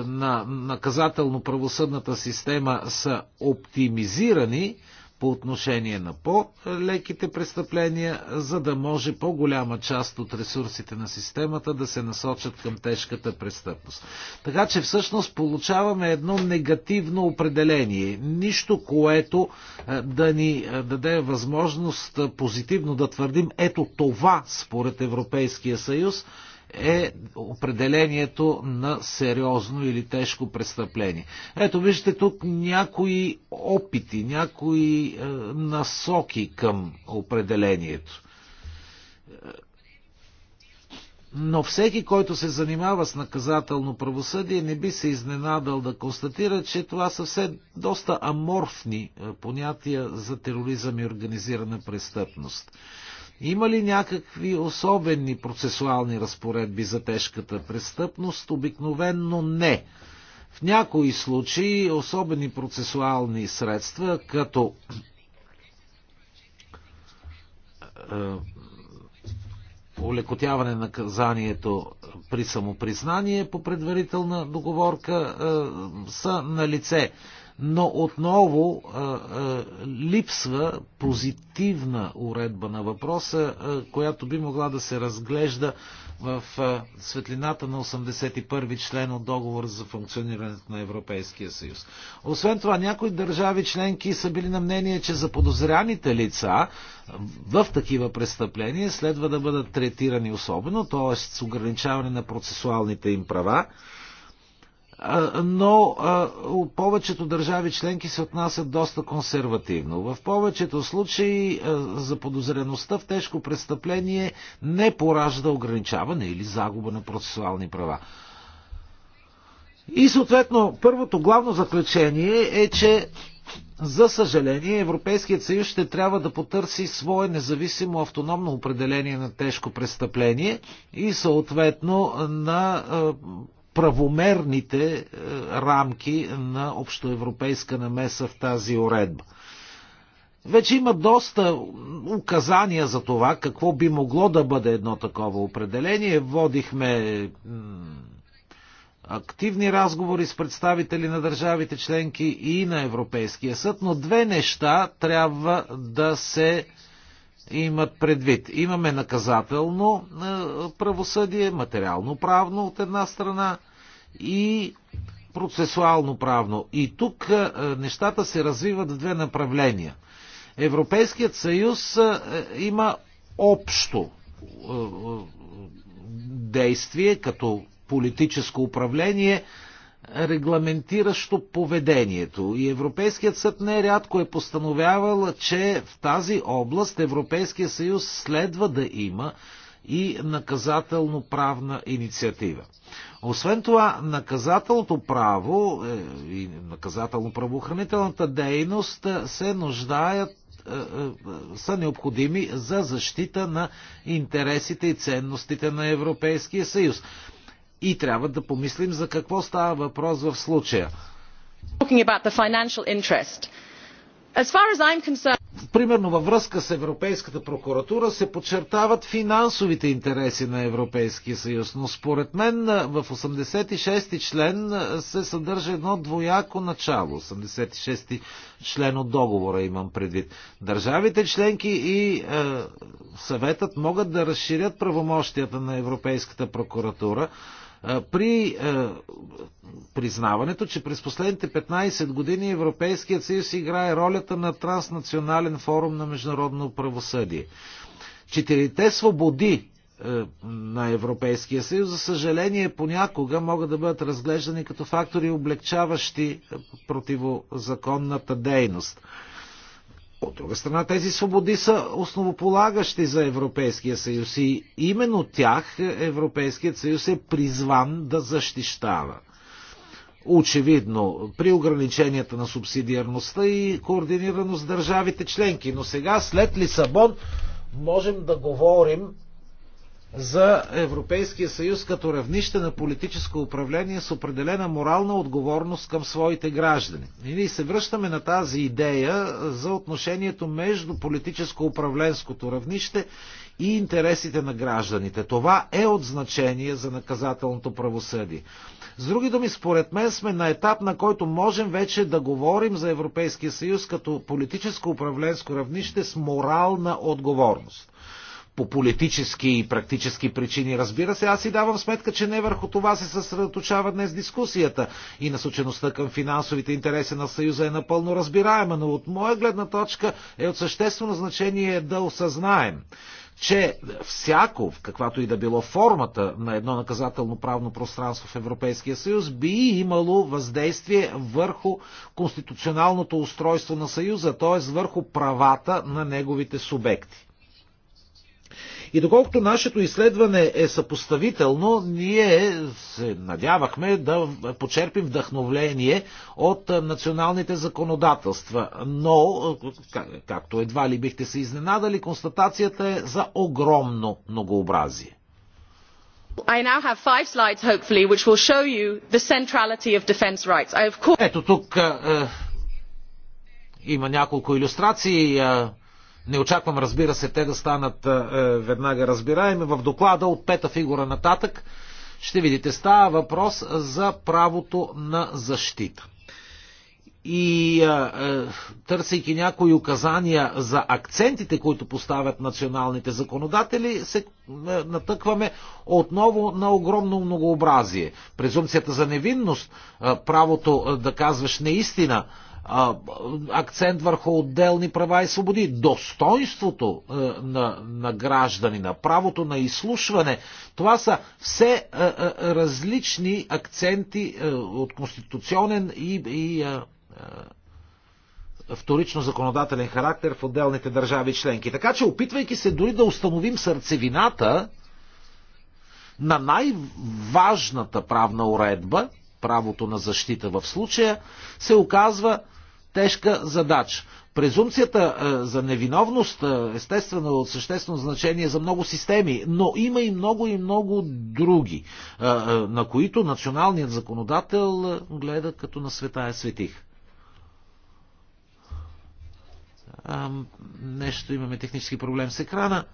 на наказателно-правосъдната система са оптимизирани по отношение на по-леките престъпления, за да може по-голяма част от ресурсите на системата да се насочат към тежката престъпност. Така че всъщност получаваме едно негативно определение. Нищо, което е, да ни е, даде възможност е, позитивно да твърдим, ето това според Европейския съюз е определението на сериозно или тежко престъпление. Ето виждате тук някои опити, някои е, насоки към определението. Но всеки, който се занимава с наказателно правосъдие, не би се изненадал да констатира, че това са все доста аморфни е, понятия за тероризъм и организирана престъпност. Има ли някакви особени процесуални разпоредби за тежката престъпност? Обикновенно не. В някои случаи особени процесуални средства, като е, улекотяване на казанието при самопризнание по предварителна договорка е, са на лице но отново липсва позитивна уредба на въпроса, която би могла да се разглежда в светлината на 81-и член от договор за функционирането на Европейския съюз. Освен това, някои държави членки са били на мнение, че заподозряните лица в такива престъпления следва да бъдат третирани особено, т.е. с ограничаване на процесуалните им права но повечето държави членки се отнасят доста консервативно. В повечето случаи заподозреността в тежко престъпление не поражда ограничаване или загуба на процесуални права. И съответно, първото главно заключение е, че за съжаление, Европейският съюз ще трябва да потърси свое независимо автономно определение на тежко престъпление и съответно на правомерните е, рамки на общоевропейска намеса в тази уредба. Вече има доста указания за това какво би могло да бъде едно такова определение. Водихме активни разговори с представители на държавите членки и на Европейския съд, но две неща трябва да се имат предвид. Имаме наказателно е, правосъдие, материално-правно от една страна и процесуално правно. И тук нещата се развиват в две направления. Европейският съюз е, има общо действие като политическо управление, регламентиращо поведението. И Европейският съд нерядко е постановявал, че в тази област Европейския съюз следва да има и наказателно-правна инициатива. Освен това, наказателното право е, и наказателно-правоохранителната дейност е, се нуждаят е, са необходими за защита на интересите и ценностите на Европейския съюз. И трябва да помислим за какво става въпрос в случая. Примерно във връзка с Европейската прокуратура се подчертават финансовите интереси на Европейския съюз, но според мен в 86-ти член се съдържа едно двояко начало. 86-ти член от договора имам предвид. Държавите членки и е, съветът могат да разширят правомощията на Европейската прокуратура при признаването, че през последните 15 години Европейският съюз играе ролята на транснационален форум на международно правосъдие. Четирите свободи е, на Европейския съюз, за съжаление, понякога могат да бъдат разглеждани като фактори, облегчаващи противозаконната дейност. От друга страна, тези свободи са основополагащи за Европейския съюз и именно тях Европейският съюз е призван да защищава. Очевидно, при ограниченията на субсидиарността и координираност с държавите членки. Но сега, след Лисабон, можем да говорим за Европейския съюз като равнище на политическо управление с определена морална отговорност към своите граждани. И ние се връщаме на тази идея за отношението между политическо-управленското равнище и интересите на гражданите. Това е от значение за наказателното правосъдие. С други думи, според мен сме на етап, на който можем вече да говорим за Европейския съюз като политическо-управленско равнище с морална отговорност по политически и практически причини, разбира се. Аз си давам сметка, че не върху това се съсредоточава днес дискусията и насочеността към финансовите интереси на Съюза е напълно разбираема, но от моя гледна точка е от съществено значение да осъзнаем, че всяко, в каквато и да било формата на едно наказателно правно пространство в Европейския съюз, би имало въздействие върху конституционалното устройство на съюза, т.е. върху правата на неговите субекти. И доколкото нашето изследване е съпоставително, ние се надявахме да почерпим вдъхновление от националните законодателства. Но, както едва ли бихте се изненадали, констатацията е за огромно многообразие.
Slides,
Ето тук е, има няколко иллюстрации. Е, не очаквам, разбира се, те да станат е, е, веднага разбираеми. В доклада от пета фигура нататък ще видите, става въпрос за правото на защита. И е, търсейки някои указания за акцентите, които поставят националните законодатели, се натъкваме отново на огромно многообразие. Презумцията за невинност, правото да казваш неистина, акцент върху отделни права и свободи, достоинството е, на, на на правото на изслушване. Това са все е, е, различни акценти от конституционен и, и вторично законодателен характер в отделните държави членки. Така че, опитвайки се дори да установим сърцевината на най-важната правна уредба, правото на защита в случая, се оказва, тежка задача. Презумцията е, за невиновност е, естествено от съществено значение за много системи, но има и много и много други, е, на които националният законодател гледа като на света е светих. нещо имаме технически проблем с екрана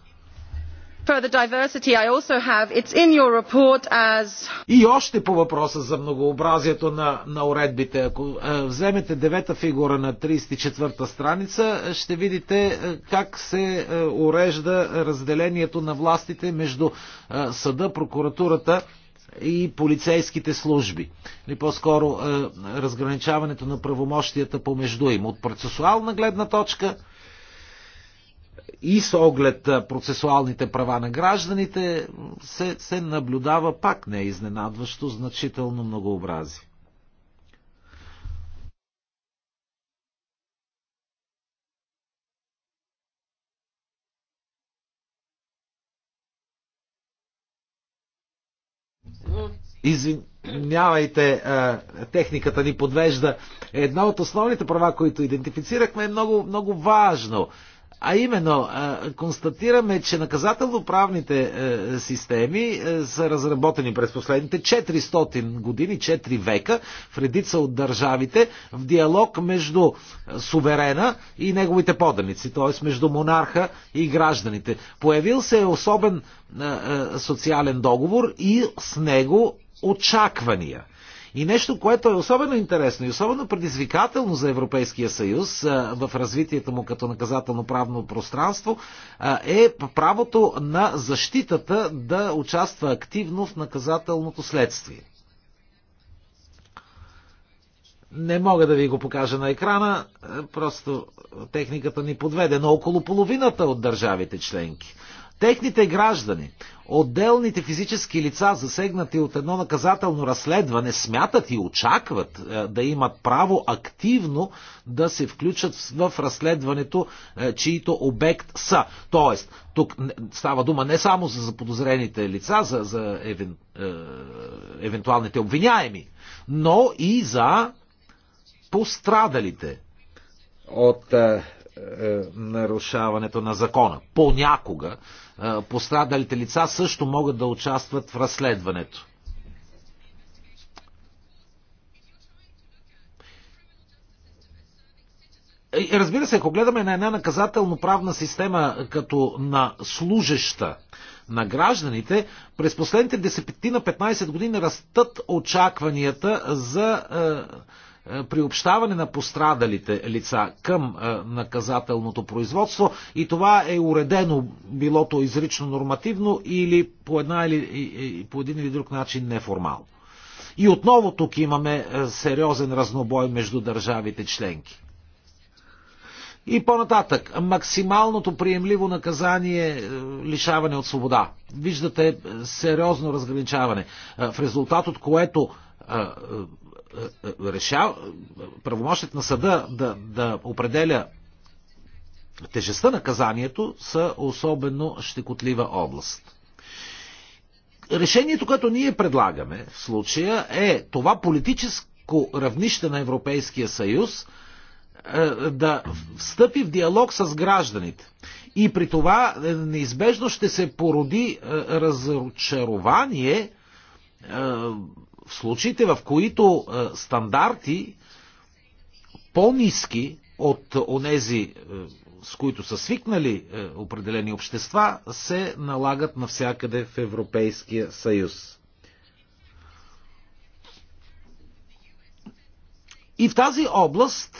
further diversity I also have. It's in your report as...
И още по въпроса за многообразието на, на уредбите. Ако е, вземете девета фигура на 34-та страница, е, ще видите е, как се е, урежда разделението на властите между е, съда, прокуратурата и полицейските служби. Или по-скоро е, разграничаването на правомощията помежду им. От процесуална гледна точка и с оглед процесуалните права на гражданите се, се наблюдава пак не изненадващо значително многообразие. Извинявайте, техниката ни подвежда. Едно от основните права, които идентифицирахме, е много, много важно. А именно, констатираме, че наказателно-правните е, системи е, са разработени през последните 400 години, 4 века, в редица от държавите, в диалог между е, суверена и неговите поданици, т.е. между монарха и гражданите. Появил се е особен социален договор и с него очаквания – и нещо, което е особено интересно и особено предизвикателно за Европейския съюз в развитието му като наказателно-правно пространство, е правото на защитата да участва активно в наказателното следствие. Не мога да ви го покажа на екрана, просто техниката ни подведе, но около половината от държавите членки, техните граждани отделните физически лица, засегнати от едно наказателно разследване, смятат и очакват е, да имат право активно да се включат в разследването, е, чието обект са. Тоест, тук става дума не само за заподозрените лица, за, за евен, е, евентуалните обвиняеми, но и за пострадалите от е, е, нарушаването на закона. Понякога е, пострадалите лица също могат да участват в разследването. Разбира се, ако гледаме на една наказателно-правна система като на служеща на гражданите, през последните 10 на 15 години растат очакванията за е, е, приобщаване на пострадалите лица към е, наказателното производство и това е уредено било то изрично нормативно или по, една или, по един или друг начин неформално. И отново тук имаме е, сериозен разнобой между държавите членки. И по-нататък, максималното приемливо наказание лишаване от свобода. Виждате сериозно разграничаване, в резултат от което решава, правомощите на съда да, да определя тежестта на казанието са особено щекотлива област. Решението, което ние предлагаме в случая е това политическо равнище на Европейския съюз е, да встъпи в диалог с гражданите. И при това е, неизбежно ще се породи е, разочарование в случаите, в които е, стандарти по-низки от онези, е, с които са свикнали е, определени общества, се налагат навсякъде в Европейския съюз. И в тази област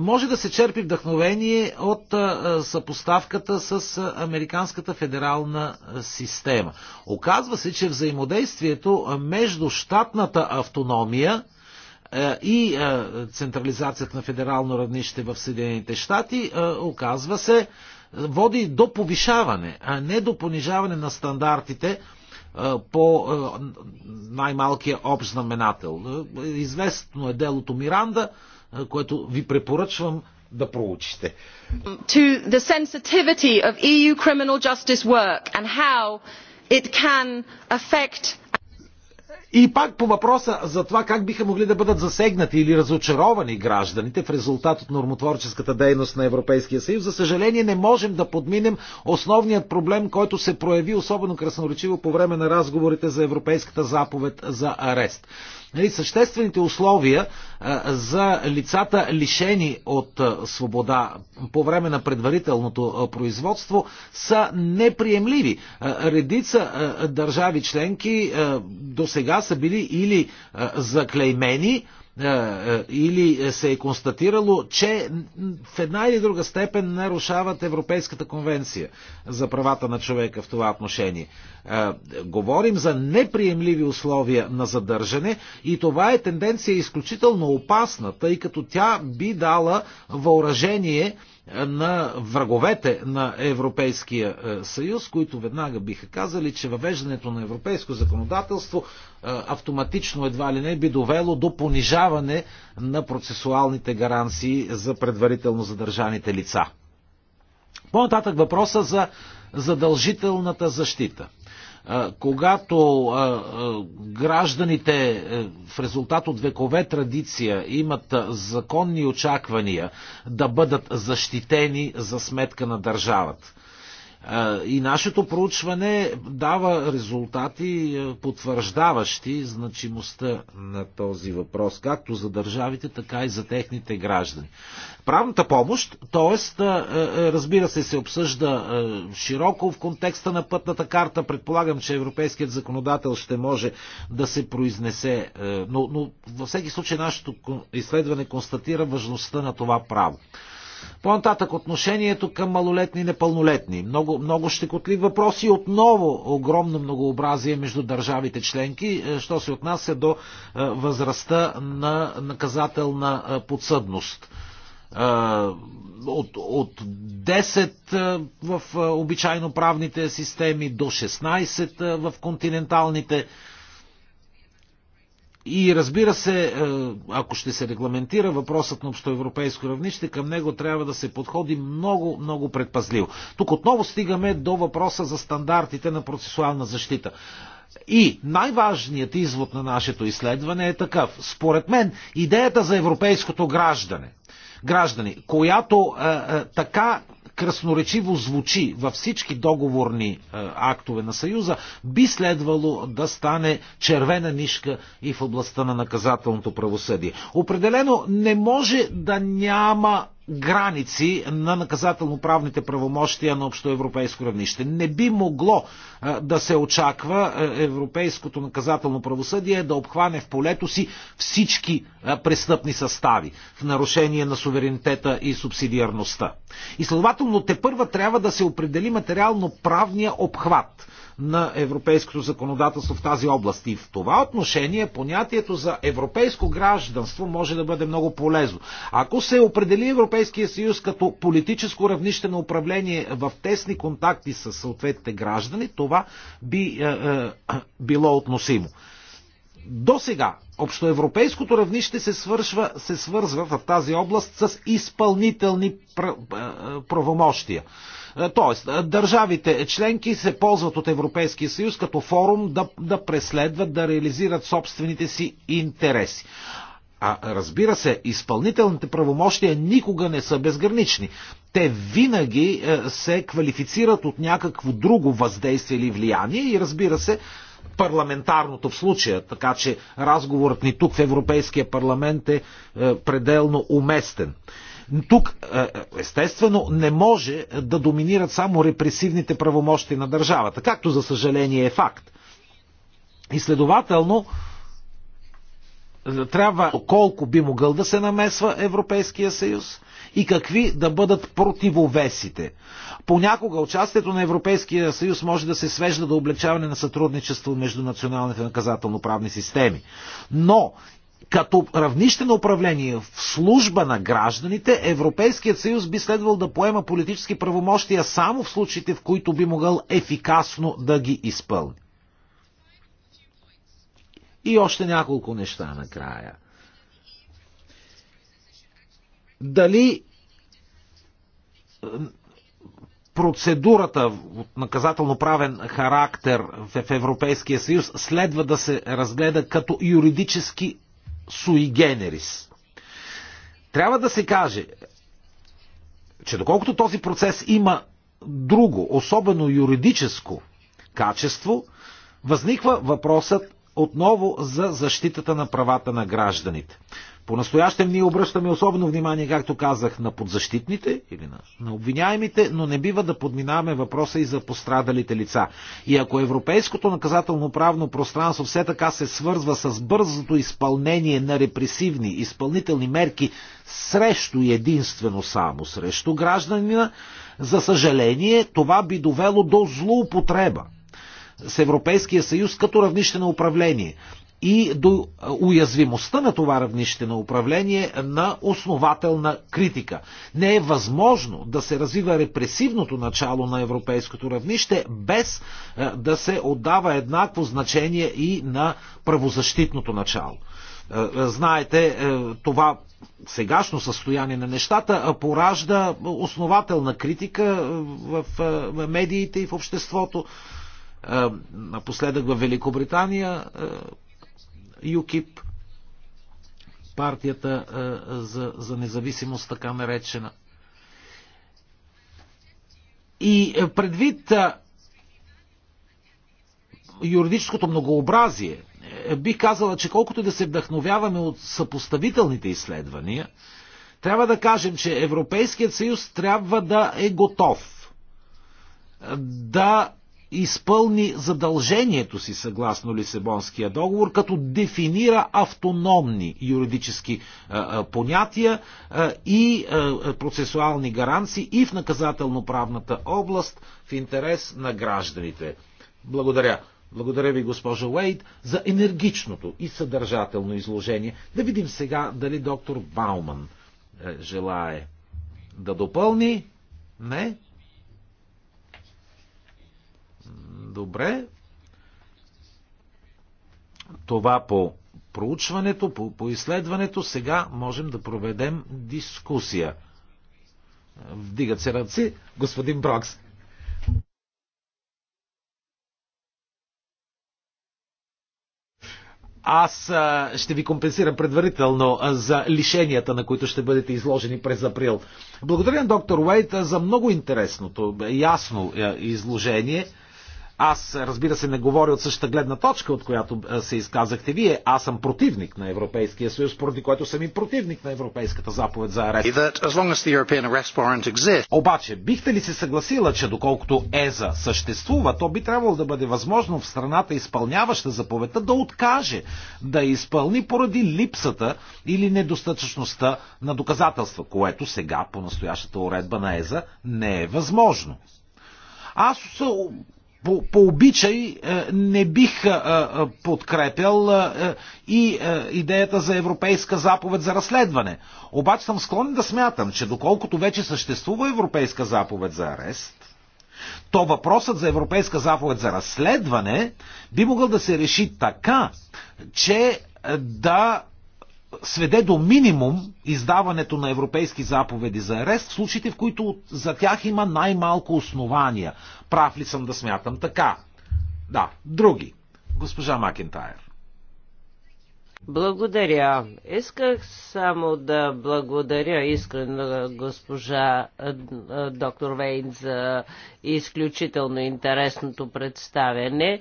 може да се черпи вдъхновение от съпоставката с Американската федерална система. Оказва се, че взаимодействието между щатната автономия и централизацията на федерално равнище в Съединените щати оказва се води до повишаване, а не до понижаване на стандартите по най-малкия общ знаменател. Известно е делото Миранда, което ви препоръчвам да проучите.
To the sensitivity of EU criminal
justice work and how it can affect
и пак по въпроса за това как биха могли да бъдат засегнати или разочаровани гражданите в резултат от нормотворческата дейност на Европейския съюз, за съжаление не можем да подминем основният проблем, който се прояви особено красноречиво по време на разговорите за Европейската заповед за арест нали, съществените условия за лицата лишени от свобода по време на предварителното производство са неприемливи. Редица държави членки до сега са били или заклеймени, е, е, или се е констатирало, че в една или друга степен нарушават Европейската конвенция за правата на човека в това отношение. Е, говорим за неприемливи условия на задържане и това е тенденция изключително опасна, тъй като тя би дала въоръжение на враговете на Европейския е, съюз, които веднага биха казали, че въвеждането на европейско законодателство е, автоматично едва ли не би довело до понижаване на процесуалните гаранции за предварително задържаните лица. По-нататък въпроса за задължителната защита – когато гражданите е, в резултат от векове традиция имат законни очаквания да бъдат защитени за сметка на държавата. И нашето проучване дава резултати, е, потвърждаващи значимостта на този въпрос, както за държавите, така и за техните граждани. Правната помощ, т.е. Е, разбира се, се обсъжда е, широко в контекста на пътната карта. Предполагам, че европейският законодател ще може да се произнесе, но, но във всеки случай нашето изследване констатира важността на това право. По-нататък отношението към малолетни и непълнолетни. Много, много щекотлив въпрос и отново огромно многообразие между държавите членки, е, що се отнася до е, възрастта на наказателна е, подсъдност от, от 10 в обичайно правните системи до 16 в континенталните и разбира се, е, ако ще се регламентира въпросът на общоевропейско равнище, към него трябва да се подходи много, много предпазливо. Тук отново стигаме до въпроса за стандартите на процесуална защита. И най-важният извод на нашето изследване е такъв. Според мен, идеята за европейското граждане, граждани, която е, е, така красноречиво звучи във всички договорни е, актове на Съюза, би следвало да стане червена нишка и в областта на наказателното правосъдие. Определено не може да няма граници на наказателно-правните правомощия на общоевропейско равнище. Не би могло е, да се очаква е, европейското наказателно правосъдие да обхване в полето си всички е, престъпни състави в нарушение на суверенитета и субсидиарността. И следователно те първа трябва да се определи материално правния обхват – на европейското законодателство в тази област. И в това отношение понятието за европейско гражданство може да бъде много полезно. Ако се определи Европейския съюз като политическо равнище на управление в тесни контакти с съответните граждани, това би е, е, било относимо. До сега общоевропейското равнище се, свършва, се свързва в тази област с изпълнителни е, е, правомощия. Е, тоест, е, държавите членки се ползват от Европейския съюз като форум да, да преследват, да реализират собствените си интереси. А разбира се, изпълнителните правомощия никога не са безгранични. Те винаги е, се квалифицират от някакво друго въздействие или влияние и разбира се, парламентарното в случая, така че разговорът ни тук в Европейския парламент е пределно уместен. Тук, е, естествено, не може да доминират само репресивните правомощи на държавата, както за съжаление е факт. И следователно, трябва колко би могъл да се намесва Европейския съюз и какви да бъдат противовесите. Понякога участието на Европейския съюз може да се свежда до облегчаване на сътрудничество между националните наказателно-правни системи. Но като равнище на управление в служба на гражданите, Европейският съюз би следвал да поема политически правомощия само в случаите, в които би могъл ефикасно да ги изпълни. И още няколко неща накрая. Дали процедурата от наказателно-правен характер в Европейския съюз следва да се разгледа като юридически sui generis. Трябва да се каже, че доколкото този процес има друго, особено юридическо качество, възниква въпросът отново за защитата на правата на гражданите. По-настоящем ние обръщаме особено внимание, както казах, на подзащитните или на, на обвиняемите, но не бива да подминаваме въпроса и за пострадалите лица. И ако европейското наказателно-правно пространство все така се свързва с бързото изпълнение на репресивни изпълнителни мерки срещу и единствено само срещу гражданина, за съжаление това би довело до злоупотреба с Европейския съюз като равнище на управление и до уязвимостта на това равнище на управление на основателна критика. Не е възможно да се развива репресивното начало на европейското равнище без е, да се отдава еднакво значение и на правозащитното начало. Е, е, знаете, това сегашно състояние на нещата поражда основателна критика в медиите и в обществото напоследък в Великобритания ЮКИП, партията е, за, за независимост, така наречена. И е, предвид е, юридическото многообразие, бих казала, че колкото и да се вдъхновяваме от съпоставителните изследвания, трябва да кажем, че Европейският съюз трябва да е готов да изпълни задължението си съгласно Лисебонския договор, като дефинира автономни юридически понятия и процесуални гаранции и в наказателно-правната област в интерес на гражданите. Благодаря. Благодаря ви, госпожа Уейд, за енергичното и съдържателно изложение. Да видим сега дали доктор Бауман е, желае да допълни. Не? Добре. Това по проучването, по, по изследването, сега можем да проведем дискусия. Вдигат се ръци. Господин Брокс. Аз ще ви компенсирам предварително за лишенията, на които ще бъдете изложени през април. Благодаря на доктор Уейт за много интересното, ясно изложение. Аз, разбира се, не говоря от същата гледна точка, от която е, се изказахте вие. Аз съм противник на Европейския съюз, поради което съм и противник на Европейската заповед за арест. Обаче, бихте ли се съгласила, че доколкото ЕЗА съществува, то би трябвало да бъде възможно в страната изпълняваща заповедта да откаже да изпълни поради липсата или недостатъчността на доказателства, което сега по настоящата уредба на ЕЗА не е възможно. Аз по, по обичай е, не бих е, е, подкрепял и идеята за европейска заповед за разследване. Обаче съм склонен да смятам, че доколкото вече съществува европейска заповед за арест, то въпросът за Европейска заповед за разследване би могъл да се реши така, че да сведе до минимум издаването на европейски заповеди за арест в случаите, в които за тях има най-малко основания. Прав ли съм да смятам така? Да, други. Госпожа Макентайр.
Благодаря. Исках само да благодаря искрено госпожа доктор Вейн за изключително интересното представяне.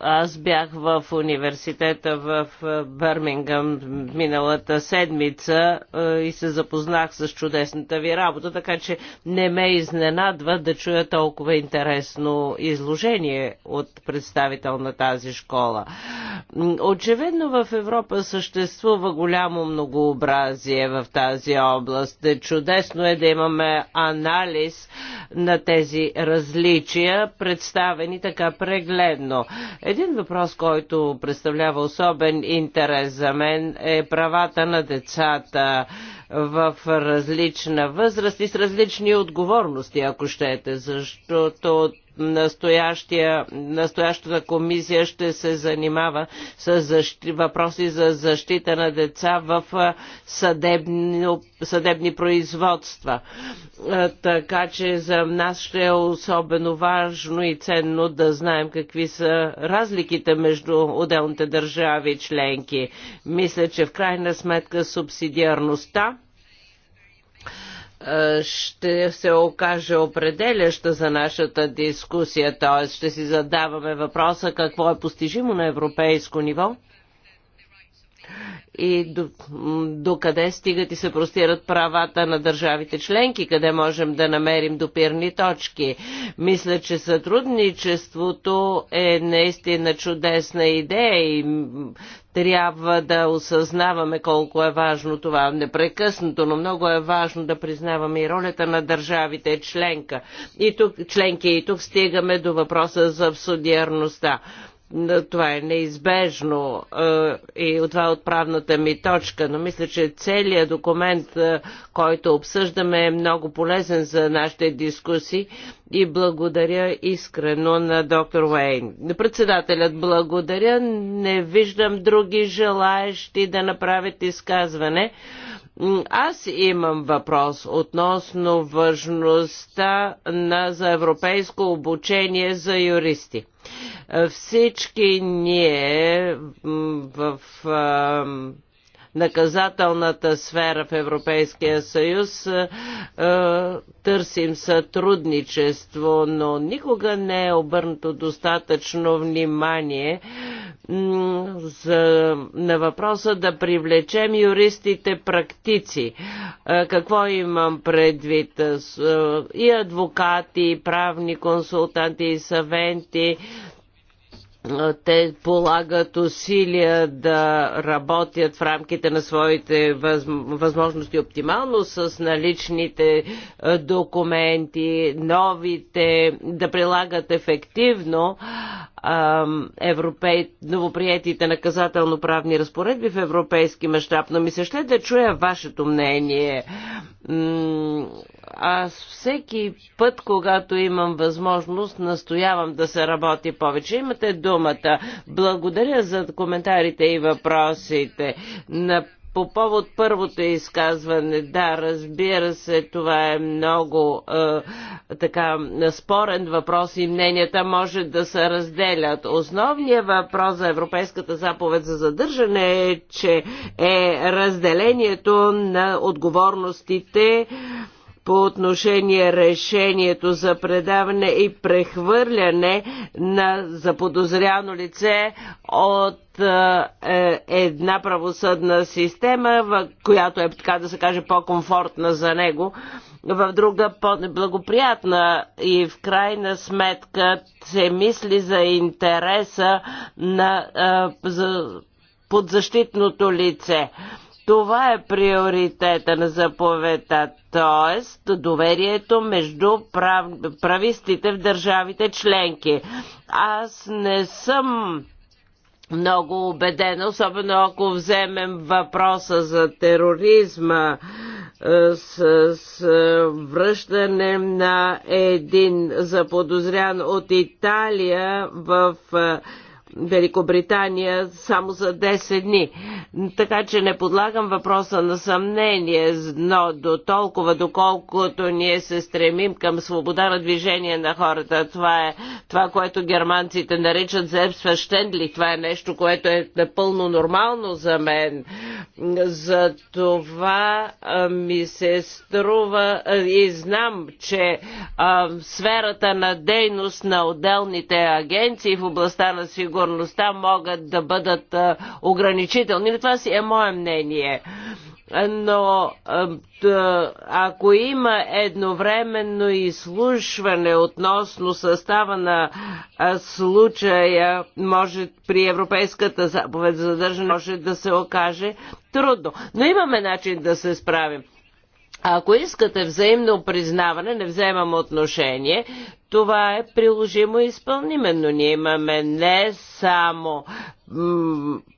Аз бях в университета в Бърмингъм миналата седмица и се запознах с чудесната ви работа, така че не ме изненадва да чуя толкова интересно изложение от представител на тази школа. Очевидно в Европа съществува голямо многообразие в тази област. Е, чудесно е да имаме анализ на тези различия, представени така прегледно. Един въпрос, който представлява особен интерес за мен е правата на децата в различна възраст и с различни отговорности, ако щете, защото настоящата комисия ще се занимава с защи, въпроси за защита на деца в съдебни, съдебни производства. Така че за нас ще е особено важно и ценно да знаем какви са разликите между отделните държави членки. Мисля, че в крайна сметка субсидиарността е, ще се окаже определяща за нашата дискусия, т.е. ще си задаваме въпроса какво е постижимо на европейско ниво и докъде до стигат и се простират правата на държавите членки, къде можем да намерим допирни точки. Мисля, че сътрудничеството е наистина чудесна идея и трябва да осъзнаваме колко е важно това непрекъснато, но много е важно да признаваме и ролята на държавите членка. И тук, членки, и тук стигаме до въпроса за абсудиарността това е неизбежно е, и това е отправната ми точка, но мисля, че целият документ, е, който обсъждаме е много полезен за нашите дискусии и благодаря искрено на доктор Уейн. Председателят благодаря, не виждам други желаещи да направят изказване. Аз имам въпрос относно важността на за европейско обучение за юристи всички ние в наказателната сфера в Европейския съюз е, е, търсим сътрудничество, но никога не е обърнато достатъчно внимание за, на въпроса да привлечем юристите практици. Е, какво имам предвид? И адвокати, и правни консултанти, и съвенти, те полагат усилия да работят в рамките на своите възможности оптимално с наличните документи, новите, да прилагат ефективно европей, новоприетите наказателно-правни разпоредби в европейски мащаб, но ми се ще да чуя вашето мнение. Аз всеки път, когато имам възможност, настоявам да се работи повече. Имате думата. Благодаря за коментарите и въпросите. На по повод първото изказване, да, разбира се, това е много е, така спорен въпрос и мненията може да се разделят. Основният въпрос за Европейската заповед за задържане е, че е разделението на отговорностите е, по отношение решението за предаване и прехвърляне на заподозряно лице от е, е, една правосъдна система, която е, така да се каже, по-комфортна за него, в друга по-неблагоприятна и в крайна сметка се мисли за интереса на, е, за подзащитното лице. Това е приоритета на заповедта, т.е. доверието между прав... правистите в държавите членки. Аз не съм много убедена, особено ако вземем въпроса за тероризма е, с, с е, връщане на един заподозрян от Италия в е, Великобритания само за 10 дни. Така че не подлагам въпроса на съмнение, но до толкова, доколкото ние се стремим към свобода на движение на хората, това е това, което германците наричат зебсвещендлих, това е нещо, което е напълно нормално за мен. За това ми се струва и знам, че сферата на дейност на отделните агенции в областта на сигурността могат да бъдат ограничителни. Това си е мое мнение но ако има едновременно изслушване относно състава на случая, може при Европейската заповед за задържане може да се окаже трудно. Но имаме начин да се справим. Ако искате взаимно признаване, не вземам отношение, това е приложимо и изпълнименно. Ние имаме не само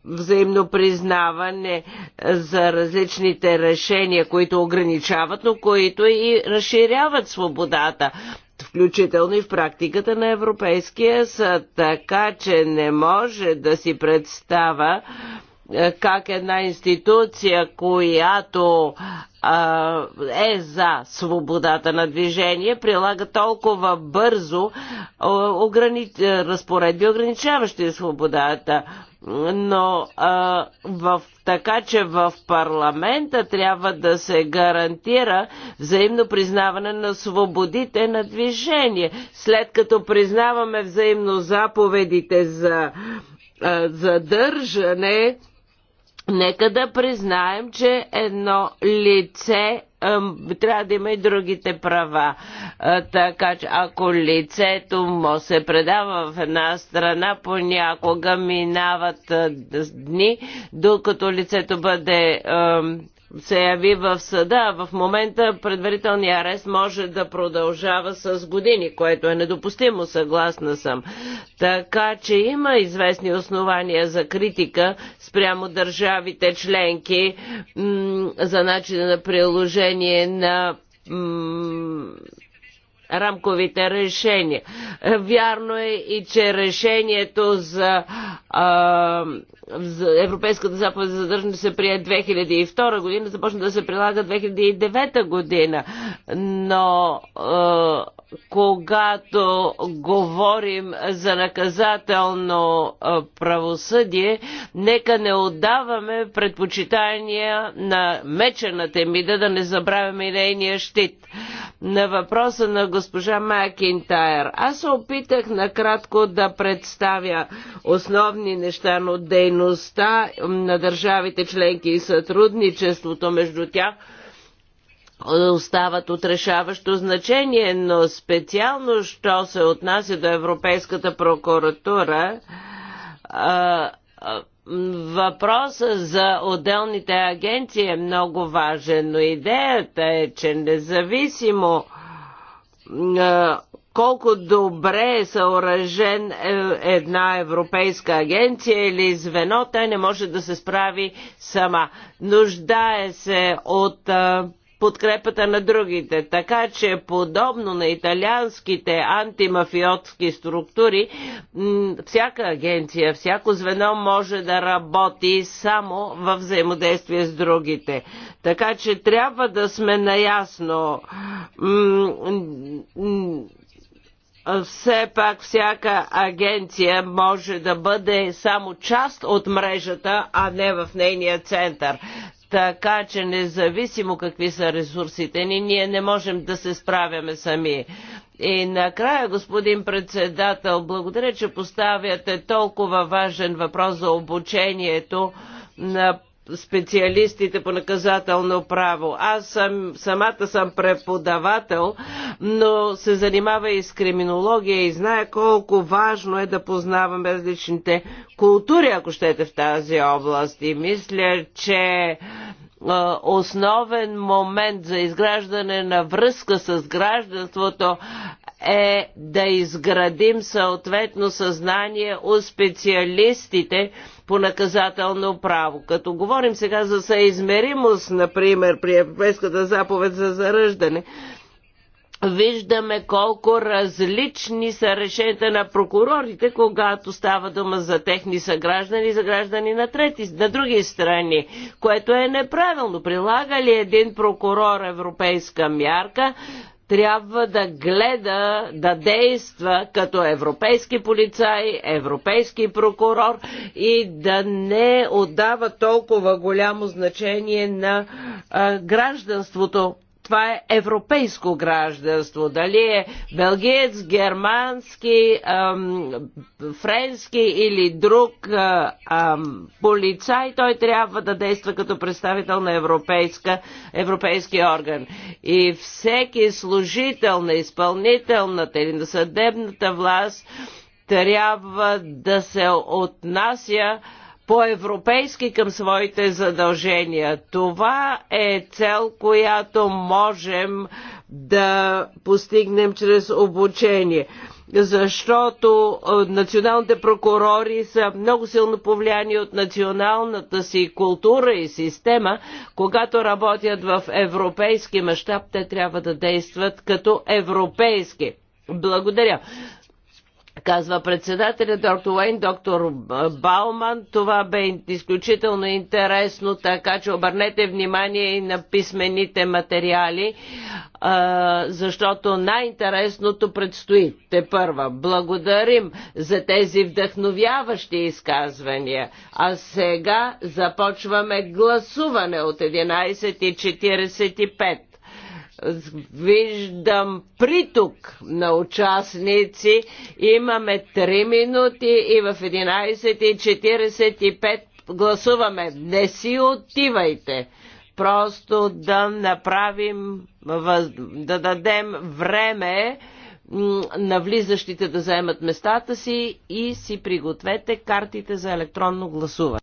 взаимно признаване за различните решения, които ограничават, но които и разширяват свободата включително и в практиката на Европейския съд. Така че не може да си представя е, как една институция, която е за свободата на движение, прилага толкова бързо ограни... разпоредби, ограничаващи свободата. Но а, в, така, че в парламента трябва да се гарантира взаимно признаване на свободите на движение. След като признаваме взаимно заповедите за а, задържане, Нека да признаем, че едно лице трябва да има и другите права. Така че ако лицето му се предава в една страна, понякога минават дни, докато лицето бъде се яви в съда, в момента предварителният арест може да продължава с години, което е недопустимо, съгласна съм. Така че има известни основания за критика спрямо държавите членки за начина на приложение на рамковите решения. Вярно е и, че решението за а, Европейската заповед за задържане се прие 2002 година, започна да се прилага 2009 година, но е, когато говорим за наказателно правосъдие, нека не отдаваме предпочитания на мечената мида, да не забравяме и нейния щит. На въпроса на госпожа Макинтайр. Аз се опитах накратко да представя основни неща, но дейността на държавите членки и сътрудничеството между тях – остават от решаващо значение, но специално, що се отнася до Европейската прокуратура, въпросът за отделните агенции е много важен, но идеята е, че независимо колко добре е съоръжен е, една европейска агенция или звено, тя не може да се справи сама. Нуждае се от а, подкрепата на другите. Така че подобно на италианските антимафиотски структури, всяка агенция, всяко звено може да работи само в взаимодействие с другите. Така че трябва да сме наясно все пак всяка агенция може да бъде само част от мрежата, а не в нейния център. Така че независимо какви са ресурсите ни, ние не можем да се справяме сами. И накрая, господин председател, благодаря, че поставяте толкова важен въпрос за обучението на специалистите по наказателно право. Аз съм, самата съм преподавател, но се занимава и с криминология и знае колко важно е да познаваме различните култури, ако щете в тази област. И мисля, че основен момент за изграждане на връзка с гражданството е да изградим съответно съзнание у специалистите по наказателно право. Като говорим сега за съизмеримост, например, при Европейската заповед за зараждане, виждаме колко различни са решенията на прокурорите, когато става дума за техни съграждани и за граждани на, трети, на други страни, което е неправилно. Прилага ли един прокурор европейска мярка, трябва да гледа, да действа като европейски полицай, европейски прокурор и да не отдава толкова голямо значение на а, гражданството това е европейско гражданство. Дали е белгиец, германски, ам, френски или друг ам, полицай, той трябва да действа като представител на европейска, европейски орган. И всеки служител на изпълнителната или на съдебната власт трябва да се отнася по-европейски към своите задължения. Това е цел, която можем да постигнем чрез обучение защото националните прокурори са много силно повлияни от националната си култура и система. Когато работят в европейски мащаб, те трябва да действат като европейски. Благодаря казва председателя доктор Уейн, доктор Бауман. Това бе изключително интересно, така че обърнете внимание и на писмените материали, защото най-интересното предстои. Те първа. Благодарим за тези вдъхновяващи изказвания. А сега започваме гласуване от 11.45 виждам приток на участници. Имаме 3 минути и в 11.45 гласуваме. Не си отивайте. Просто да направим, да дадем време на влизащите да заемат местата си и си пригответе картите за електронно гласуване.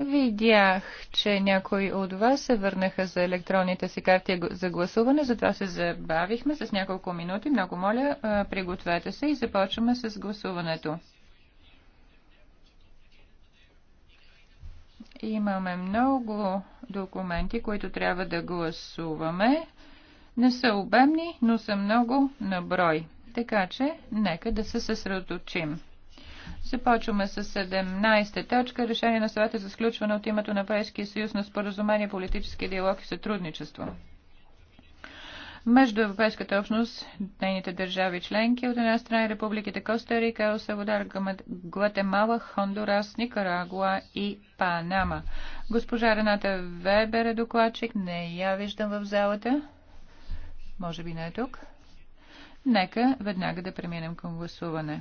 Видях, че някои от вас се върнаха за електронните си карти за гласуване, затова се забавихме с няколко минути. Много моля, пригответе се и започваме с гласуването. Имаме много документи, които трябва да гласуваме. Не са обемни, но са много на брой. Така че, нека да се съсредоточим. Започваме с 17 точка. Решение на съвета за сключване от името на Европейския съюз на споразумение политически диалог и сътрудничество между Европейската общност, нейните държави членки, от една страна републиките Коста Рика, Осаводар, Гватемала, Хондурас, Никарагуа и Панама. Госпожа Рената Вебер е докладчик. Не я виждам в залата. Може би не е тук. Нека веднага да преминем към гласуване.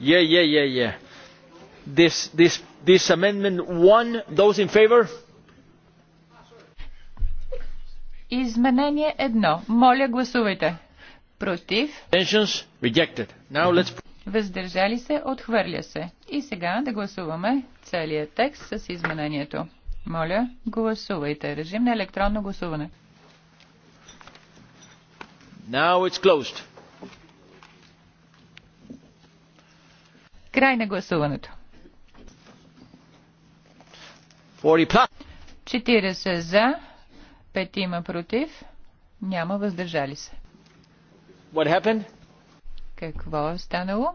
Yeah, yeah, yeah, yeah. This, this, this amendment one, those in favor?
Изменение едно. Моля, гласувайте. Против. Tensions rejected. Now let's... Въздържали се, отхвърля се. И сега да гласуваме целият текст с изменението. Моля, гласувайте. Режим на електронно гласуване.
Now it's closed.
Край на гласуването. 40 за, 5 има против, няма въздържали се. Какво е станало?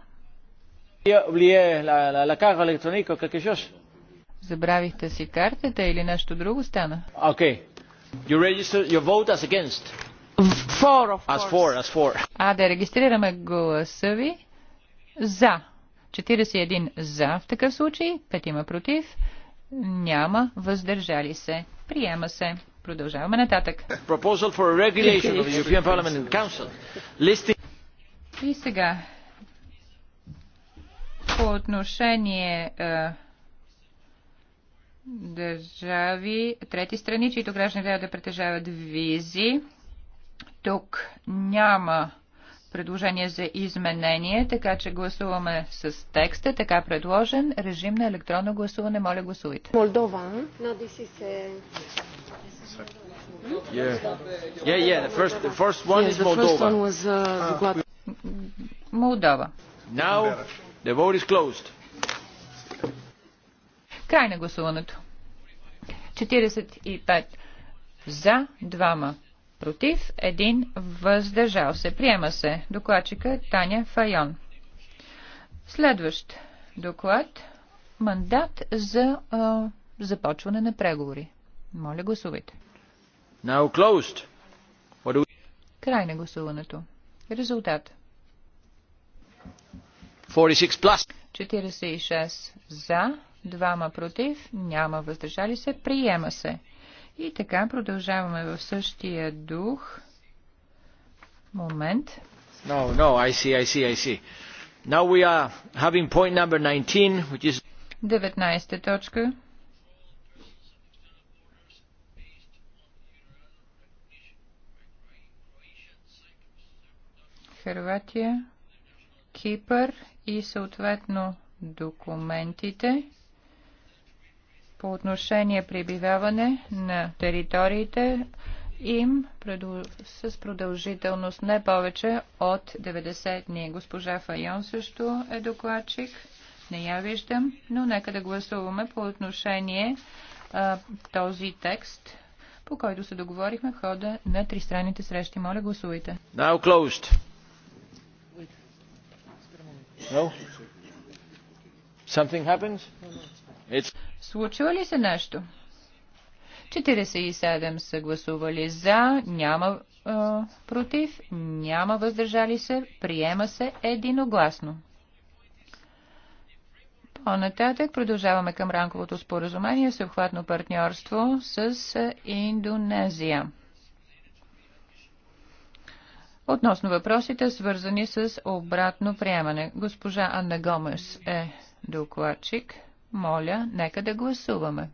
Забравихте си картата или нещо друго стана?
Okay. You register your vote as against. Four, of course. As four, as four.
А, да регистрираме гласа ви за. 41 за в такъв случай, 5 против, няма, въздържали се. Приема се. Продължаваме нататък. И сега, по отношение е, държави, трети страни, чието граждани трябва да притежават визи, тук няма предложение за изменение, така че гласуваме с текста, така предложен. Режим на електронно гласуване. Моля, гласувайте. Молдова. Молдова. Uh, ah.
Now the vote is closed.
Край на гласуването. 45 за, 2 против, един въздържал се. Приема се докладчика е Таня Файон. Следващ доклад – мандат за а, започване на преговори. Моля, гласувайте.
Now closed. What do we...
Край на гласуването. Резултат.
46 plus.
46 за, 2 против, няма въздържали се, приема се. И така продължаваме в същия дух. Момент.
No, no, I see, I see, I see. Now we are having point number 19, which is...
19 точка. Хърватия, Кипър и съответно документите по отношение прибивяване на териториите им с продължителност не повече от 90 дни. Госпожа Файон също е докладчик. Не я виждам, но нека да гласуваме по отношение а, този текст, по който се договорихме в хода на тристранните срещи. Моля, гласувайте.
Now closed. No? Something happened? It's...
Случва ли се нещо? 47 са гласували за, няма е, против, няма въздържали се, приема се единогласно. По-нататък продължаваме към ранковото споразумение с обхватно партньорство с Индонезия. Относно въпросите, свързани с обратно приемане, госпожа Анна Гомес е докладчик. Моля, нека да гласуваме.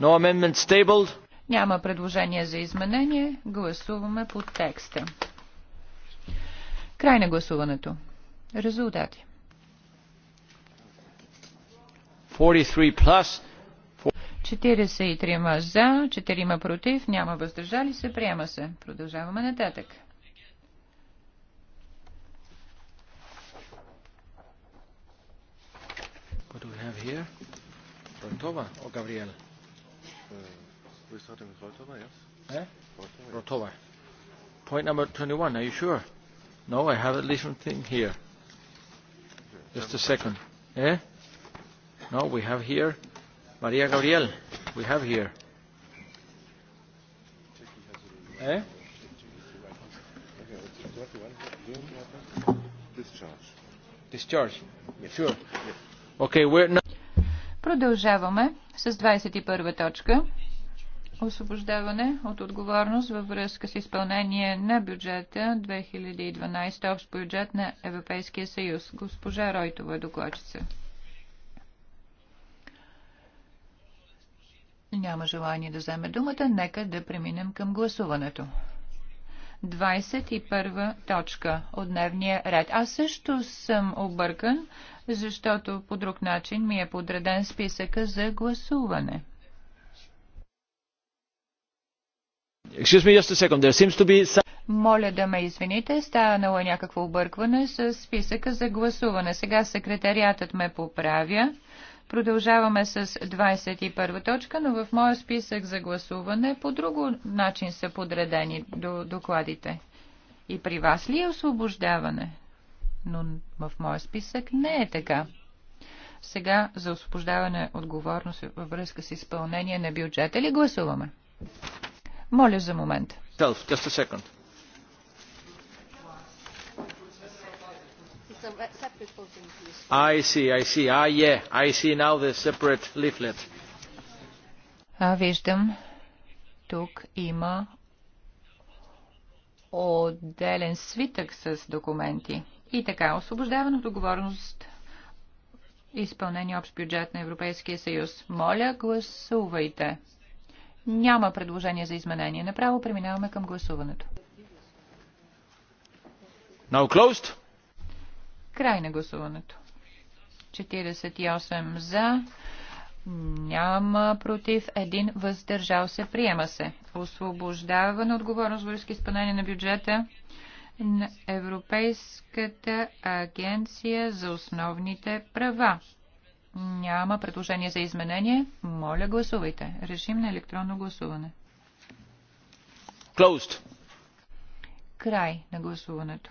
No amendment tabled.
Няма предложение за изменение. Гласуваме по текста. Край на гласуването. Резултати.
43 plus.
43 за, 4 против, няма въздържали се, приема се. Продължаваме нататък.
here? Rotova or Gabriel? Uh, we're starting with Rotova, yes. Eh? Rotova. Rotova. Point number 21, are you sure? No, I have a different thing here. Just a second. Eh? No, we have here Maria Gabriel. We have here. Eh? Discharge. Discharge. Sure. Okay, we're now.
Продължаваме с 21 точка. Освобождаване от отговорност във връзка с изпълнение на бюджета 2012 общ бюджет на Европейския съюз. Госпожа Ройтова, е докладчица. Няма желание да вземе думата. Нека да преминем към гласуването. 21 точка от дневния ред. Аз също съм объркан, защото по друг начин ми е подреден списъка за гласуване. Моля да ме извините, станало е някакво объркване с списъка за гласуване. Сега секретариатът ме поправя. Продължаваме с 21 точка, но в моя списък за гласуване по друго начин са подредени до докладите. И при вас ли е освобождаване? но в моя списък не е така. Сега за освобождаване отговорност във връзка с изпълнение на бюджета ли гласуваме? Моля за момент.
Just a second. I see, I see. Ah, yeah, I see now the separate leaflet.
А, виждам, тук има отделен свитък с документи. И така, освобождаване от договорност изпълнение общ бюджет на Европейския съюз. Моля, гласувайте. Няма предложение за изменение. Направо преминаваме към гласуването.
Now closed.
Край на гласуването. 48 за, няма против, един въздържал се, приема се. Освобождаване отговорност връзки изпълнение на бюджета на Европейската агенция за основните права. Няма предложение за изменение. Моля, гласувайте. Режим на електронно гласуване. Closed. Край на гласуването.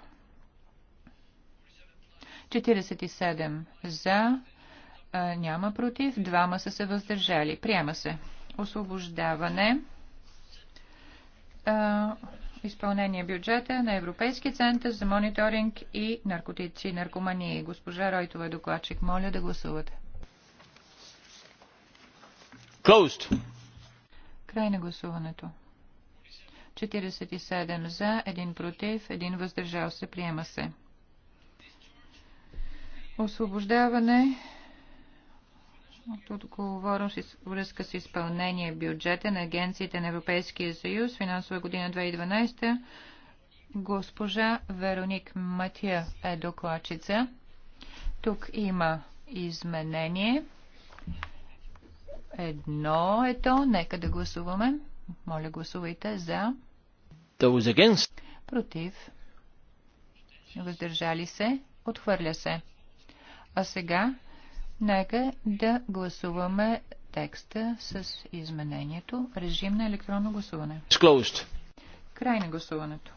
47 за, няма против, двама са се въздържали. Приема се. Освобождаване изпълнение бюджета на Европейски център за мониторинг и наркотици и наркомании. Госпожа Ройтова е докладчик. Моля да гласувате. Closed. Край на гласуването. 47 за, 1 против, 1 въздържал се. Приема се. Освобождаване отговорност връзка с изпълнение бюджета на агенциите на Европейския съюз, финансова година 2012. Госпожа Вероник Матия е докладчица. Тук има изменение. Едно е то. Нека да гласуваме. Моля, гласувайте за. Против. Въздържали се. Отхвърля се. А сега Нека да гласуваме текста с изменението. Режим на електронно гласуване. Край на гласуването.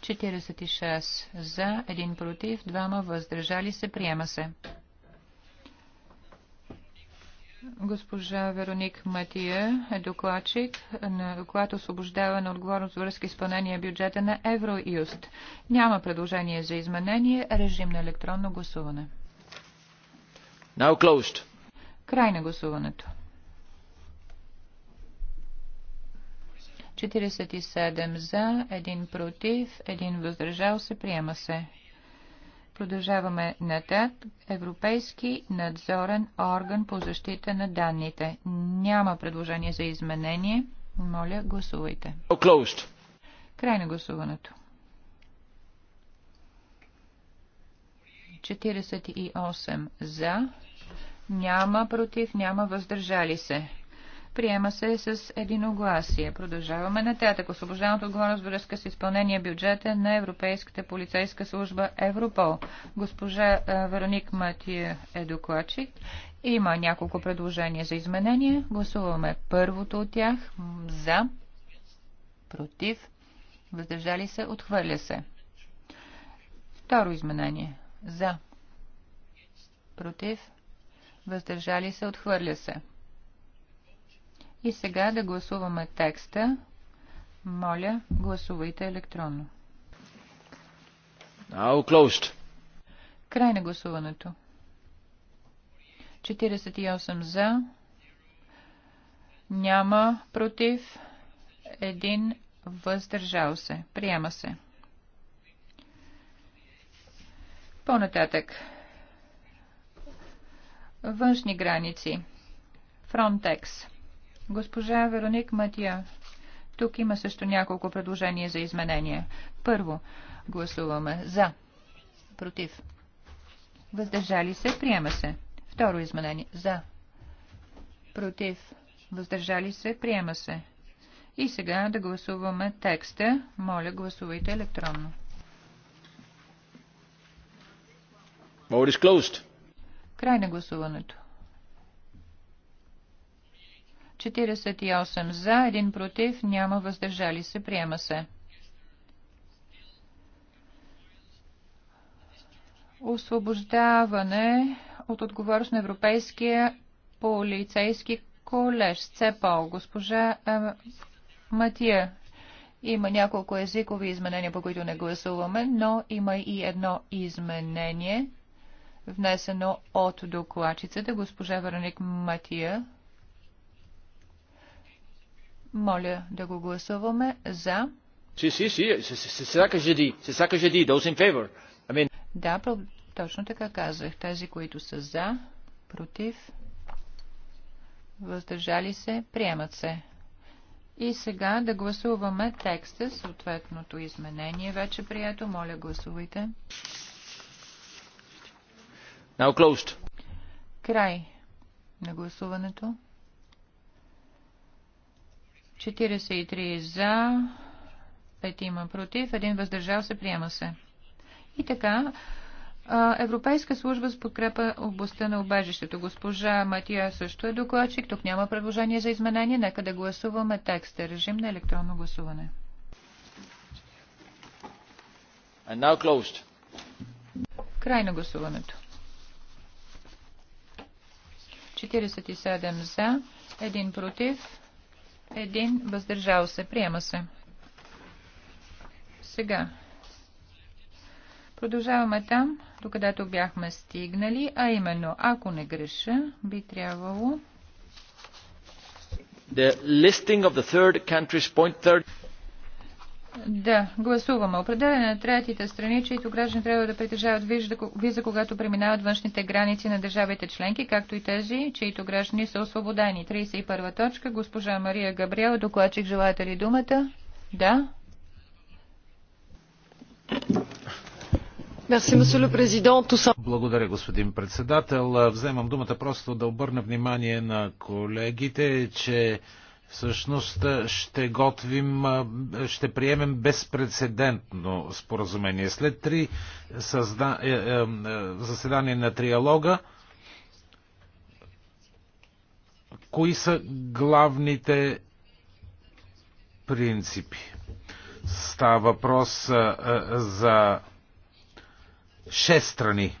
46 за, 1 против, 2 въздържали се, приема се. Госпожа Вероник Матия е докладчик на доклад освобождава на отговорност връзка изпълнение бюджета на Евроюст. Няма предложение за изменение. Режим на електронно гласуване.
Now closed.
Край на гласуването. 47 за, 1 против, 1 въздържал се, приема се. Продължаваме нататък. Европейски надзорен орган по защита на данните. Няма предложение за изменение. Моля, гласувайте. Closed. Край на гласуването. 48 за, няма против, няма въздържали се. Приема се с единогласие. Продължаваме нататък. Освобождаването отговорност връзка с изпълнение бюджета на Европейската полицейска служба Европол. Госпожа е, Вероник Матия е докладчик. Има няколко предложения за изменение. Гласуваме първото от тях. За. Против. Въздържали се. Отхвърля се. Второ изменение. За. Против. Въздържали се. Отхвърля се. И сега да гласуваме текста. Моля, гласувайте електронно.
Now closed.
Край на гласуването. 48 за. Няма против. Един въздържал се. Приема се. По-нататък. Външни граници. Фронтекс. Госпожа Вероник Матия. Тук има също няколко предложения за изменения. Първо, гласуваме за. Против. Въздържали се. Приема се. Второ изменение. За. Против. Въздържали се. Приема се. И сега да гласуваме текста. Моля, гласувайте електронно. Край на гласуването. 48 за, 1 против, няма въздържали се, приема се. Освобождаване от отговорност на Европейския полицейски колеж ЦЕПОЛ. Госпожа е, Матия, има няколко езикови изменения, по които не гласуваме, но има и едно изменение, внесено от докладчицата, госпожа Вероник Матия. Моля да го гласуваме за. Да, точно така казах. Тези, които са за, против, въздържали се, приемат се. И сега да гласуваме текста, съответното изменение вече прието. Моля, гласувайте. Now closed. Край на гласуването. 43 за, 5 има против, 1 въздържал се, приема се. И така, Европейска служба с подкрепа областта на обежището. Госпожа Матия също е докладчик. Тук няма предложение за изменение. Нека да гласуваме текста. Режим на електронно гласуване.
And now closed.
Край на гласуването. 47 за, 1 против, един въздържал се. Приема се. Сега. Продължаваме там, докъдето бяхме стигнали, а именно, ако не греша, би трябвало...
The listing of the third countries, point third...
Да, гласуваме. Определяне на третите страни, чието граждани трябва да притежават виза, когато преминават външните граници на държавите членки, както и тези, чието граждани са освободени. 31 точка. Госпожа Мария Габриел, докладчик, желаете ли думата? Да.
Благодаря, господин председател. Вземам думата просто да обърна внимание на колегите, че всъщност е, ще готвим, е, ще приемем безпредседентно споразумение. След три създа... Е, заседания на триалога, кои са главните принципи? Става въпрос за шест страни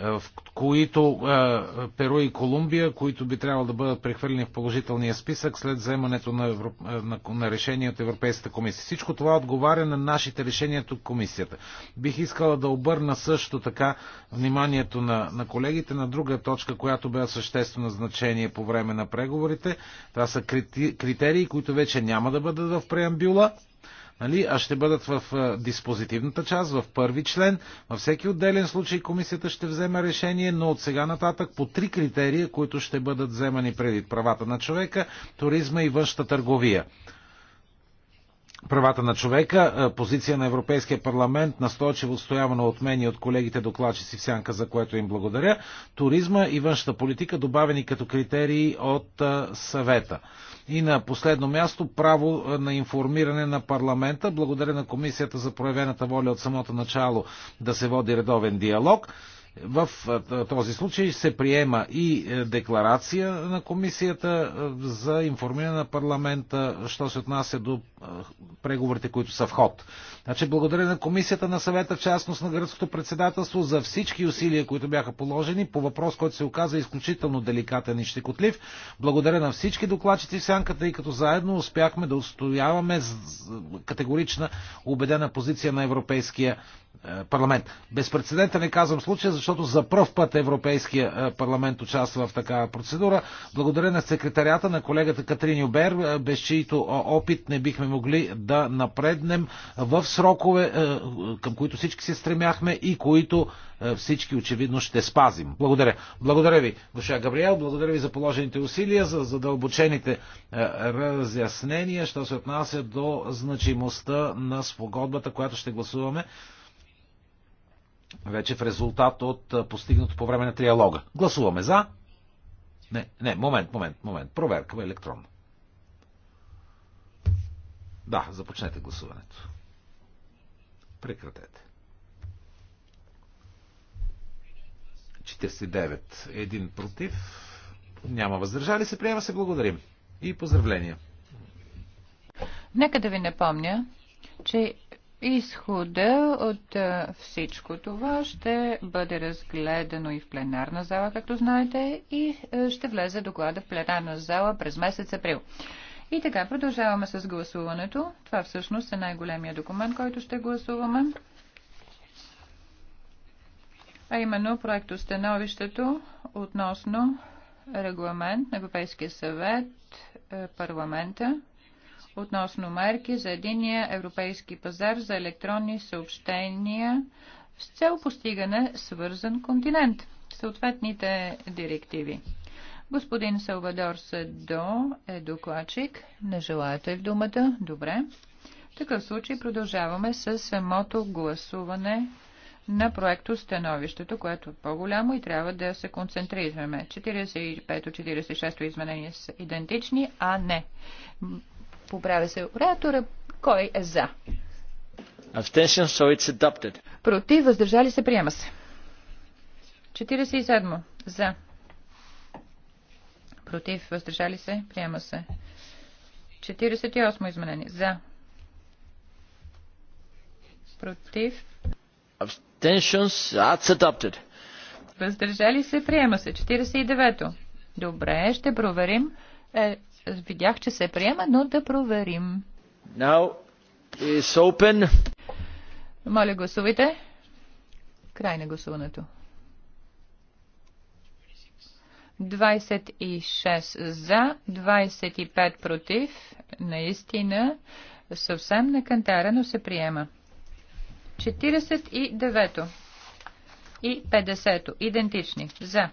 в които е, Перу и Колумбия, които би трябвало да бъдат прехвърлени в положителния списък след вземането на, Европ... Е, на, на решение от Европейската комисия. Всичко това отговаря на нашите решения от комисията. Бих искала да обърна също така вниманието на, на колегите на друга точка, която бе съществено значение по време на преговорите. Това са крити... критерии, които вече няма да бъдат в преамбюла нали, а ще бъдат в диспозитивната част, в първи член. Във всеки отделен случай комисията ще вземе решение, но от сега нататък по три критерия, които ще бъдат вземани преди правата на човека, туризма и външната търговия правата на човека, позиция на Европейския парламент, настойчиво отстоявано от мен и от колегите докладчици в сянка, за което им благодаря, туризма и външната политика, добавени като критерии от съвета. И на последно място право на информиране на парламента. Благодаря на комисията за проявената воля от самото начало да се води редовен диалог. В този случай се приема и е, декларация на комисията е, за информиране на парламента, що се отнася до е, преговорите, които са в ход. Значи, благодаря на комисията, на съвета, в частност на гръцкото председателство, за всички усилия, които бяха положени по въпрос, който се оказа изключително деликатен и щекотлив. Благодаря на всички докладчици в сянката и като заедно успяхме да устояваме категорична убедена позиция на Европейския е, парламент. Безпредседентен не казвам случая, защото за първ път Европейския е, парламент участва в такава процедура. Благодаря на секретарята на колегата Катрин Юбер, е, без чието опит не бихме могли да напреднем в срокове, към които всички се стремяхме и които всички очевидно ще спазим. Благодаря. Благодаря ви, Гоша Габриел, благодаря ви за положените усилия, за задълбочените разяснения, що се отнася до значимостта на спогодбата, която ще гласуваме вече в резултат от постигнато по време на триалога. Гласуваме за. Не, не, момент, момент, момент. Проверка електронно. Да, започнете гласуването. Прекратете. 49. Един против. Няма въздържали се. Приема се. Благодарим. И поздравления.
Нека да ви напомня, че Изхода от всичко това ще бъде разгледано и в пленарна зала, както знаете, и ще влезе доклада в пленарна зала през месец април. И така, продължаваме с гласуването. Това всъщност е най-големия документ, който ще гласуваме. А именно проекто становището относно регламент на Европейския съвет, е, парламента относно мерки за единия европейски пазар за електронни съобщения с цел постигане свързан континент. Съответните директиви. Господин Салвадор Седо е докладчик. Не желаете в думата? Добре. В такъв случай продължаваме с самото гласуване на проекто становището, което е по-голямо и трябва да се концентрираме. 45-46 изменения са идентични, а не. Поправя се оратора. Кой е за?
Abstention, so it's adopted.
Против, въздържали се, приема се. 47. За. Против, въздържали се, приема се. 48 изменение. За. Против.
Abstentions, that's adopted.
Въздържали се, приема се. 49 Добре, ще проверим е, видях, че се приема, но да проверим.
Now is open.
Моля, гласувайте. Край на гласуването. 26 за, 25 против. Наистина, съвсем на кантара, но се приема. 49 и 50 идентични. За.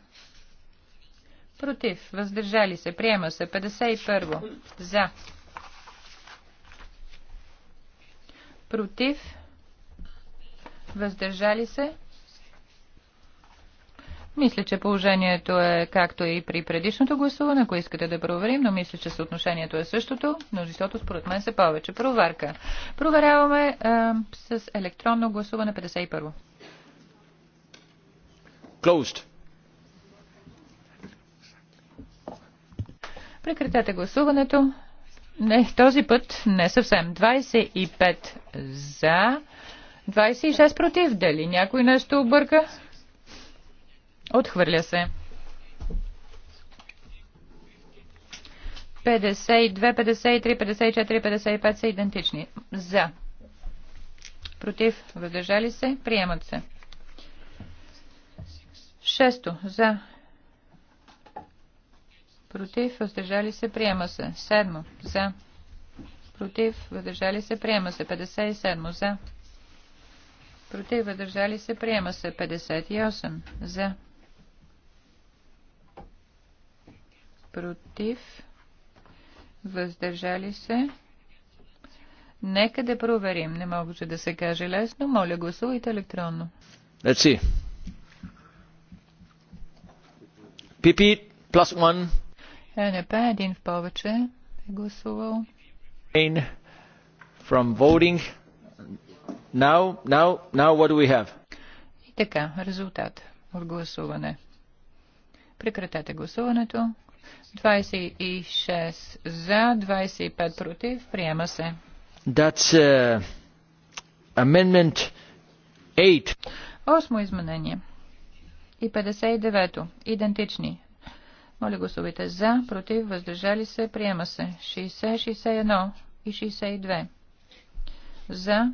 Против. Въздържали се. Приема се. 51. За. Против. Въздържали се. Мисля, че положението е както и при предишното гласуване, ако искате да проверим, но мисля, че съотношението е същото. Множеството според мен се повече. Проверка. Проверяваме е, с електронно гласуване 51. Closed. Прекратете гласуването. Не, този път не съвсем. 25 за, 26 против. Дали някой нещо обърка? Отхвърля се. 52, 53, 54, 55 са идентични. За. Против. Въздържали се. Приемат се. Шесто. За против, въздържали се, приема се. 7 за, против, въздържали се, приема се. 57 за, против, въздържали се, приема се. 58 за, против, въздържали се. Нека да проверим. Не че да се каже лесно. Моля, гласувайте електронно.
Let's see. PP plus one
ЕНП един в повече е гласувал.
From voting. Now, now, now what do we have?
И така, резултат от гласуване. Прекратете гласуването. 26 за, 25 против. Приема се.
That's uh, amendment 8.
Осмо изменение. И 59. Идентични. Моля гласувайте за, против, въздържали се, приема се. 60, 61 и 62. За,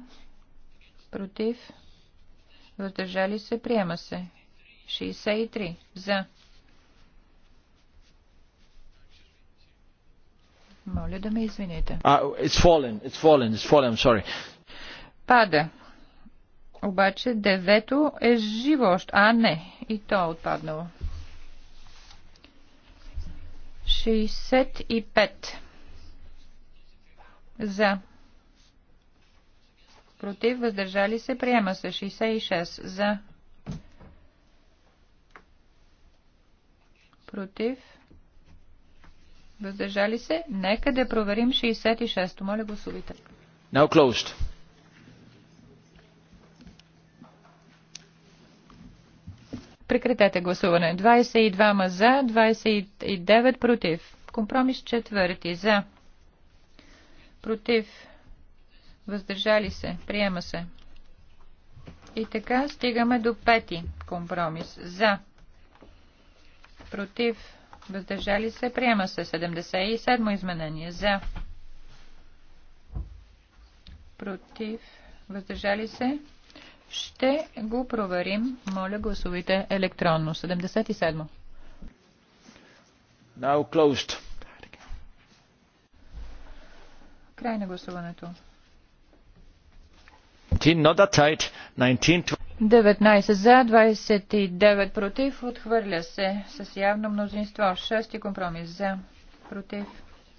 против, въздържали се, приема се. 63. За. Моля да ме извините. Uh,
it's fallen, it's fallen, it's fallen, I'm sorry.
Пада. Обаче девето е живо още. А, не. И то е отпаднало. 65 за. Против, въздържали се, приема се 66 за. Против. Въздържали се? Нека да проверим 66-то. Моля гласувайте.
Now closed.
Прекратете гласуване. 22 за, 29 против. Компромис четвърти за. Против. Въздържали се. Приема се. И така стигаме до пети компромис. За. Против. Въздържали се. Приема се. 77 изменение. За. Против. Въздържали се. Ще го проверим. Моля, гласувайте електронно. 77.
Now closed.
Край на гласуването.
19
за, 29 против. Отхвърля се с явно мнозинство. Шести компромис за, против,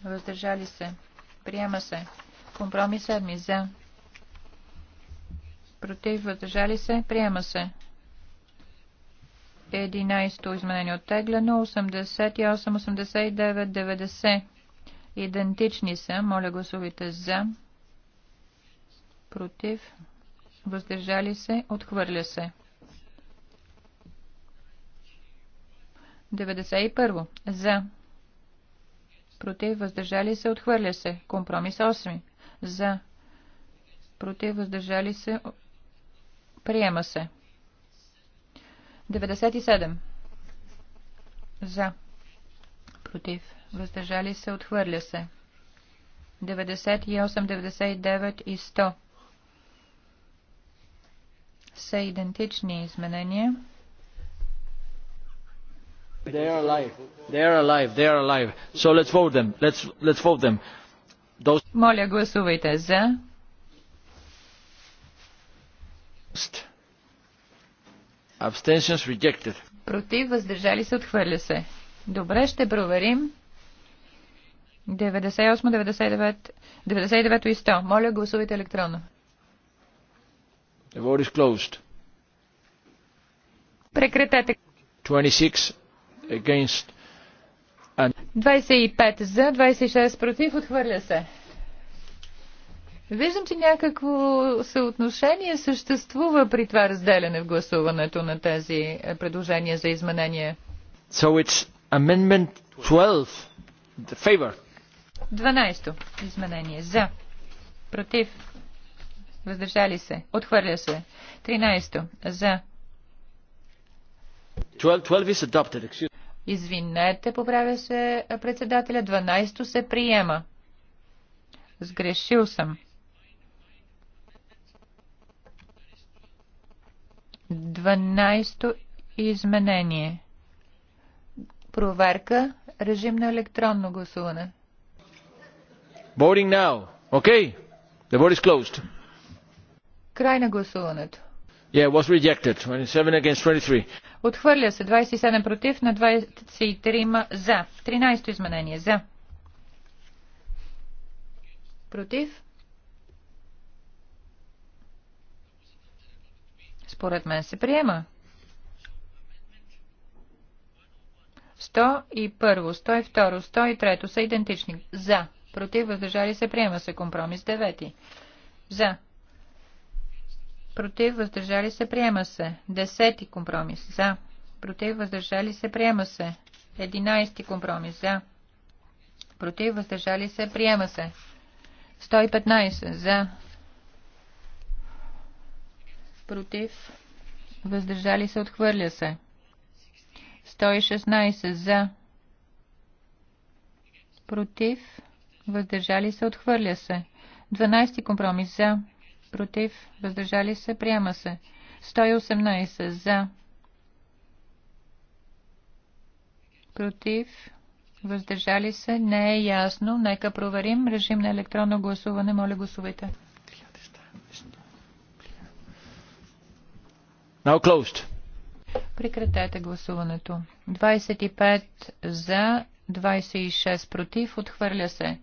въздържали се. Приема се. Компромис 7 за, против, въздържали се, приема се. 11-то изменение оттеглено, 88, 89, 90. Идентични са, моля гласувайте за, против, въздържали се, отхвърля се. 91. За. Против, въздържали се, отхвърля се. Компромис 8. За. Против, въздържали се, Приема се. 97. За. Против. Въздържали се. Отхвърля се. 98, 99 и 100 са идентични изменения. They are alive.
They are alive. They are alive. So let's vote them. Let's, let's vote them. Those...
Моля, гласувайте за
Abstentions rejected.
Против, въздържали се, отхвърля се. Добре, ще проверим. 98, 99, и 100. Моля, гласувайте електронно.
The vote is closed.
Прекратете.
26 against
25 за, 26 против, отхвърля се. Виждам, че някакво съотношение съществува при това разделяне в гласуването на тези е, предложения за изменение.
So it's amendment 12. The favor.
12. Изменение. За. Против. Въздържали се. Отхвърля се. 13. За.
12, is
adopted. Excuse Извинете, поправя се председателя. 12 се приема. Сгрешил съм. Дванайсто изменение. Проверка. Режим на електронно гласуване.
Voting now. Okay. The vote is closed.
Край на гласуването.
Yeah, it was rejected. 27 against 23.
Отхвърля се 27 против на 23 за. 13 изменение за. Против. Според мен се приема. 101, 102, 103 са идентични. За. Против. Въздържали се. Приема се. Компромис 9. За. Против. Въздържали се. Приема се. 10 компромис. За. Против. Въздържали се. Приема се. 11 компромис. За. Против. Въздържали се. Приема се. 115. За против, въздържали се, отхвърля се. 116 за, против, въздържали се, отхвърля се. 12 компромис за, против, въздържали се, приема се. 118 за, против, въздържали се, не е ясно. Нека проверим режим на електронно гласуване. Моля, гласувайте. Now closed. Прекратете гласуването. 25 за, 26 против, отхвърля се.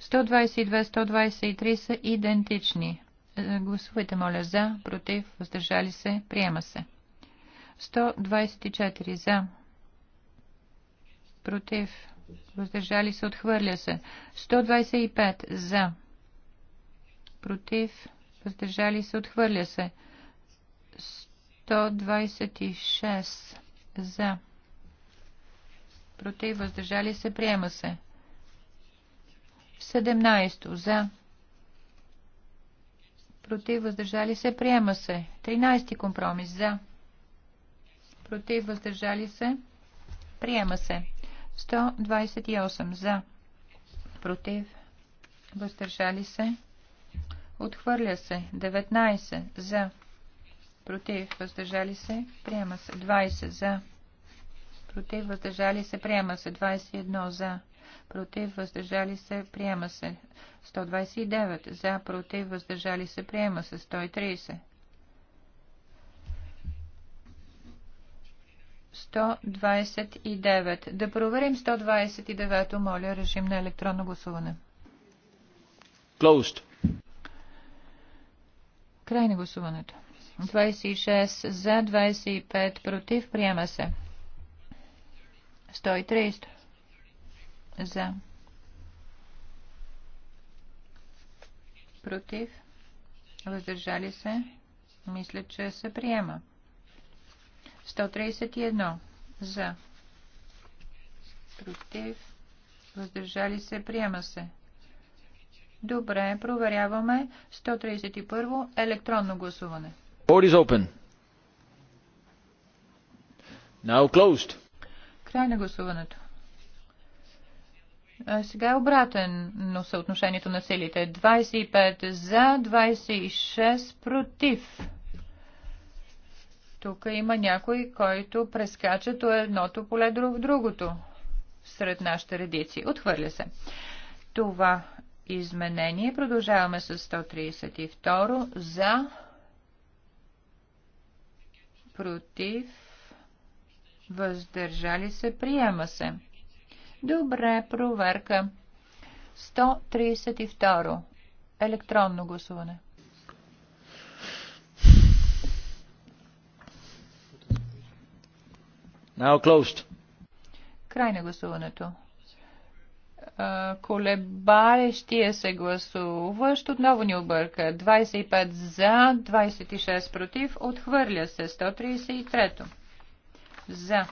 122, 123 са идентични. Е, гласувайте, моля, за, против, въздържали се, приема се. 124 за, против, въздържали се, отхвърля се. 125 за, против, въздържали се, отхвърля се. 126 за. Против въздържали се. Приема се. 17 за. Против въздържали се. Приема се. 13 компромис за. Против въздържали се. Приема се. 128 за. Против въздържали се. Отхвърля се. 19 за против, въздържали се, приема се 20 за, против, въздържали се, приема се 21 за, против, въздържали се, приема се 129 за, против, въздържали се, приема се 130. 129. Да проверим 129-то, моля, режим на електронно гласуване. Closed. Край на гласуването. 26 за, 25 против. Приема се. 130 за. Против. Въздържали се. Мисля, че се приема. 131 за. Против. Въздържали се. Приема се. Добре, проверяваме. 131 електронно гласуване.
Board is open. Now closed.
Край на гласуването. А сега е обратено съотношението на силите. 25 за, 26 против. Тук има някой, който прескача то едното поле в другото сред нашите редици. Отхвърля се. Това изменение. Продължаваме с 132 за против, въздържали се, приема се. Добре, проверка. 132. Електронно гласуване.
Now closed.
Край на гласуването колебаещия се гласуващ отново ни обърка. 25 за, 26 против, отхвърля се. 133 За.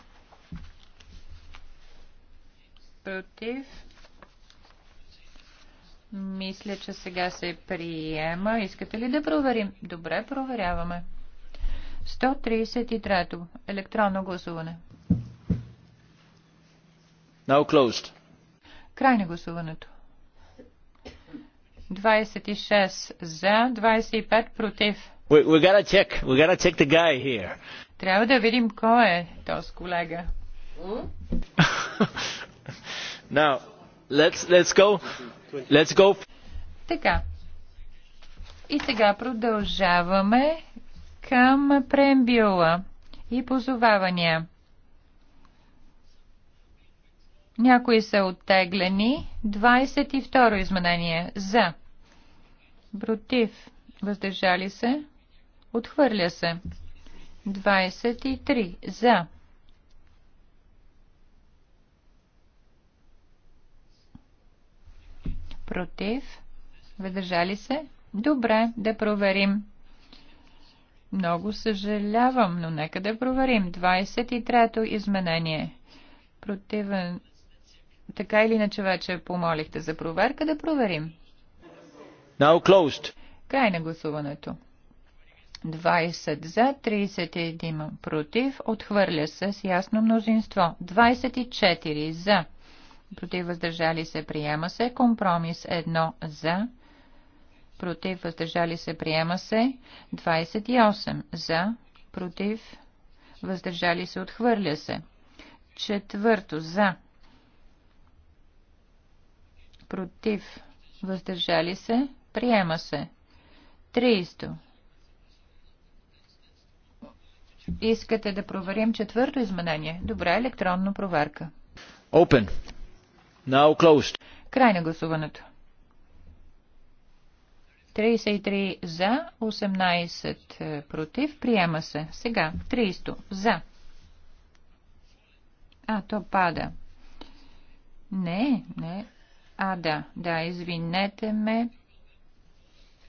Против. Мисля, че сега се приема. Искате ли да проверим? Добре, проверяваме. 133. Електронно гласуване.
Now closed.
Край на гласуването. 26 за, 25 против.
We, we gotta check. We gotta check the guy here.
Трябва да видим кой е този колега.
Now, let's, let's go. Let's go.
Така. И сега продължаваме към преембила и позовавания. Някои са оттеглени. 22 изменение. За. Против. Въздържали се. Отхвърля се. 23. За. Против. Въздържали се. Добре, да проверим. Много съжалявам, но нека да проверим. 23-то изменение. Противен така или иначе вече помолихте за проверка, да проверим.
Now closed.
Край на гласуването. 20 за, 31 против, отхвърля се с ясно мнозинство. 24 за, против въздържали се, приема се. Компромис 1 за, против въздържали се, приема се. 28 за, против въздържали се, отхвърля се. Четвърто за, против, въздържали се, приема се. 30. Искате да проверим четвърто изменение. Добра електронна проверка.
Open. Now closed.
Край на гласуването. 33 за, 18 е, против. Приема се. Сега 300 за. А, то пада. Не, не. А, да, да, извинете ме.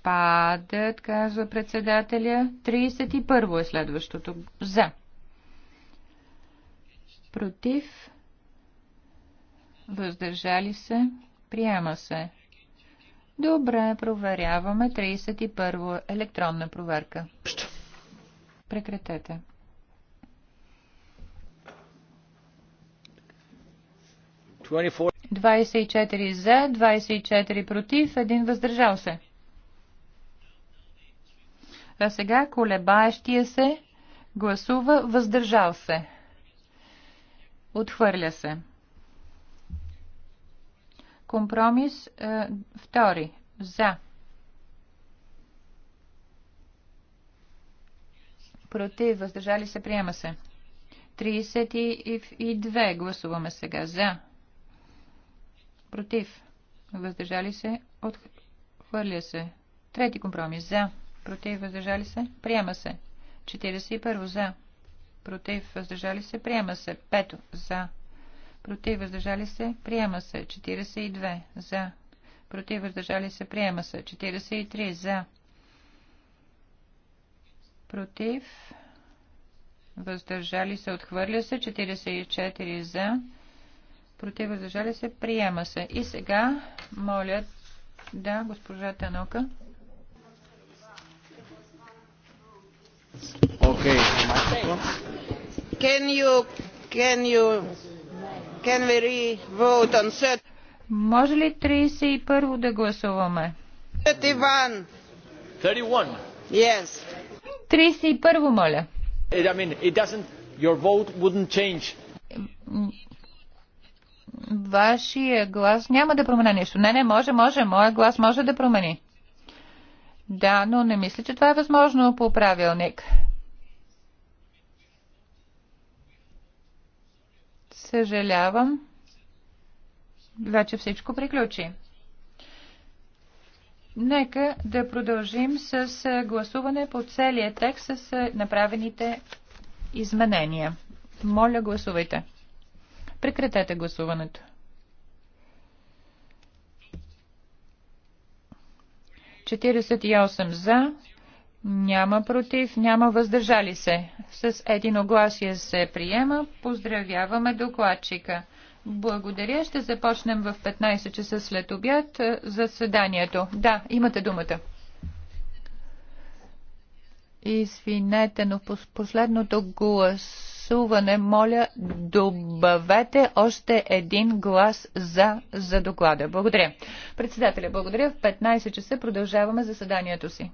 Падат, казва председателя. 31 е следващото. За. Против. Въздържали се. Приема се. Добре, проверяваме 31 електронна проверка. Прекратете. 24 за, 24 против, 1 въздържал се. А сега колебаещия се гласува въздържал се. Отхвърля се. Компромис е, втори. За. Против. Въздържали се. Приема се. 32 гласуваме сега. За против, въздържали се, отхвърля се. Трети компромис за, против, въздържали се, приема се. 41 за, против, въздържали се, приема се. Пето за, против, въздържали се, приема се. 42 за, против, въздържали се, приема се. 43 за, против, въздържали се, отхвърля се. 44 за, Против въздържали се, приема се. И сега моля да, госпожа Танока. Окей. Okay. Can you, can you, can we on Може ли 31-во да гласуваме? 31. 31. Yes. 31-во, моля.
I mean, it doesn't, your vote wouldn't change
вашия глас няма да промени нищо. Не, не, може, може, моя глас може да промени. Да, но не мисля, че това е възможно по правилник. Съжалявам. Вече всичко приключи. Нека да продължим с гласуване по целия текст с направените изменения. Моля, гласувайте. Прекратете гласуването. Четиридесет и осем за, няма против, няма въздържали се. С единогласие се приема. Поздравяваме докладчика. Благодаря. Ще започнем в 15 часа след обяд е, заседанието. Да, имате думата. Извинете, но последното глас гласуване, моля, добавете още един глас за, за доклада. Благодаря. Председателя, благодаря. В 15 часа продължаваме заседанието си.